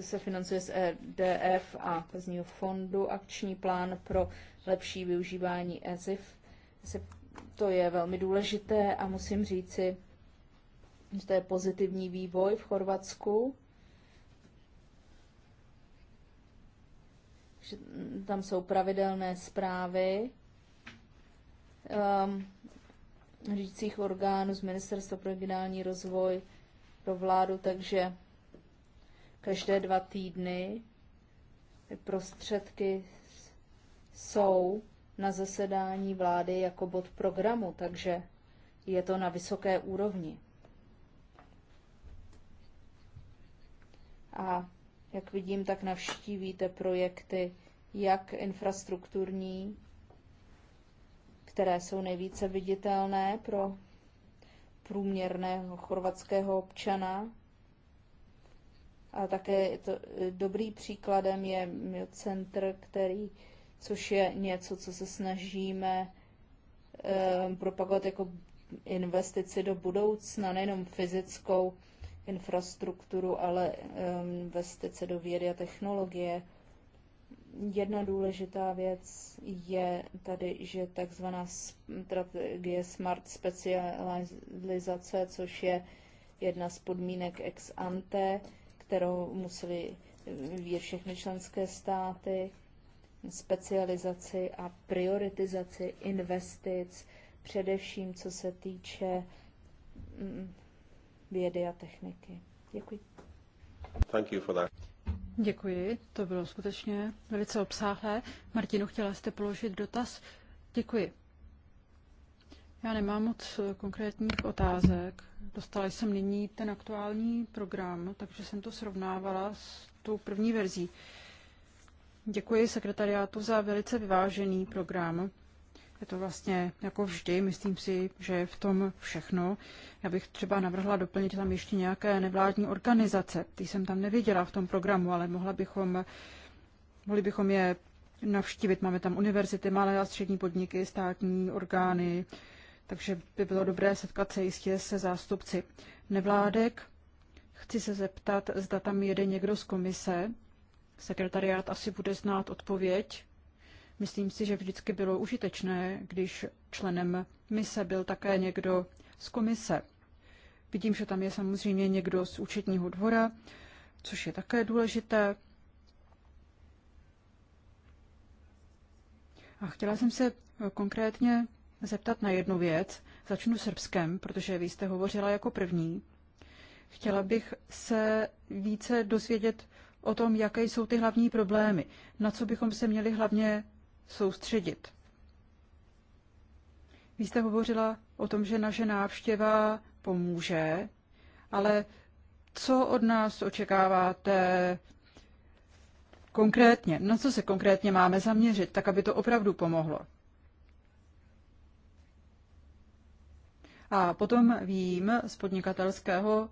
se financuje z EDF a z fondu akční plán pro lepší využívání EZIF se to je velmi důležité a musím říci, že to je pozitivní vývoj v Chorvatsku. Že tam jsou pravidelné zprávy um, řídících orgánů z Ministerstva pro regionální rozvoj pro vládu, takže každé dva týdny prostředky jsou na zasedání vlády jako bod programu, takže je to na vysoké úrovni. A jak vidím, tak navštívíte projekty jak infrastrukturní, které jsou nejvíce viditelné pro průměrného chorvatského občana. A také to, e, dobrý příkladem je centr, který což je něco, co se snažíme eh, propagovat jako investici do budoucna, nejenom fyzickou infrastrukturu, ale eh, investice do vědy a technologie. Jedna důležitá věc je tady, že takzvaná strategie smart specializace, což je jedna z podmínek ex ante, kterou museli eh, vyvíjet všechny členské státy, specializaci a prioritizaci investic, především co se týče mm, vědy a techniky. Děkuji. Thank you for that. Děkuji, to bylo skutečně velice obsáhlé. Martinu, chtěla jste položit dotaz? Děkuji. Já nemám moc konkrétních otázek. Dostala jsem nyní ten aktuální program, takže jsem to srovnávala s tou první verzí. Děkuji sekretariátu za velice vyvážený program. Je to vlastně jako vždy, myslím si, že je v tom všechno. Já bych třeba navrhla doplnit tam ještě nějaké nevládní organizace. Ty jsem tam neviděla v tom programu, ale mohla bychom, mohli bychom je navštívit. Máme tam univerzity, malé a střední podniky, státní orgány, takže by bylo dobré setkat se jistě se zástupci nevládek. Chci se zeptat, zda tam jede někdo z komise, Sekretariát asi bude znát odpověď. Myslím si, že vždycky bylo užitečné, když členem mise byl také někdo z komise. Vidím, že tam je samozřejmě někdo z účetního dvora, což je také důležité. A chtěla jsem se konkrétně zeptat na jednu věc. Začnu srbskem, protože vy jste hovořila jako první. Chtěla bych se více dozvědět o tom, jaké jsou ty hlavní problémy, na co bychom se měli hlavně soustředit. Vy jste hovořila o tom, že naše návštěva pomůže, ale co od nás očekáváte konkrétně? Na co se konkrétně máme zaměřit, tak aby to opravdu pomohlo? A potom vím z podnikatelského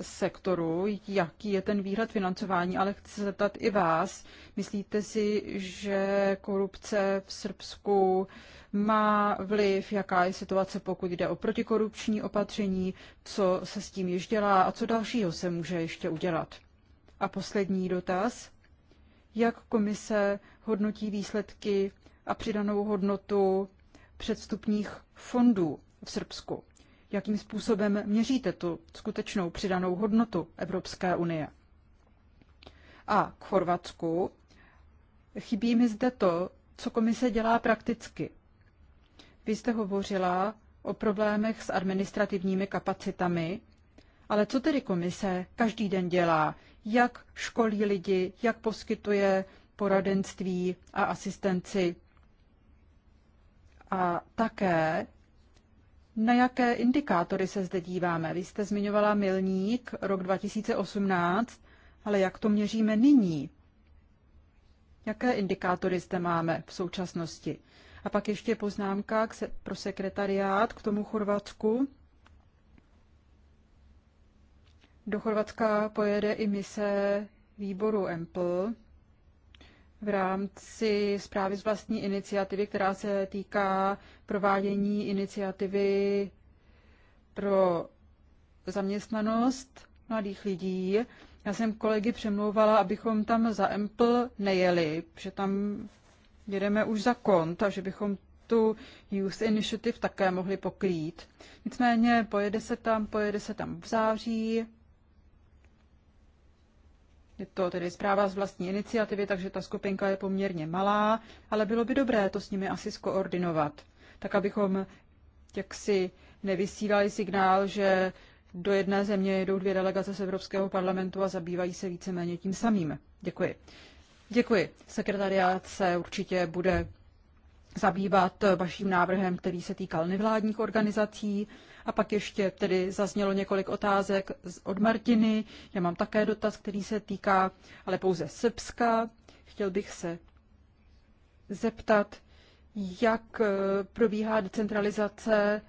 sektoru, jaký je ten výhled financování, ale chci se zeptat i vás. Myslíte si, že korupce v Srbsku má vliv, jaká je situace, pokud jde o protikorupční opatření, co se s tím ještě dělá a co dalšího se může ještě udělat? A poslední dotaz. Jak komise hodnotí výsledky a přidanou hodnotu předstupních fondů v Srbsku? jakým způsobem měříte tu skutečnou přidanou hodnotu Evropské unie. A k Chorvatsku chybí mi zde to, co komise dělá prakticky. Vy jste hovořila o problémech s administrativními kapacitami, ale co tedy komise každý den dělá? Jak školí lidi, jak poskytuje poradenství a asistenci? A také na jaké indikátory se zde díváme? Vy jste zmiňovala milník rok 2018, ale jak to měříme nyní? Jaké indikátory zde máme v současnosti? A pak ještě poznámka k pro sekretariát k tomu Chorvatsku. Do Chorvatska pojede i mise výboru EMPL v rámci zprávy z vlastní iniciativy, která se týká provádění iniciativy pro zaměstnanost mladých lidí. Já jsem kolegy přemlouvala, abychom tam za Empl nejeli, že tam jedeme už za kont a že bychom tu Youth Initiative také mohli pokrýt. Nicméně pojede se tam, pojede se tam v září, je to tedy zpráva z vlastní iniciativy, takže ta skupinka je poměrně malá, ale bylo by dobré to s nimi asi skoordinovat, tak abychom jaksi nevysílali signál, že do jedné země jedou dvě delegace z Evropského parlamentu a zabývají se víceméně tím samým. Děkuji. Děkuji. Sekretariát se určitě bude zabývat vaším návrhem, který se týkal nevládních organizací. A pak ještě tedy zaznělo několik otázek od Martiny. Já mám také dotaz, který se týká ale pouze Srbska. Chtěl bych se zeptat, jak eh, probíhá decentralizace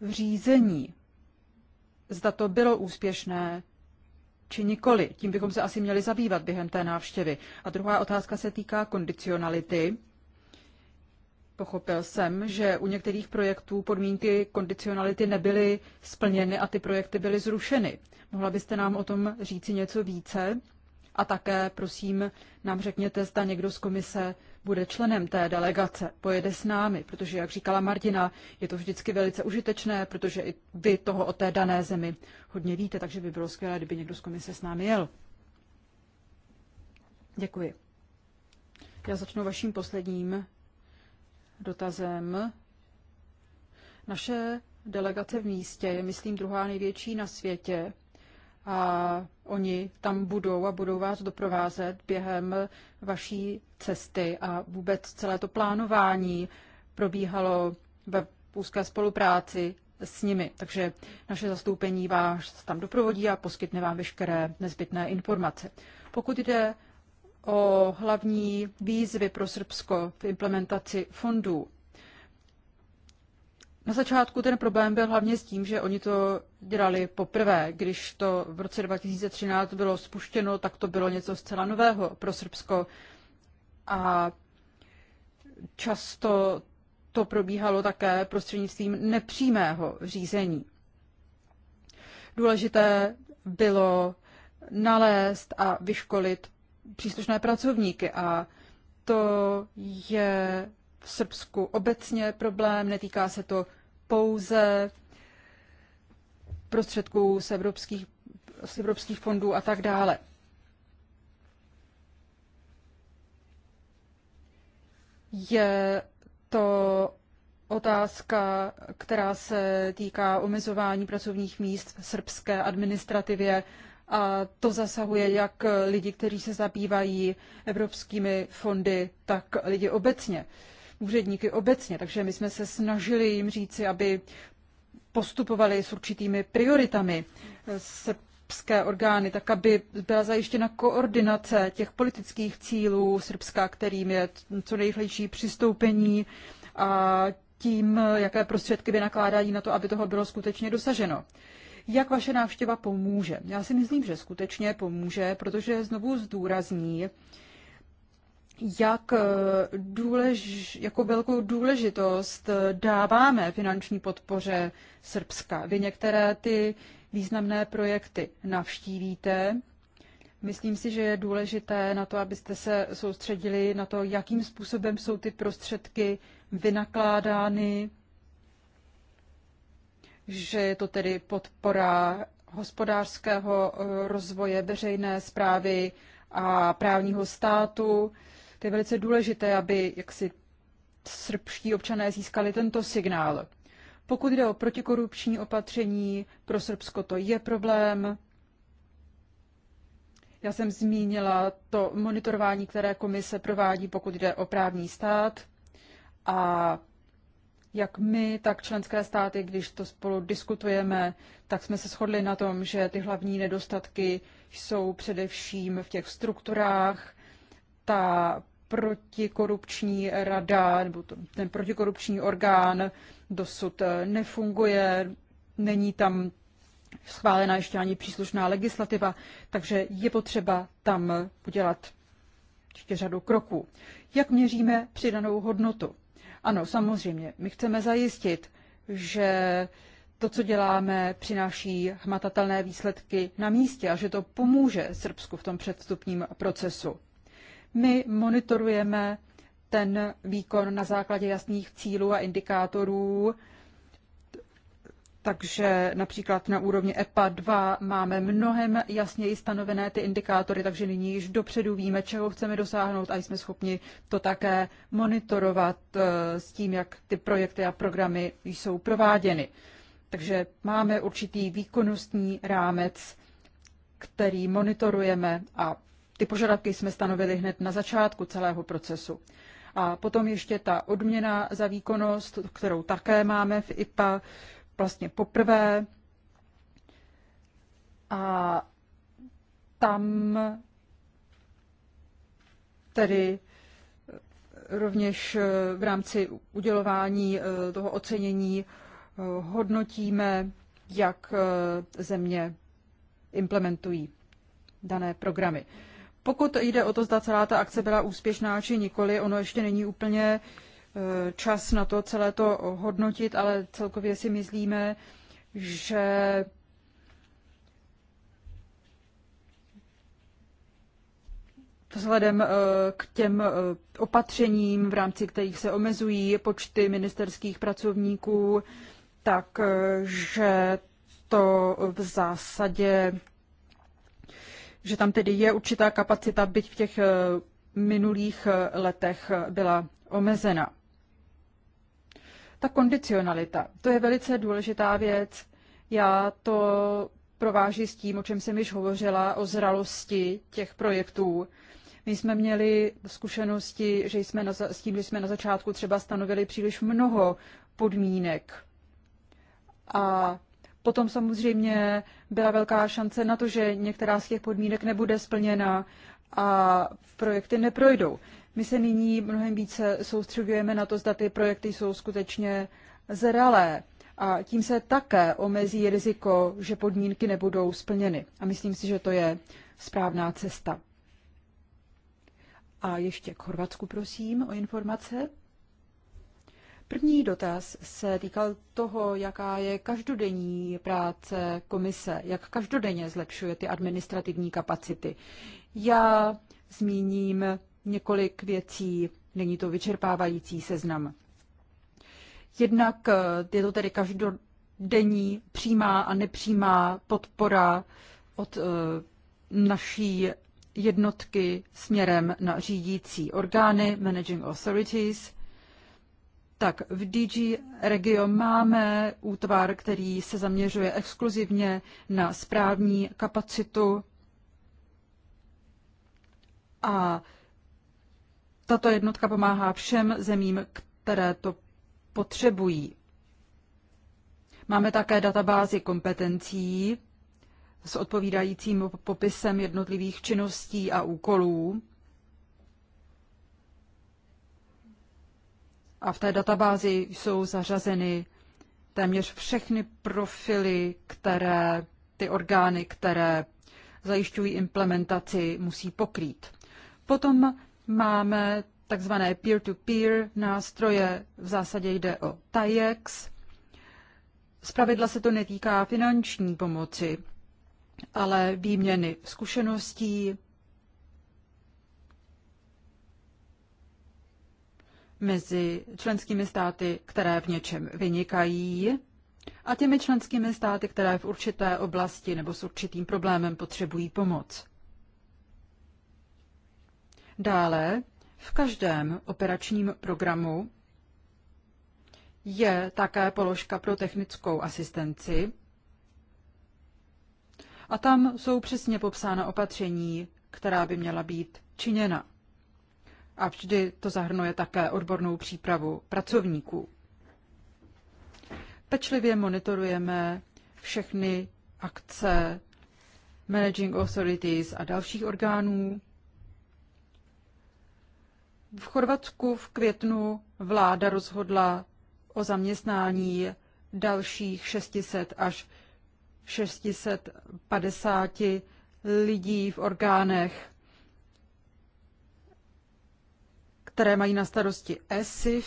v řízení. Zda to bylo úspěšné či nikoli. Tím bychom se asi měli zabývat během té návštěvy. A druhá otázka se týká kondicionality. Pochopil jsem, že u některých projektů podmínky kondicionality nebyly splněny a ty projekty byly zrušeny. Mohla byste nám o tom říci něco více? A také, prosím, nám řekněte, zda někdo z komise bude členem té delegace, pojede s námi, protože, jak říkala Martina, je to vždycky velice užitečné, protože i vy toho o té dané zemi hodně víte, takže by bylo skvělé, kdyby někdo z komise s námi jel. Děkuji. Já začnu vaším posledním dotazem. Naše delegace v místě je, myslím, druhá největší na světě a oni tam budou a budou vás doprovázet během vaší cesty a vůbec celé to plánování probíhalo ve úzké spolupráci s nimi. Takže naše zastoupení vás tam doprovodí a poskytne vám veškeré nezbytné informace. Pokud jde o hlavní výzvy pro Srbsko v implementaci fondů. Na začátku ten problém byl hlavně s tím, že oni to dělali poprvé. Když to v roce 2013 bylo spuštěno, tak to bylo něco zcela nového pro Srbsko. A často to probíhalo také prostřednictvím nepřímého řízení. Důležité bylo nalézt a vyškolit příslušné pracovníky a to je v Srbsku obecně problém, netýká se to pouze prostředků z evropských, z evropských fondů a tak dále. Je to otázka, která se týká omezování pracovních míst v srbské administrativě a to zasahuje jak lidi, kteří se zabývají evropskými fondy, tak lidi obecně, úředníky obecně. Takže my jsme se snažili jim říci, aby postupovali s určitými prioritami eh, srbské orgány, tak aby byla zajištěna koordinace těch politických cílů Srbska, kterým je co nejrychlejší přistoupení a tím, jaké prostředky vynakládají na to, aby toho bylo skutečně dosaženo jak vaše návštěva pomůže. Já si myslím, že skutečně pomůže, protože znovu zdůrazní, jak eh, důlež, jako velkou důležitost eh, dáváme finanční podpoře Srbska. Vy některé ty významné projekty navštívíte. Myslím si, že je důležité na to, abyste se soustředili na to, jakým způsobem jsou ty prostředky vynakládány, že je to tedy podpora hospodářského eh, rozvoje, veřejné zprávy a právního státu. To je velice důležité, aby jaksi srbští občané získali tento signál. Pokud jde o protikorupční opatření, pro Srbsko to je problém. Já jsem zmínila to monitorování, které komise provádí, pokud jde o právní stát. A jak my, tak členské státy, když to spolu diskutujeme, tak jsme se shodli na tom, že ty hlavní nedostatky jsou především v těch strukturách. Ta protikorupční rada nebo ten protikorupční orgán dosud eh, nefunguje, není tam schválena ještě ani příslušná legislativa, takže je potřeba tam udělat ještě řadu kroků. Jak měříme přidanou hodnotu? Ano, samozřejmě, my chceme zajistit, že to, co děláme, přináší hmatatelné výsledky na místě a že to pomůže Srbsku v tom předstupním procesu. My monitorujeme ten výkon na základě jasných cílů a indikátorů, takže například na úrovni EPA 2 máme mnohem jasněji stanovené ty indikátory, takže nyní již dopředu víme, čeho chceme dosáhnout a jsme schopni to také monitorovat eh, s tím, jak ty projekty a programy jsou prováděny. Takže máme určitý výkonnostní rámec, který monitorujeme a ty požadavky jsme stanovili hned na začátku celého procesu. A potom ještě ta odměna za výkonnost, kterou také máme v IPA, vlastně poprvé a tam tedy rovněž eh, v rámci udělování eh, toho ocenění eh, hodnotíme, jak země implementují dané programy. Pokud jde o to, zda celá ta akce byla úspěšná či nikoli, ono ještě není úplně čas na to celé to hodnotit, ale celkově si myslíme, že vzhledem eh, k těm eh, opatřením, v rámci kterých se omezují počty ministerských pracovníků, takže eh, to v zásadě, že tam tedy je určitá kapacita, byť v těch minulých letech byla omezena. Ta kondicionalita, to je velice důležitá věc. Já to prováží s tím, o čem jsem již hovořila, o zralosti těch projektů. My jsme měli zkušenosti že jsme na, s tím, že jsme na začátku třeba stanovili příliš mnoho podmínek. A potom samozřejmě byla velká šance na to, že některá z těch podmínek nebude splněna a projekty neprojdou. My se nyní mnohem více soustředujeme na to, zda ty projekty jsou skutečně zralé. A tím se také omezí riziko, že podmínky nebudou splněny. A myslím si, že to je správná cesta. A ještě k Chorvatsku prosím o informace. První dotaz se týkal toho, jaká je každodenní práce komise, jak každodenně zlepšuje ty administrativní kapacity. Já zmíním několik věcí, není to vyčerpávající seznam. Jednak eh, je to tedy každodenní přímá a nepřímá podpora od eh, naší jednotky směrem na řídící orgány, managing authorities. Tak v DG Regio máme útvar, který se zaměřuje exkluzivně na správní kapacitu a tato jednotka pomáhá všem zemím, které to potřebují. Máme také databázi kompetencí s odpovídajícím popisem jednotlivých činností a úkolů. A v té databázi jsou zařazeny téměř všechny profily, které ty orgány, které zajišťují implementaci, musí pokrýt. Potom Máme takzvané peer-to-peer nástroje, v zásadě jde o TAIEX. Zpravidla se to netýká finanční pomoci, ale výměny zkušeností mezi členskými státy, které v něčem vynikají, a těmi členskými státy, které v určité oblasti nebo s určitým problémem potřebují pomoc. Dále v každém operačním programu je také položka pro technickou asistenci a tam jsou přesně popsána opatření, která by měla být činěna. A vždy to zahrnuje také odbornou přípravu pracovníků. Pečlivě monitorujeme všechny akce Managing Authorities a dalších orgánů v Chorvatsku v květnu vláda rozhodla o zaměstnání dalších 600 až 650 lidí v orgánech, které mají na starosti ESIF.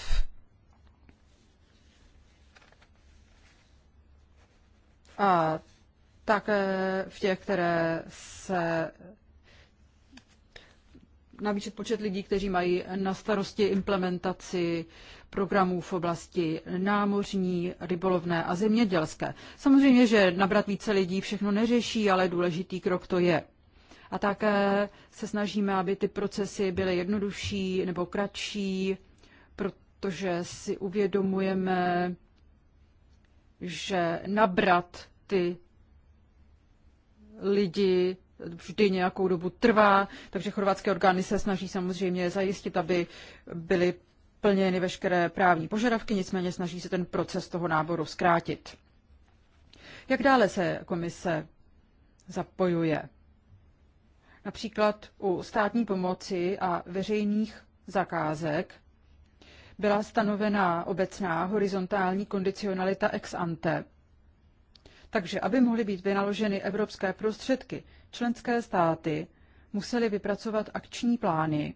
A také v těch, které se navýšit počet lidí, kteří mají na starosti implementaci programů v oblasti námořní, rybolovné a zemědělské. Samozřejmě, že nabrat více lidí všechno neřeší, ale důležitý krok to je. A také se snažíme, aby ty procesy byly jednodušší nebo kratší, protože si uvědomujeme, že nabrat ty lidi vždy nějakou dobu trvá, takže chorvatské orgány se snaží samozřejmě zajistit, aby byly plněny veškeré právní požadavky, nicméně snaží se ten proces toho náboru zkrátit. Jak dále se komise zapojuje? Například u státní pomoci a veřejných zakázek byla stanovena obecná horizontální kondicionalita ex ante. Takže, aby mohly být vynaloženy evropské prostředky, členské státy musely vypracovat akční plány,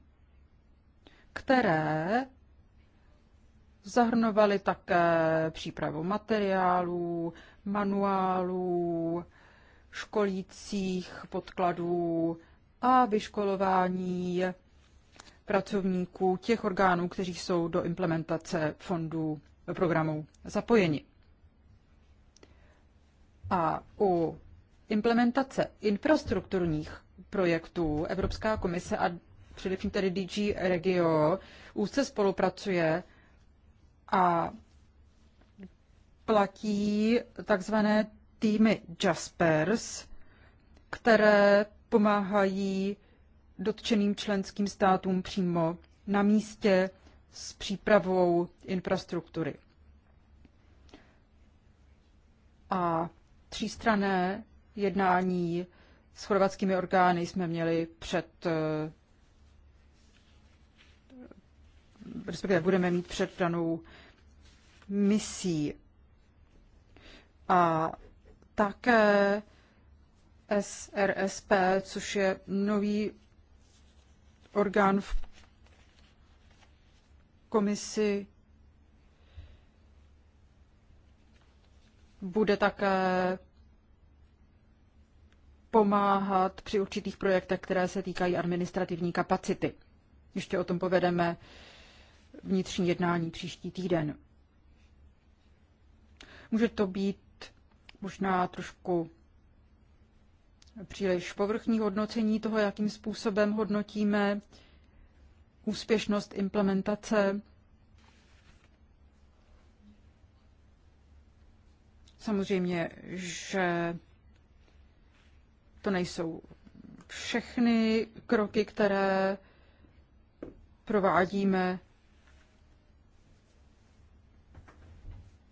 které zahrnovaly také přípravu materiálů, manuálů, školících podkladů a vyškolování pracovníků těch orgánů, kteří jsou do implementace fondů programů zapojeni. A u implementace infrastrukturních projektů Evropská komise a především tedy DG Regio úzce spolupracuje a platí takzvané týmy Jaspers, které pomáhají dotčeným členským státům přímo na místě s přípravou infrastruktury. A třístrané jednání s chorvatskými orgány jsme měli před eh, respektive budeme mít před danou misí. A také SRSP, což je nový orgán v komisi, bude také pomáhat při určitých projektech, které se týkají administrativní kapacity. Ještě o tom povedeme vnitřní jednání příští týden. Může to být možná trošku příliš povrchní hodnocení toho, jakým způsobem hodnotíme úspěšnost implementace. Samozřejmě, že to nejsou všechny kroky, které provádíme.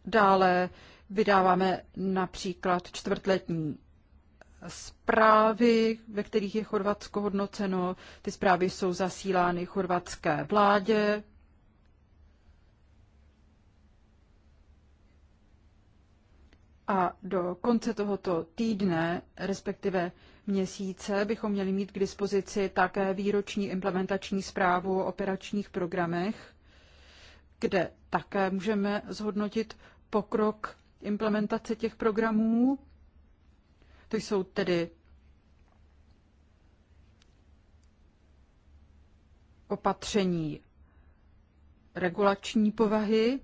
Dále vydáváme například čtvrtletní zprávy, ve kterých je Chorvatsko hodnoceno. Ty zprávy jsou zasílány chorvatské vládě. a do konce tohoto týdne, respektive měsíce, bychom měli mít k dispozici také výroční implementační zprávu o operačních programech, kde také můžeme zhodnotit pokrok implementace těch programů. To jsou tedy opatření regulační povahy,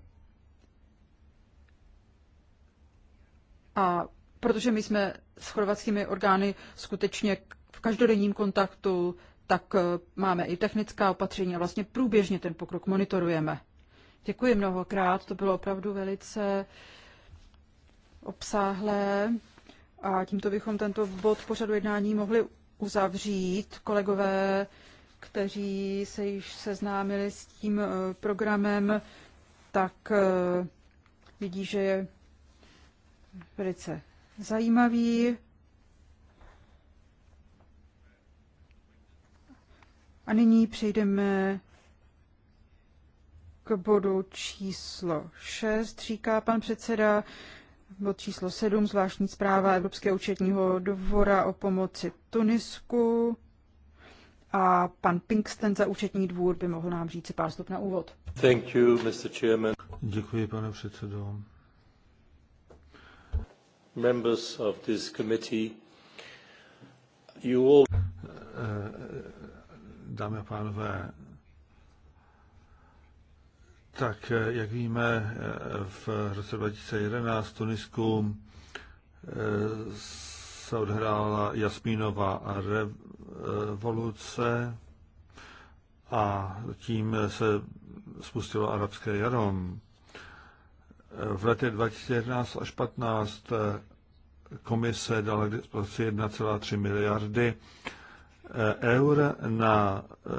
A protože my jsme s chorvatskými orgány skutečně v každodenním kontaktu, tak eh, máme i technická opatření a vlastně průběžně ten pokrok monitorujeme. Děkuji mnohokrát, to bylo opravdu velice obsáhlé a tímto bychom tento bod pořadu jednání mohli uzavřít. Kolegové, kteří se již seznámili s tím eh, programem, tak eh, vidí, že je velice zajímavý. A nyní přejdeme k bodu číslo 6, říká pan předseda. Bod číslo 7, zvláštní zpráva Evropského účetního dvora o pomoci Tunisku. A pan Pinkston za účetní dvůr by mohl nám říct pár slov na úvod. Thank you, Mr. Chairman. Děkuji, pane předsedo members of this committee. You all... Eh, dámy a pánové, tak eh, jak víme, eh, v roce 2011 v Tunisku se odhrála Jasmínová revoluce a tím se spustilo arabské jaro. V letech 2011 až 15 komise dala k dispozici 1,3 miliardy eh, eur na eh,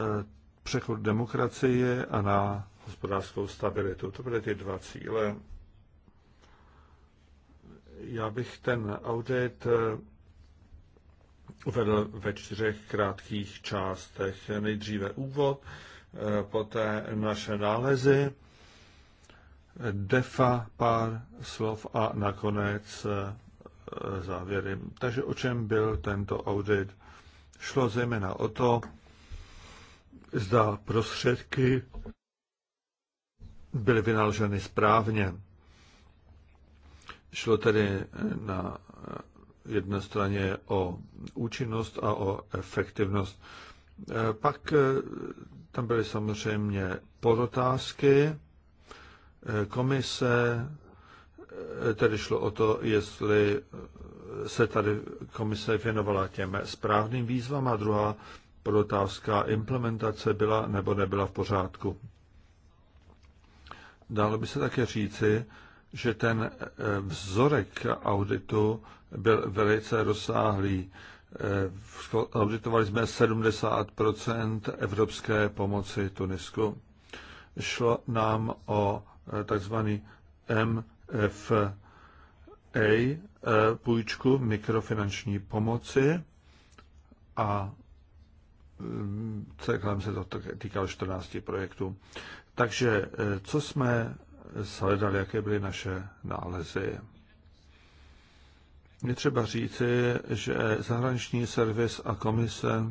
přechod demokracie a na hospodářskou stabilitu. To byly ty dva cíle. Já bych ten audit eh, uvedl ve čtyřech krátkých částech. Nejdříve úvod, poté naše nálezy, defa, pár slov a nakonec závěry. Takže o čem byl tento audit? Šlo zejména o to, zda prostředky byly vynaloženy správně. Šlo tedy na jedné straně o účinnost a o efektivnost. Pak eh, tam byly samozřejmě podotázky, eh, komise tedy šlo o to, jestli se tady komise věnovala těm správným výzvám a druhá podotázka implementace byla nebo nebyla v pořádku. Dále by se také říci, že ten eh, vzorek auditu byl velice rozsáhlý. Eh, auditovali jsme 70 evropské pomoci Tunisku. Šlo nám o eh, takzvaný M FA půjčku mikrofinanční pomoci a celkem mm, se to týkalo 14 projektů. Takže eh, co jsme sledali, jaké byly naše nálezy? Je třeba říci, že zahraniční servis a komise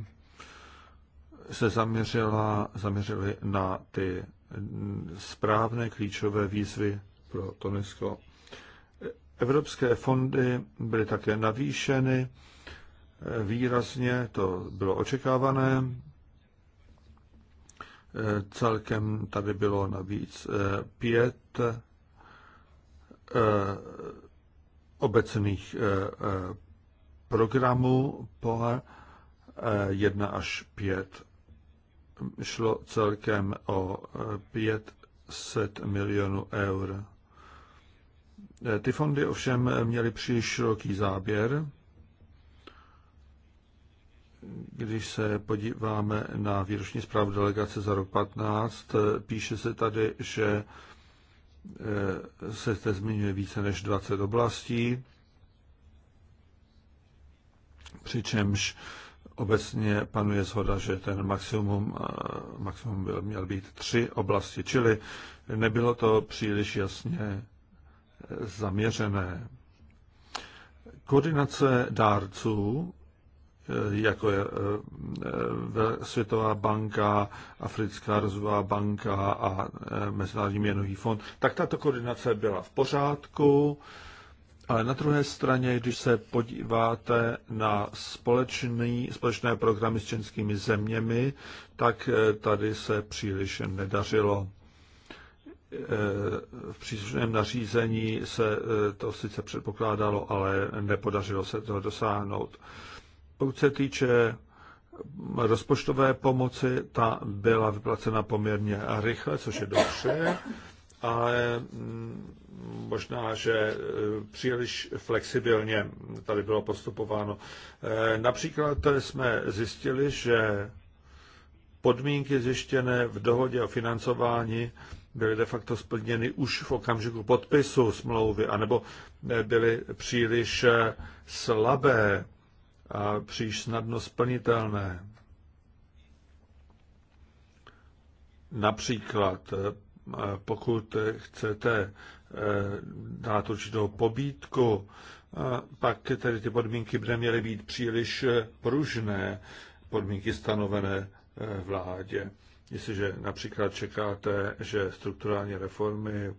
se zaměřila, zaměřili na ty mm, správné klíčové výzvy pro Tunisko. Evropské fondy byly také navýšeny výrazně, to bylo očekávané. Celkem tady bylo navíc eh, pět eh, obecných eh, programů po 1 až 5. Šlo celkem o 500 milionů eur. Eh, ty fondy ovšem měly příliš široký záběr. Když se podíváme na výroční zprávu delegace za rok 15, eh, píše se tady, že eh, se zde zmiňuje více než 20 oblastí, přičemž obecně panuje zhoda, že ten maximum, maximum byl, měl být tři oblasti, čili nebylo to příliš jasně zaměřené. Koordinace dárců, eh, jako je eh, Světová banka, Africká rozvojová banka a eh, Mezinárodní měnový fond, tak tato koordinace byla v pořádku, ale na druhé straně, když se podíváte na společný, společné programy s českými zeměmi, tak tady se příliš nedařilo v příslušném nařízení se eh, to sice předpokládalo, ale nepodařilo se to dosáhnout. Pokud se týče rozpočtové pomoci, ta byla vyplacena poměrně rychle, což je dobře, ale mm, možná, že eh, příliš flexibilně tady bylo postupováno. Eh, například jsme zjistili, že podmínky zjištěné v dohodě o financování byly de facto splněny už v okamžiku podpisu smlouvy, anebo eh, byly příliš eh, slabé a příliš snadno splnitelné. Například, eh, pokud chcete dát určitou pobídku, pak tedy ty podmínky by neměly být příliš pružné, podmínky stanovené vládě. Jestliže například čekáte, že strukturální reformy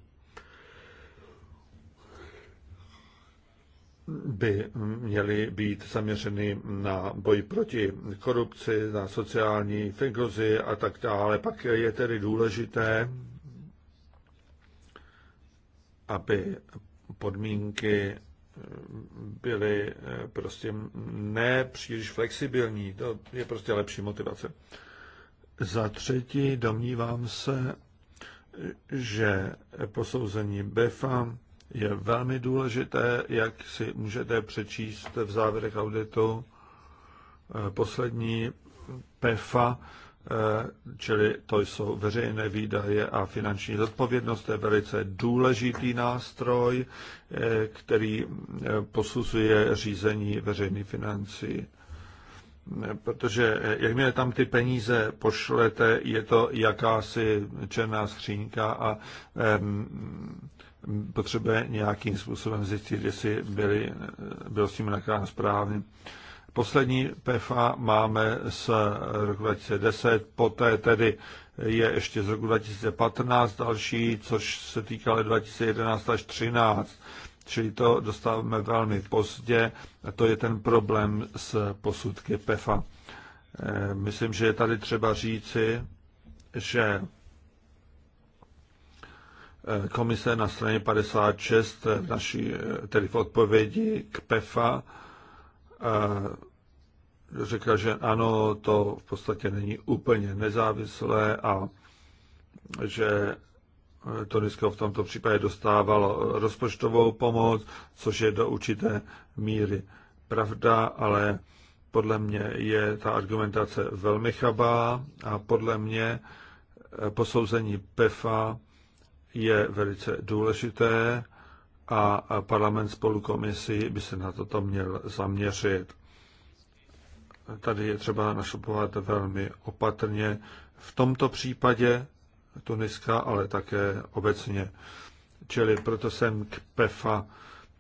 by měly být zaměřeny na boj proti korupci, na sociální inkluzi a tak dále. Pak je tedy důležité, aby podmínky byly prostě nepříliš flexibilní. To je prostě lepší motivace. Za třetí domnívám se, že posouzení BEFA je velmi důležité, jak si můžete přečíst v závěrech auditu eh, poslední PEFA, eh, čili to jsou veřejné výdaje a finanční zodpovědnost. To je velice důležitý nástroj, eh, který posuzuje řízení veřejných financí protože eh, jakmile tam ty peníze pošlete, je to jakási černá skřínka a um, potřebuje nějakým způsobem zjistit, jestli byli, eh, byl s tím nakrán správně. Poslední PFA máme z roku 2010, poté tedy je ještě z roku 2015 další, což se týkalo 2011 až 2013. Čili to dostáváme velmi pozdě a to je ten problém s posudky PEFA. Eh, myslím, že je tady třeba říci, že eh, komise na straně 56 eh, naší, tedy v odpovědi k PEFA řekla, že ano, to v podstatě není úplně nezávislé a že Tunisko v tomto případě dostávalo rozpočtovou pomoc, což je do určité míry pravda, ale podle mě je ta argumentace velmi chabá a podle mě eh, posouzení PEFA je velice důležité a parlament spolu komisí by se na toto měl zaměřit. Tady je třeba našupovat velmi opatrně. V tomto případě Tuniska, ale také obecně. Čili proto jsem k PEFA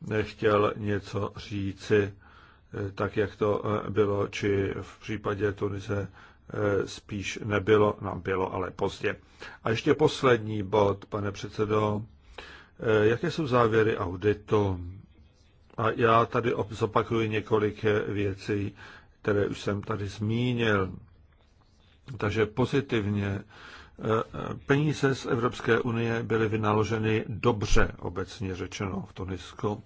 nechtěl něco říci, eh, tak jak to eh, bylo, či v případě Tunise eh, spíš nebylo, nám no, bylo, ale pozdě. A ještě poslední bod, pane předsedo. Jaké jsou závěry auditu? A já tady zopakuju několik věcí, které už jsem tady zmínil. Takže pozitivně Peníze z Evropské unie byly vynaloženy dobře, obecně řečeno, v Tunisku.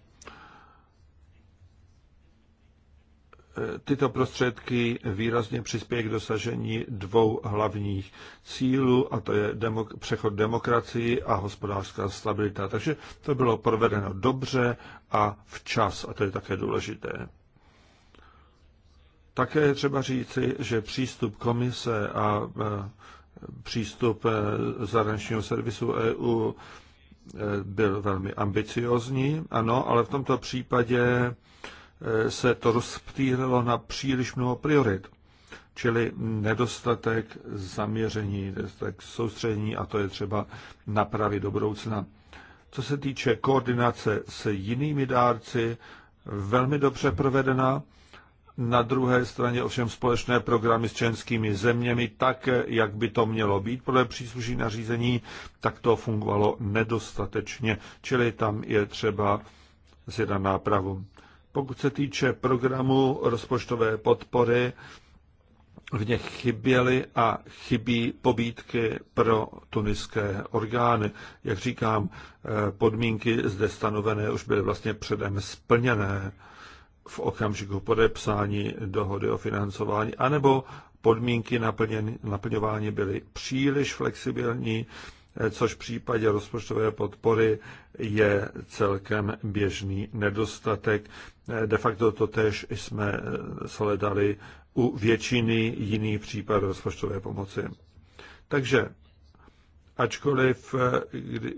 Tyto prostředky výrazně přispějí k dosažení dvou hlavních cílů, a to je demok- přechod demokracii a hospodářská stabilita. Takže to bylo provedeno dobře a včas, a to je také důležité. Také je třeba říci, že přístup komise a přístup eh, zahraničního servisu EU eh, byl velmi ambiciozní, ano, ale v tomto případě eh, se to rozptýlilo na příliš mnoho priorit, čili nedostatek zaměření, nedostatek soustředění a to je třeba napravit do budoucna. Co se týče koordinace s jinými dárci, velmi dobře provedena na druhé straně ovšem společné programy s členskými zeměmi, tak jak by to mělo být podle příslušných nařízení, tak to fungovalo nedostatečně, čili tam je třeba zjednat nápravu. Pokud se týče programu rozpočtové podpory, v něch chyběly a chybí pobídky pro tuniské orgány. Jak říkám, eh, podmínky zde stanovené už byly vlastně předem splněné v okamžiku podepsání dohody o financování, anebo podmínky naplňování byly příliš flexibilní, eh, což v případě rozpočtové podpory je celkem běžný nedostatek. Eh, de facto to tež jsme eh, sledali u většiny jiných případů rozpočtové pomoci. Takže ačkoliv kdy,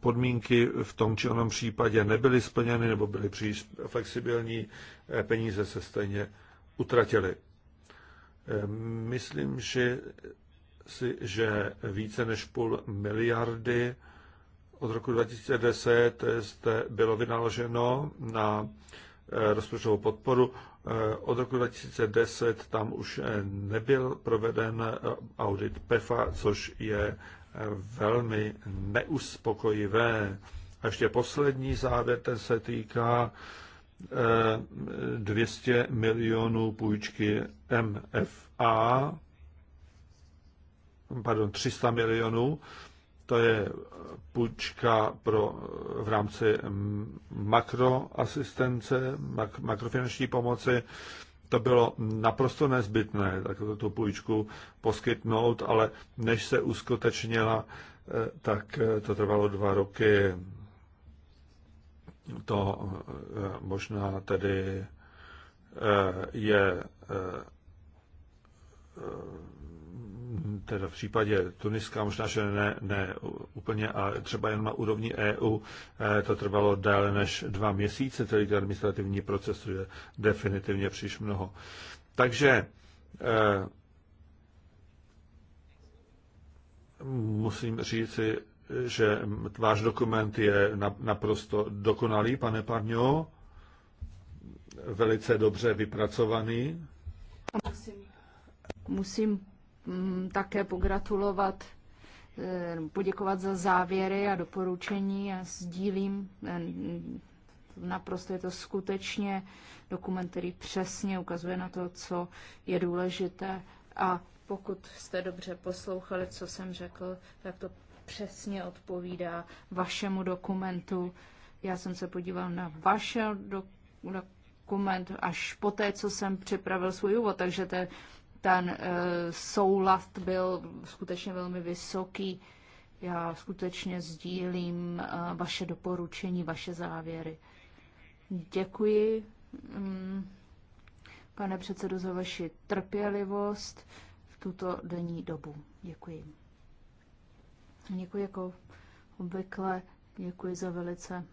podmínky v tom či onom případě nebyly splněny nebo byly příliš flexibilní, eh, peníze se stejně utratily. Eh, myslím že si, že více než půl miliardy od roku 2010 eh, bylo vynaloženo na rozpočtovou podporu. Od roku 2010 tam už nebyl proveden audit PEFA, což je velmi neuspokojivé. A ještě poslední závěr, ten se týká 200 eh, milionů půjčky MFA, pardon, 300 milionů, to je půjčka pro, v rámci makroasistence, mak, makrofinanční pomoci to bylo naprosto nezbytné, tak tu půjčku poskytnout, ale než se uskutečnila, eh, tak eh, to trvalo dva roky. To eh, možná tedy je teda v případě Tuniska, možná, že ne, ne úplně, a třeba jen na úrovni EU, eh, to trvalo déle než dva měsíce, celý ten administrativní proces je definitivně příliš mnoho. Takže eh, musím říci, že váš dokument je naprosto dokonalý, pane Parňo, velice dobře vypracovaný. Musím, musím Mm, také pogratulovat, eh, poděkovat za závěry a doporučení a sdílím eh, naprosto je to skutečně dokument, který přesně ukazuje na to, co je důležité a pokud jste dobře poslouchali, co jsem řekl, tak to přesně odpovídá vašemu dokumentu. Já jsem se podíval na vaše dokument až po té, co jsem připravil svůj úvod, takže je ten eh, soulast byl skutečně velmi vysoký. Já skutečně sdílím eh, vaše doporučení, vaše závěry. Děkuji, mm, pane předsedo, za vaši trpělivost v tuto denní dobu. Děkuji. Děkuji jako obvykle, děkuji za velice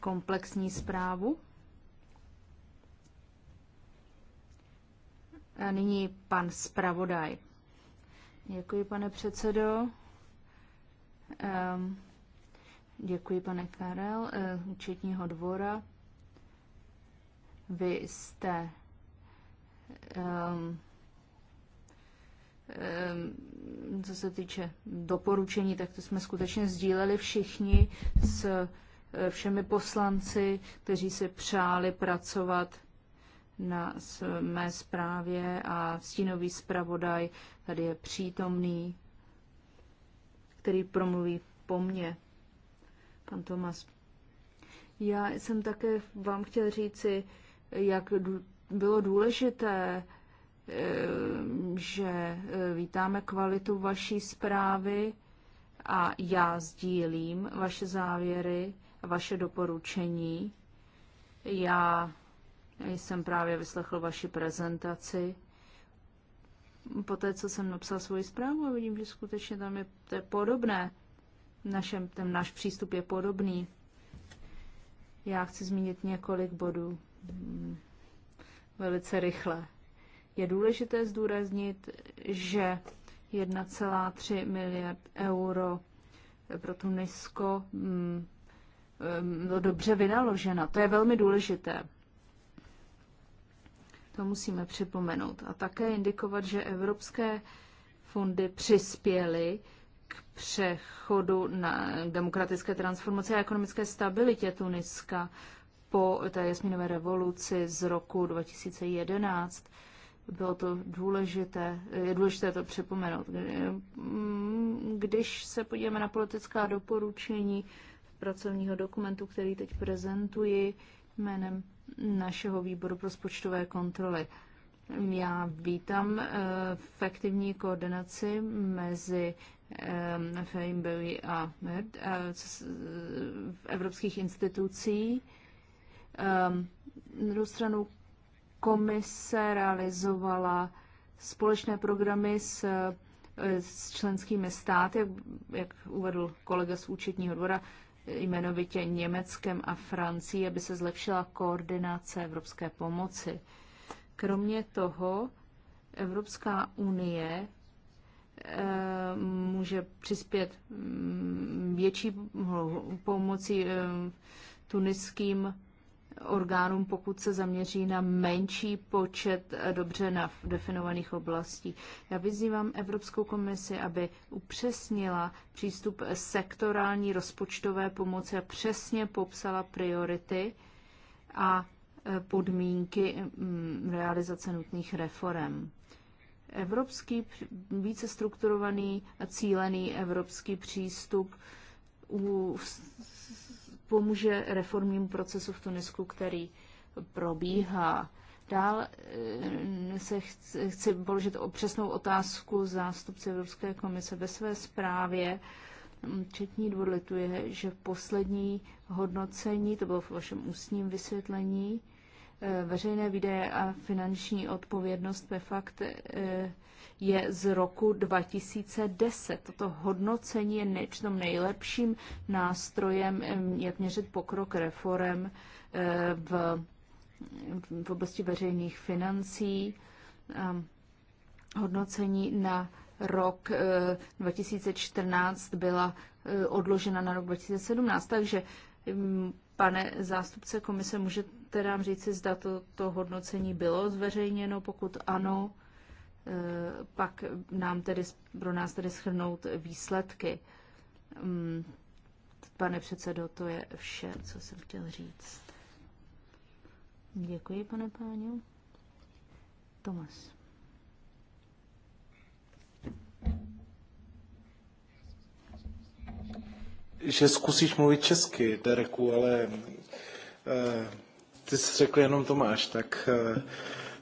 komplexní zprávu. A nyní pan zpravodaj. Děkuji, pane předsedo. Um, děkuji, pane Karel, uh, účetního dvora. Vy jste um, co se týče doporučení, tak to jsme skutečně sdíleli všichni s eh, všemi poslanci, kteří se přáli pracovat na mé zprávě a stínový zpravodaj tady je přítomný, který promluví po mně. Pan Tomas. Já jsem také vám chtěl říci, jak bylo důležité, eh, že eh, vítáme kvalitu vaší zprávy a já sdílím vaše závěry, vaše doporučení. Já já Jsem právě vyslechl vaši prezentaci. Poté, co jsem napsal svoji zprávu a vidím, že skutečně tam je, to je podobné. Našem, ten náš přístup je podobný. Já chci zmínit několik bodů hmm. velice rychle. Je důležité zdůraznit, že 1,3 miliard euro pro Tunisko bylo hmm, hmm, dobře vynaložena. To je velmi důležité. To musíme připomenout. A také indikovat, že evropské fondy přispěly k přechodu na demokratické transformace a ekonomické stabilitě Tuniska po té jasminové revoluci z roku 2011. Bylo to důležité, je důležité to připomenout. Když se podíváme na politická doporučení pracovního dokumentu, který teď prezentuji, jménem našeho výboru pro spočtové kontroly. Já vítám eh, efektivní koordinaci mezi eh, Feimbewi a MED eh, v evropských institucí. Na druhou stranu komise realizovala společné programy s, s členskými státy, jak, jak uvedl kolega z účetního dvora, jmenovitě Německem a Francií, aby se zlepšila koordinace evropské pomoci. Kromě toho Evropská unie eh, může přispět mm, větší hm, pomoci eh, tuniským orgánům, pokud se zaměří na menší počet eh, dobře definovaných oblastí. Já vyzývám Evropskou komisi, aby upřesnila přístup eh, sektorální rozpočtové pomoci a přesně popsala priority a eh, podmínky mm, realizace nutných reform. Evropský více strukturovaný a cílený evropský přístup u pomůže reformním procesu v Tunisku, který probíhá. Dál eh, se chci, chci položit o přesnou otázku zástupce Evropské komise ve své zprávě. Četní dvůr lituje, že poslední hodnocení, to bylo v vašem ústním vysvětlení, eh, veřejné výdaje a finanční odpovědnost ve fakt eh, je z roku 2010. Toto hodnocení je nečtom nejlepším nástrojem, jak měřit pokrok reform eh, v, v oblasti veřejných financí. Hodnocení na rok 2014 eh, byla eh, odložena na rok 2017. Takže, pane zástupce komise, můžete nám říci, zda to, to hodnocení bylo zveřejněno, pokud ano, Eh, pak nám tedy, pro nás tedy schrnout výsledky. Mm, pane předsedo, to je vše, co jsem chtěl říct. Děkuji, pane páně. Tomas. Že zkusíš mluvit česky, Dereku, ale eh, ty jsi řekl jenom Tomáš, tak, eh,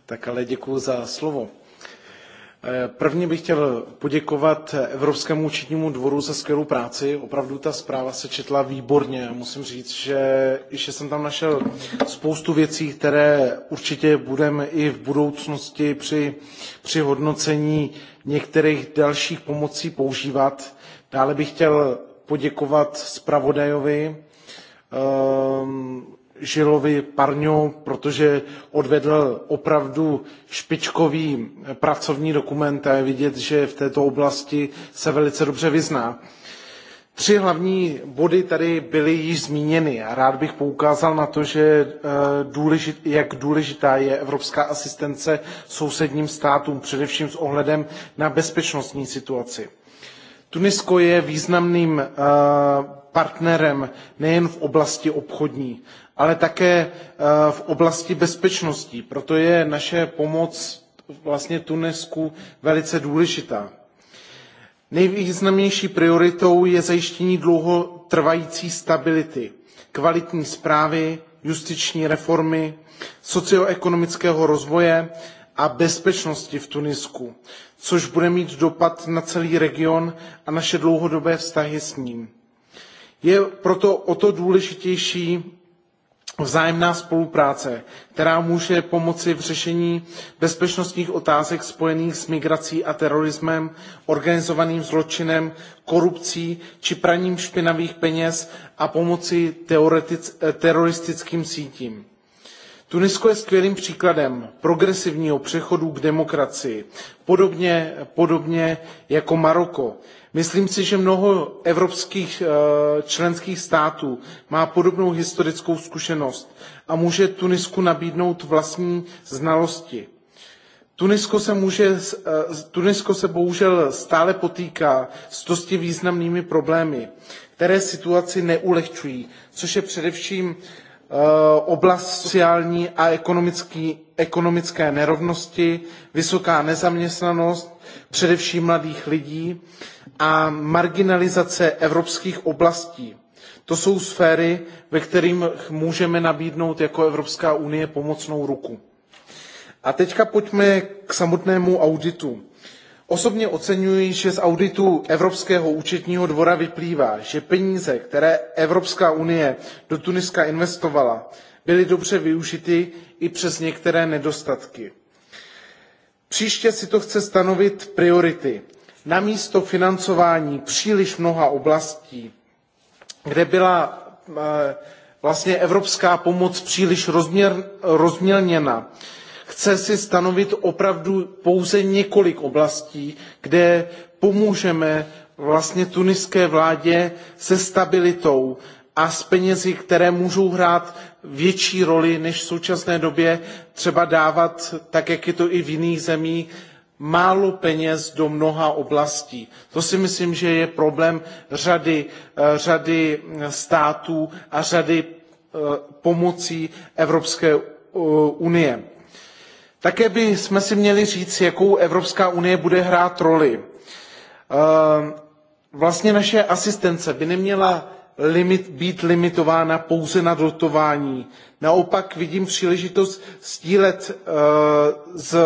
tak ale děkuji za slovo. Prvně bych chtěl poděkovat Evropskému účetnímu dvoru za skvělou práci. Opravdu ta zpráva se četla výborně. Musím říct, že, že jsem tam našel spoustu věcí, které určitě budeme i v budoucnosti při, při hodnocení některých dalších pomocí používat. Dále bych chtěl poděkovat zpravodajovi. Um, Žilovi Parňo, protože odvedl opravdu špičkový pracovní dokument a je vidět, že v této oblasti se velice dobře vyzná. Tři hlavní body tady byly již zmíněny a rád bych poukázal na to, že eh, důležit, jak důležitá je evropská asistence sousedním státům, především s ohledem na bezpečnostní situaci. Tunisko je významným eh, partnerem nejen v oblasti obchodní, ale také eh, v oblasti bezpečnosti. Proto je naše pomoc vlastně Tunisku velice důležitá. Nejvýznamnější prioritou je zajištění dlouhotrvající stability, kvalitní správy, justiční reformy, socioekonomického rozvoje a bezpečnosti v Tunisku, což bude mít dopad na celý region a naše dlouhodobé vztahy s ním. Je proto o to důležitější vzájemná spolupráce, která může pomoci v řešení bezpečnostních otázek spojených s migrací a terorismem, organizovaným zločinem, korupcí či praním špinavých peněz a pomoci teroristickým sítím. Tunisko je skvělým příkladem progresivního přechodu k demokracii, podobně, podobně jako Maroko. Myslím si, že mnoho evropských eh, členských států má podobnou historickou zkušenost a může Tunisku nabídnout vlastní znalosti. Tunisko se, může, eh, Tunisko se bohužel stále potýká s dosti významnými problémy, které situaci neulehčují, což je především Eh, oblast sociální a ekonomické nerovnosti, vysoká nezaměstnanost, především mladých lidí a marginalizace evropských oblastí. To jsou sféry, ve kterých můžeme nabídnout jako Evropská unie pomocnou ruku. A teďka pojďme k samotnému auditu. Osobně oceňuji, že z auditu Evropského účetního dvora vyplývá, že peníze, které Evropská unie do Tuniska investovala, byly dobře využity i přes některé nedostatky. Příště si to chce stanovit priority. Namísto financování příliš mnoha oblastí, kde byla eh, vlastně evropská pomoc příliš rozměr, rozmělněna, chce si stanovit opravdu pouze několik oblastí, kde pomůžeme vlastně tuniské vládě se stabilitou a s penězi, které můžou hrát větší roli, než v současné době třeba dávat, tak jak je to i v jiných zemích, málo peněz do mnoha oblastí. To si myslím, že je problém řady, eh, řady eh, států a řady eh, pomocí Evropské unie. Také bychom si měli říct, jakou Evropská unie bude hrát roli. Ehm, vlastně naše asistence by neměla limit, být limitována pouze na dotování. Naopak vidím příležitost sdílet eh, s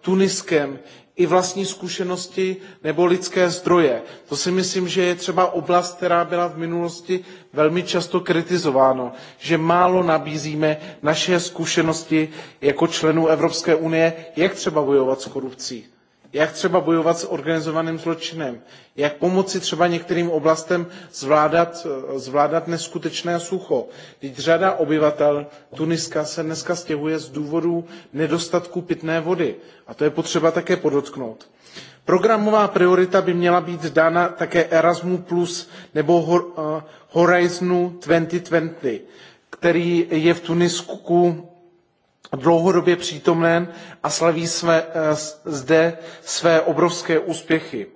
Tuniskem, i vlastní zkušenosti nebo lidské zdroje. To si myslím, že je třeba oblast, která byla v minulosti velmi často kritizována, že málo nabízíme naše zkušenosti jako členů Evropské unie, jak třeba bojovat s korupcí jak třeba bojovat s organizovaným zločinem, jak pomoci třeba některým oblastem zvládat, zvládat neskutečné sucho. Teď řada obyvatel Tuniska se dneska stěhuje z důvodu nedostatku pitné vody a to je potřeba také podotknout. Programová priorita by měla být dána také Erasmu Plus nebo eh, Horizonu 2020, který je v Tunisku dlouhodobě přítomen a slaví své, eh, zde své obrovské úspěchy.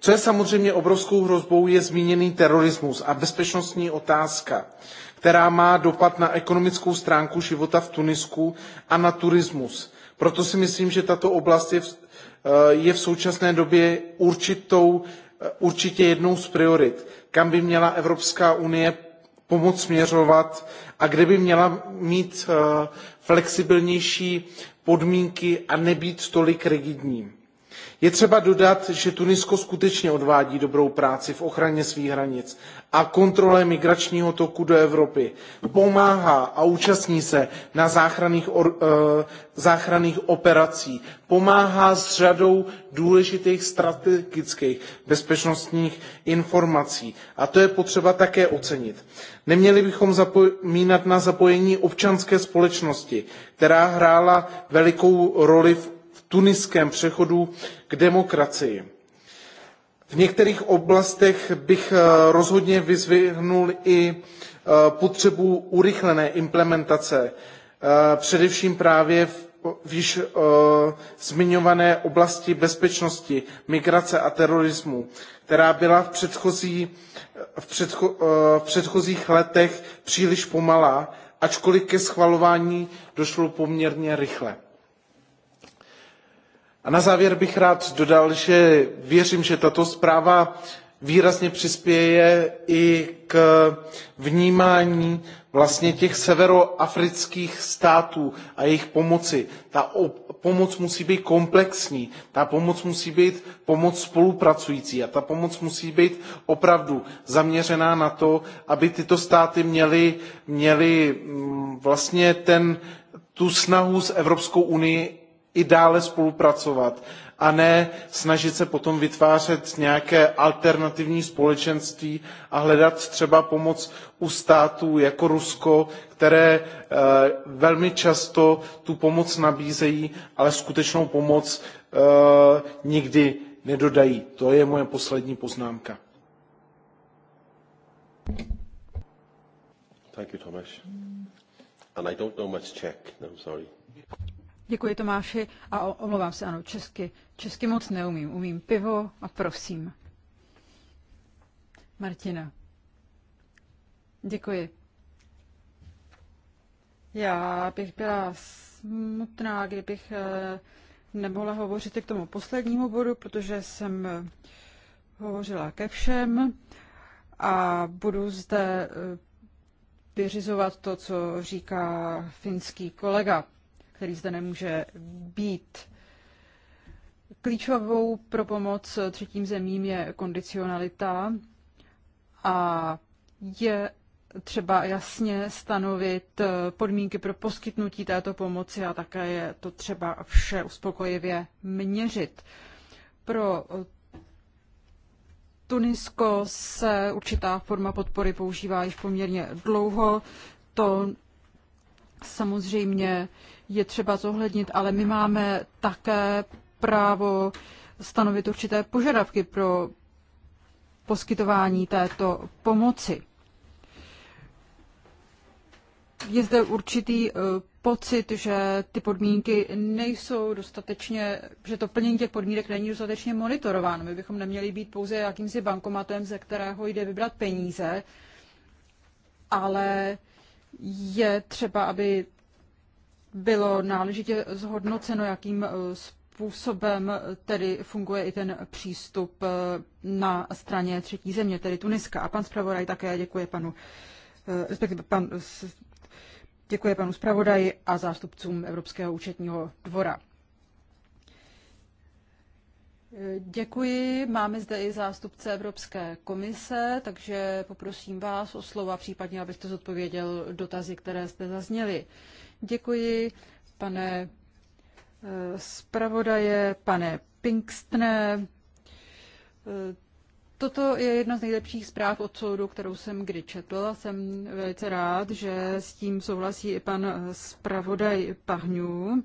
Co je samozřejmě obrovskou hrozbou, je zmíněný terorismus a bezpečnostní otázka, která má dopad na ekonomickou stránku života v Tunisku a na turismus. Proto si myslím, že tato oblast je v, eh, je v současné době určitou, eh, určitě jednou z priorit, kam by měla Evropská unie pomoc směřovat a kde by měla mít flexibilnější podmínky a nebýt tolik rigidním je třeba dodat, že Tunisko skutečně odvádí dobrou práci v ochraně svých hranic a kontrole migračního toku do Evropy. Pomáhá a účastní se na záchranných, or, e, záchranných operací. Pomáhá s řadou důležitých strategických bezpečnostních informací. A to je potřeba také ocenit. Neměli bychom zapomínat na zapojení občanské společnosti, která hrála velikou roli v v tuniském přechodu k demokracii. V některých oblastech bych eh, rozhodně vyzvihnul i eh, potřebu urychlené implementace, eh, především právě v již zmiňované oblasti bezpečnosti, migrace a terorismu, která byla v, předchozí, v, předcho, v předchozích letech příliš pomalá, ačkoliv ke schvalování došlo poměrně rychle. A na závěr bych rád dodal, že věřím, že tato zpráva výrazně přispěje i k vnímání vlastně těch severoafrických států a jejich pomoci. Ta pomoc musí být komplexní, ta pomoc musí být pomoc spolupracující a ta pomoc musí být opravdu zaměřená na to, aby tyto státy měly, měly mm, vlastně ten, tu snahu s Evropskou unii i dále spolupracovat a ne snažit se potom vytvářet nějaké alternativní společenství a hledat třeba pomoc u států jako Rusko, které eh, velmi často tu pomoc nabízejí, ale skutečnou pomoc eh, nikdy nedodají. To je moje poslední poznámka. Thank you, Tomáš. And I don't know much Czech, no, sorry. Děkuji Tomáši a omlouvám se, ano, česky. Česky moc neumím. Umím pivo a prosím. Martina. Děkuji. Já bych byla smutná, kdybych eh, nemohla hovořit k tomu poslednímu bodu, protože jsem eh, hovořila ke všem a budu zde eh, vyřizovat to, co říká finský kolega který zde nemůže být. Klíčovou pro pomoc třetím zemím je kondicionalita a je třeba jasně stanovit podmínky pro poskytnutí této pomoci a také je to třeba vše uspokojivě měřit. Pro Tunisko se určitá forma podpory používá již poměrně dlouho. To samozřejmě je třeba zohlednit, ale my máme také právo stanovit určité požadavky pro poskytování této pomoci. Je zde určitý eh, pocit, že ty podmínky nejsou dostatečně, že to plnění těch podmínek není dostatečně monitorováno. My bychom neměli být pouze jakýmsi bankomatem, ze kterého jde vybrat peníze, ale je třeba, aby bylo náležitě zhodnoceno, jakým e, způsobem e, tedy funguje i ten přístup e, na straně třetí země, tedy Tuniska. A pan zpravodaj také děkuje panu, respektive pan, děkuje panu zpravodaji a zástupcům Evropského účetního dvora. Děkuji. Máme zde i zástupce Evropské komise, takže poprosím vás o slova, případně abyste zodpověděl dotazy, které jste zazněli. Uh, Děkuji, pane eh, zpravodaje, pane Pinkstne. Eh, toto je jedna z nejlepších zpráv od soudu, kterou jsem kdy četl a jsem velice rád, že s tím souhlasí i pan zpravodaj Pahňů.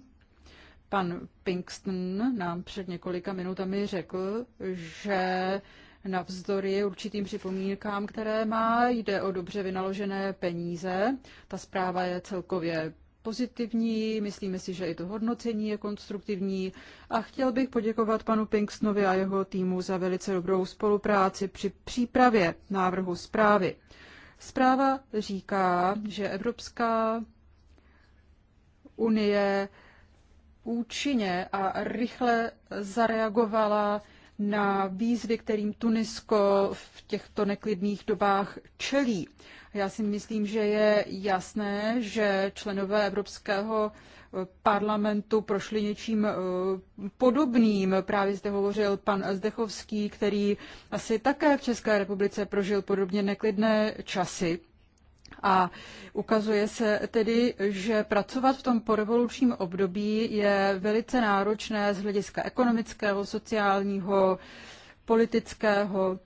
Pan Pinkston nám před několika minutami řekl, že navzdory určitým připomínkám, které má, jde o dobře vynaložené peníze. Ta zpráva je celkově pozitivní, myslíme si, že i to hodnocení je konstruktivní a chtěl bych poděkovat panu Pinkstnovi a jeho týmu za velice dobrou spolupráci při přípravě návrhu zprávy. Zpráva říká, že Evropská unie účinně a rychle zareagovala na výzvy, kterým Tunisko v těchto neklidných dobách čelí. Já si myslím, že je jasné, že členové Evropského eh, parlamentu prošli něčím eh, podobným. Právě zde hovořil pan Zdechovský, který asi také v České republice prožil podobně neklidné časy. A ukazuje se tedy, že pracovat v tom porevolučním období je velice náročné z hlediska ekonomického, sociálního, politického.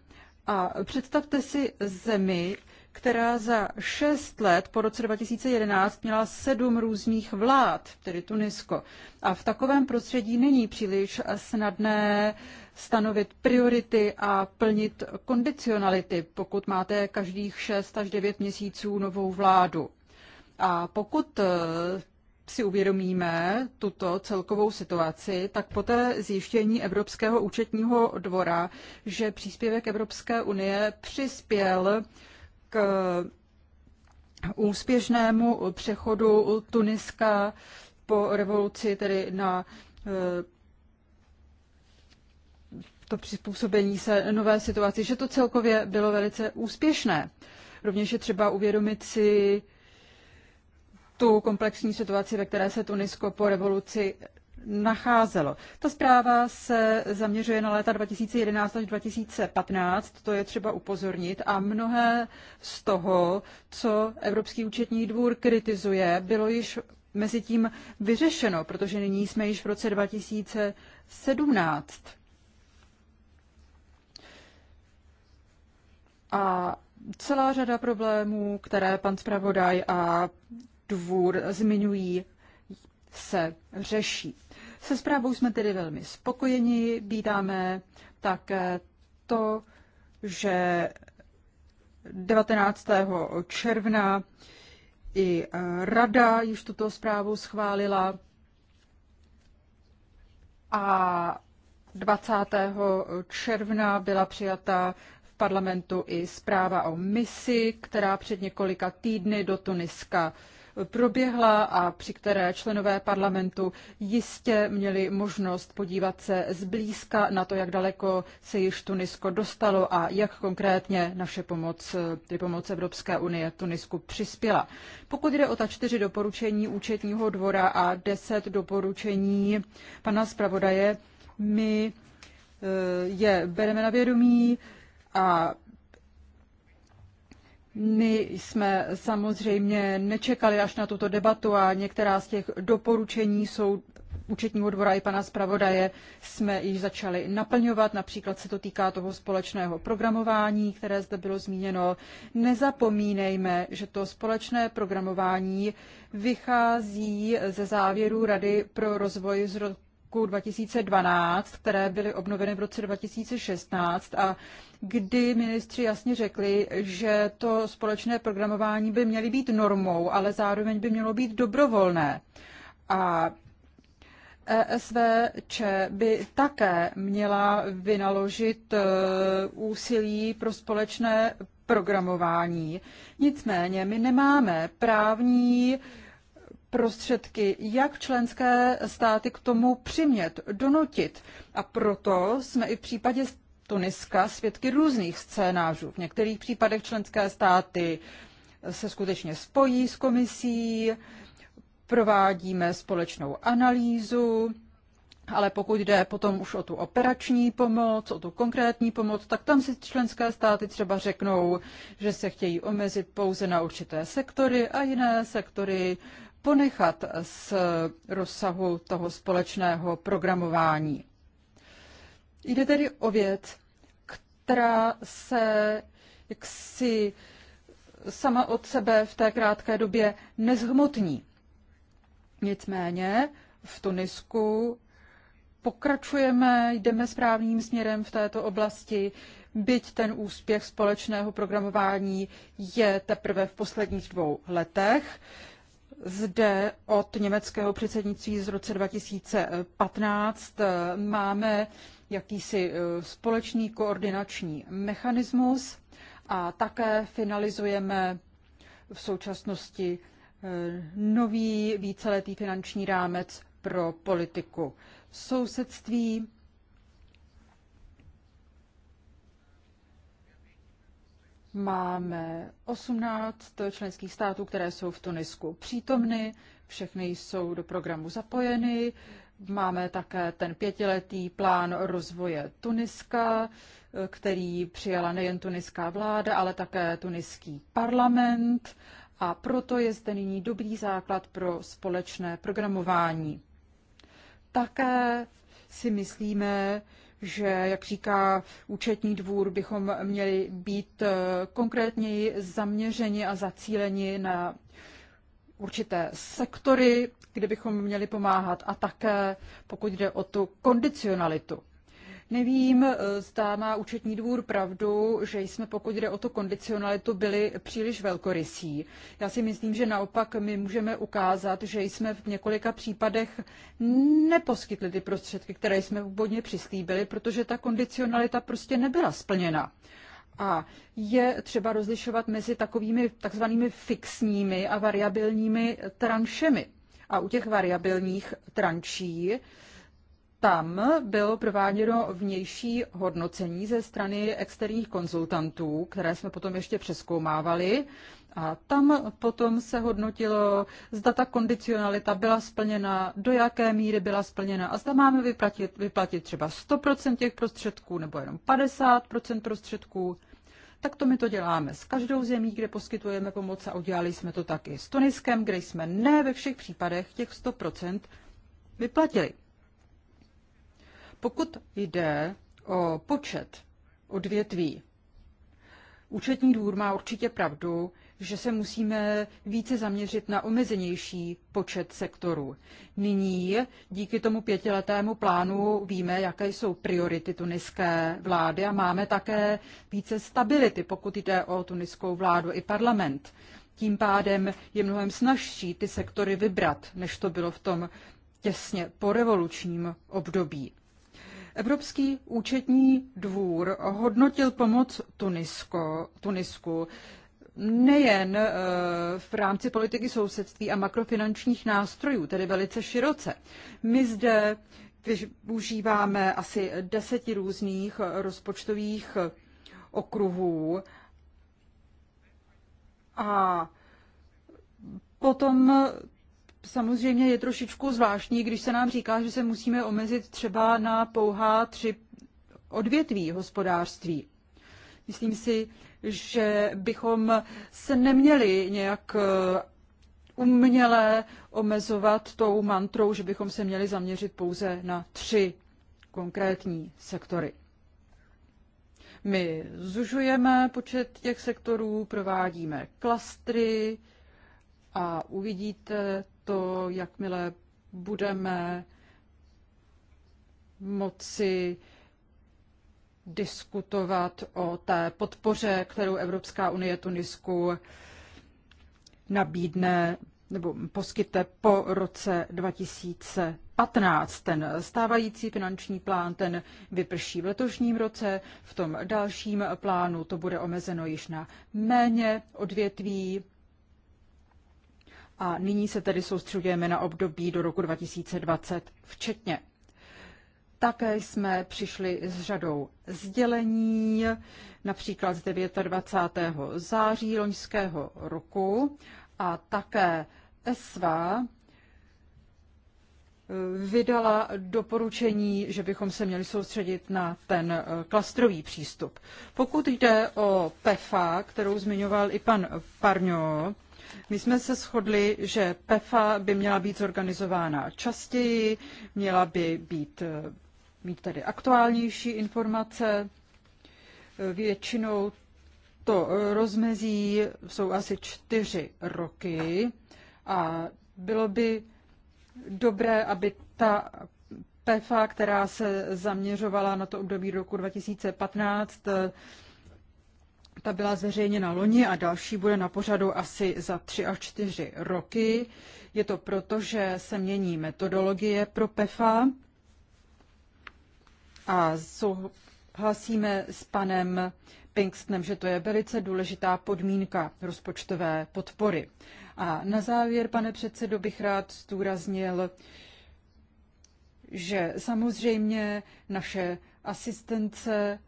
A představte si zemi, která za šest let po roce 2011 měla sedm různých vlád, tedy Tunisko. A v takovém prostředí není příliš snadné stanovit priority a plnit kondicionality, pokud máte každých 6 až 9 měsíců novou vládu. A pokud eh, si uvědomíme tuto celkovou situaci, tak poté zjištění Evropského účetního dvora, že příspěvek Evropské unie přispěl k úspěšnému přechodu Tuniska po revoluci tedy na eh, to přizpůsobení se nové situaci, že to celkově bylo velice úspěšné. Rovněž je třeba uvědomit si tu komplexní situaci, ve které se Tunisko po revoluci nacházelo. Ta zpráva se zaměřuje na léta 2011 až 2015, to je třeba upozornit, a mnohé z toho, co Evropský účetní dvůr kritizuje, bylo již mezi tím vyřešeno, protože nyní jsme již v roce 2017. a celá řada problémů, které pan zpravodaj a dvůr zmiňují, se řeší. Se zprávou jsme tedy velmi spokojeni, vítáme také to, že 19. června i rada již tuto zprávu schválila a 20. června byla přijata parlamentu i zpráva o misi, která před několika týdny do Tuniska proběhla a při které členové parlamentu jistě měli možnost podívat se zblízka na to, jak daleko se již Tunisko dostalo a jak konkrétně naše pomoc, tedy pomoc Evropské unie Tunisku přispěla. Pokud jde o ta čtyři doporučení účetního dvora a deset doporučení pana zpravodaje, my eh, je bereme na vědomí, a my jsme samozřejmě nečekali až na tuto debatu a některá z těch doporučení jsou účetního dvora i pana zpravodaje jsme již začali naplňovat. Například se to týká toho společného programování, které zde bylo zmíněno. Nezapomínejme, že to společné programování vychází ze závěru Rady pro rozvoj z roku roku 2012, které byly obnoveny v roce 2016 a kdy ministři jasně řekli, že to společné programování by měly být normou, ale zároveň by mělo být dobrovolné. A ESVČ by také měla vynaložit e, úsilí pro společné programování. Nicméně my nemáme právní prostředky, jak členské státy k tomu přimět, donutit. A proto jsme i v případě Tuniska svědky různých scénářů. V některých případech členské státy se skutečně spojí s komisí, provádíme společnou analýzu, ale pokud jde potom už o tu operační pomoc, o tu konkrétní pomoc, tak tam si členské státy třeba řeknou, že se chtějí omezit pouze na určité sektory a jiné sektory ponechat z rozsahu toho společného programování. Jde tedy o věc, která se jaksi sama od sebe v té krátké době nezhmotní. Nicméně v Tunisku pokračujeme, jdeme správným směrem v této oblasti, byť ten úspěch společného programování je teprve v posledních dvou letech zde od německého předsednictví z roce 2015 eh, máme jakýsi eh, společný koordinační mechanismus a také finalizujeme v současnosti eh, nový víceletý finanční rámec pro politiku sousedství. Máme 18 členských států, které jsou v Tunisku přítomny, všechny jsou do programu zapojeny. Máme také ten pětiletý plán rozvoje Tuniska, který přijala nejen tuniská vláda, ale také tuniský parlament. A proto je zde nyní dobrý základ pro společné programování. Také si myslíme, že, jak říká účetní dvůr, bychom měli být eh, konkrétněji zaměřeni a zacíleni na určité sektory, kde bychom měli pomáhat a také pokud jde o tu kondicionalitu. Nevím, eh, zda má účetní dvůr pravdu, že jsme, pokud jde o to kondicionalitu, byli příliš velkorysí. Já si myslím, že naopak my můžeme ukázat, že jsme v několika případech neposkytli ty prostředky, které jsme původně přislíbili, protože ta kondicionalita prostě nebyla splněna. A je třeba rozlišovat mezi takovými takzvanými fixními a variabilními tranšemi. A u těch variabilních trančí tam bylo prováděno vnější hodnocení ze strany externích konzultantů, které jsme potom ještě přeskoumávali. A tam potom se hodnotilo, zda ta kondicionalita byla splněna, do jaké míry byla splněna a zda máme vyplatit, vyplatit třeba 100% těch prostředků nebo jenom 50% prostředků. Tak to my to děláme s každou zemí, kde poskytujeme pomoc a udělali jsme to taky s Tuniskem, kde jsme ne ve všech případech těch 100% vyplatili. Pokud jde o počet odvětví, účetní dvůr má určitě pravdu, že se musíme více zaměřit na omezenější počet sektorů. Nyní díky tomu pětiletému plánu víme, jaké jsou priority tuniské vlády a máme také více stability, pokud jde o tuniskou vládu i parlament. Tím pádem je mnohem snažší ty sektory vybrat, než to bylo v tom těsně po revolučním období. Evropský účetní dvůr hodnotil pomoc Tunisko, Tunisku nejen eh, v rámci politiky sousedství a makrofinančních nástrojů, tedy velice široce. My zde využíváme asi deseti různých eh, rozpočtových eh, okruhů a potom samozřejmě je trošičku zvláštní, když se nám říká, že se musíme omezit třeba na pouhá tři odvětví hospodářství. Myslím si, že bychom se neměli nějak eh, uměle omezovat tou mantrou, že bychom se měli zaměřit pouze na tři konkrétní sektory. My zužujeme počet těch sektorů, provádíme klastry a uvidíte to, jakmile budeme moci diskutovat o té podpoře, kterou Evropská unie Tunisku nabídne nebo poskytne po roce 2015. Ten stávající finanční plán, ten vyprší v letošním roce, v tom dalším plánu to bude omezeno již na méně odvětví, a nyní se tedy soustředujeme na období do roku 2020 včetně. Také jsme přišli s řadou sdělení, například z 29. září loňského roku a také ESVA eh, vydala doporučení, že bychom se měli soustředit na ten eh, klastrový přístup. Pokud jde o PEFA, kterou zmiňoval i pan Parňo, my jsme se shodli, že PEFA by měla být zorganizována častěji, měla by být, eh, mít tady aktuálnější informace. Většinou to rozmezí jsou asi čtyři roky a bylo by dobré, aby ta PEFA, která se zaměřovala na to období roku 2015, eh, ta byla zveřejněna loni a další bude na pořadu asi za tři až čtyři roky. Je to proto, že se mění metodologie pro PEFA a souhlasíme s panem Pinkstnem, že to je velice důležitá podmínka rozpočtové podpory. A na závěr, pane předsedo, bych rád zdůraznil, že samozřejmě naše asistence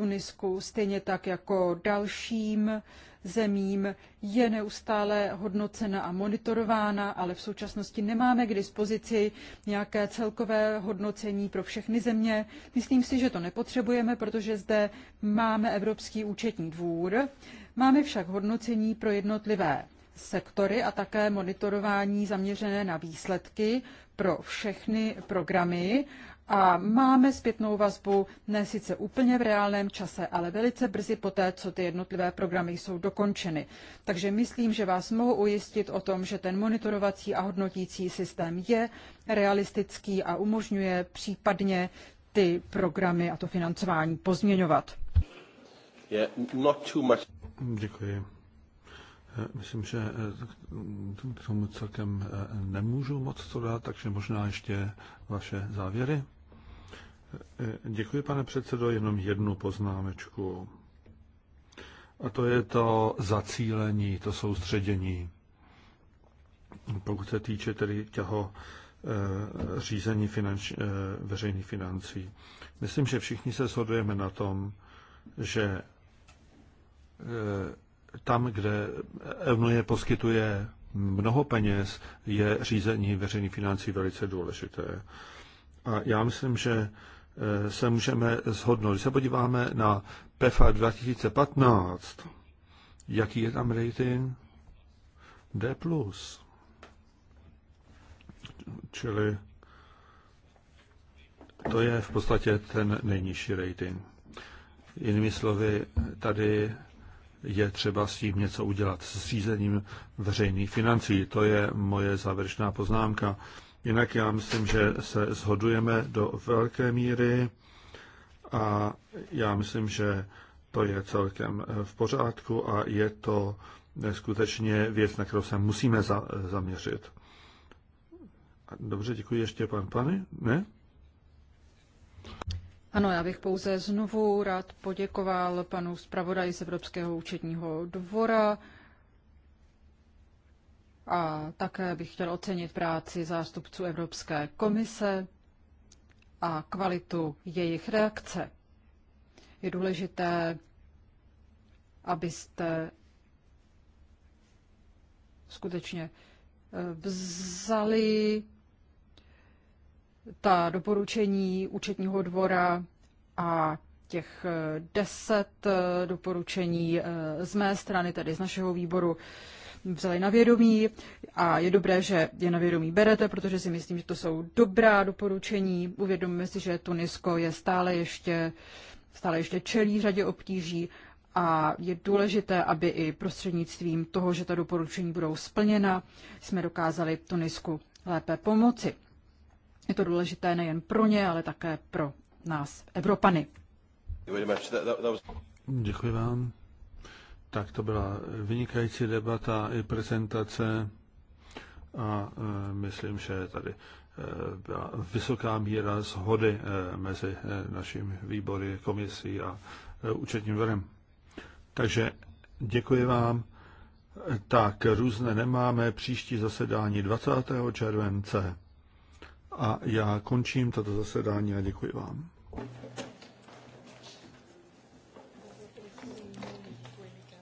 Tunisku, stejně tak jako dalším zemím, je neustále hodnocena a monitorována, ale v současnosti nemáme k dispozici nějaké celkové hodnocení pro všechny země. Myslím si, že to nepotřebujeme, protože zde máme Evropský účetní dvůr. Máme však hodnocení pro jednotlivé sektory a také monitorování zaměřené na výsledky pro všechny programy a máme zpětnou vazbu ne sice úplně v reálném čase, ale velice brzy poté, co ty jednotlivé programy jsou dokončeny. Takže myslím, že vás mohu ujistit o tom, že ten monitorovací a hodnotící systém je realistický a umožňuje případně ty programy a to financování pozměňovat. Yeah, not too much. Děkuji. Eh, myslím, že eh, k tomu celkem eh, nemůžu moc to dát, takže možná ještě vaše závěry. Eh, děkuji, pane předsedo, jenom jednu poznámečku. A to je to zacílení, to soustředění. Pokud se týče tedy těho eh, řízení finanč, eh, veřejných financí. Myslím, že všichni se shodujeme na tom, že tam, kde Unie poskytuje mnoho peněz, je řízení veřejných financí velice důležité. A já myslím, že Eh, se můžeme shodnout. Když se podíváme na PFA 2015, jaký je tam rating? D+. Čili to je v podstatě ten nejnižší rating. Jinými slovy, tady je třeba s tím něco udělat, s řízením veřejných financí. To je moje závěrečná poznámka. Jinak já myslím, že se shodujeme do velké míry a já myslím, že to je celkem v pořádku a je to skutečně věc, na kterou se musíme za, zaměřit. Dobře, děkuji ještě pan Pany. Ne? Ano, já bych pouze znovu rád poděkoval panu zpravodaji z Evropského účetního dvora a také bych chtěl ocenit práci zástupců Evropské komise a kvalitu jejich reakce. Je důležité, abyste skutečně eh, vzali ta doporučení účetního dvora a těch eh, deset eh, doporučení z mé strany, tedy z našeho výboru, vzali na vědomí a je dobré, že je na vědomí berete, protože si myslím, že to jsou dobrá doporučení. Uvědomíme si, že Tunisko je stále ještě, stále ještě čelí řadě obtíží a je důležité, aby i prostřednictvím toho, že ta doporučení budou splněna, jsme dokázali Tunisku lépe pomoci. Je to důležité nejen pro ně, ale také pro nás, Evropany. Děkuji vám. Tak to byla vynikající debata i prezentace a e, myslím, že tady e, byla vysoká míra shody e, mezi naším výbory, komisí a účetním dvorem. Takže děkuji vám. Tak, různé nemáme. Příští zasedání 20. července. A já končím toto zasedání a děkuji vám.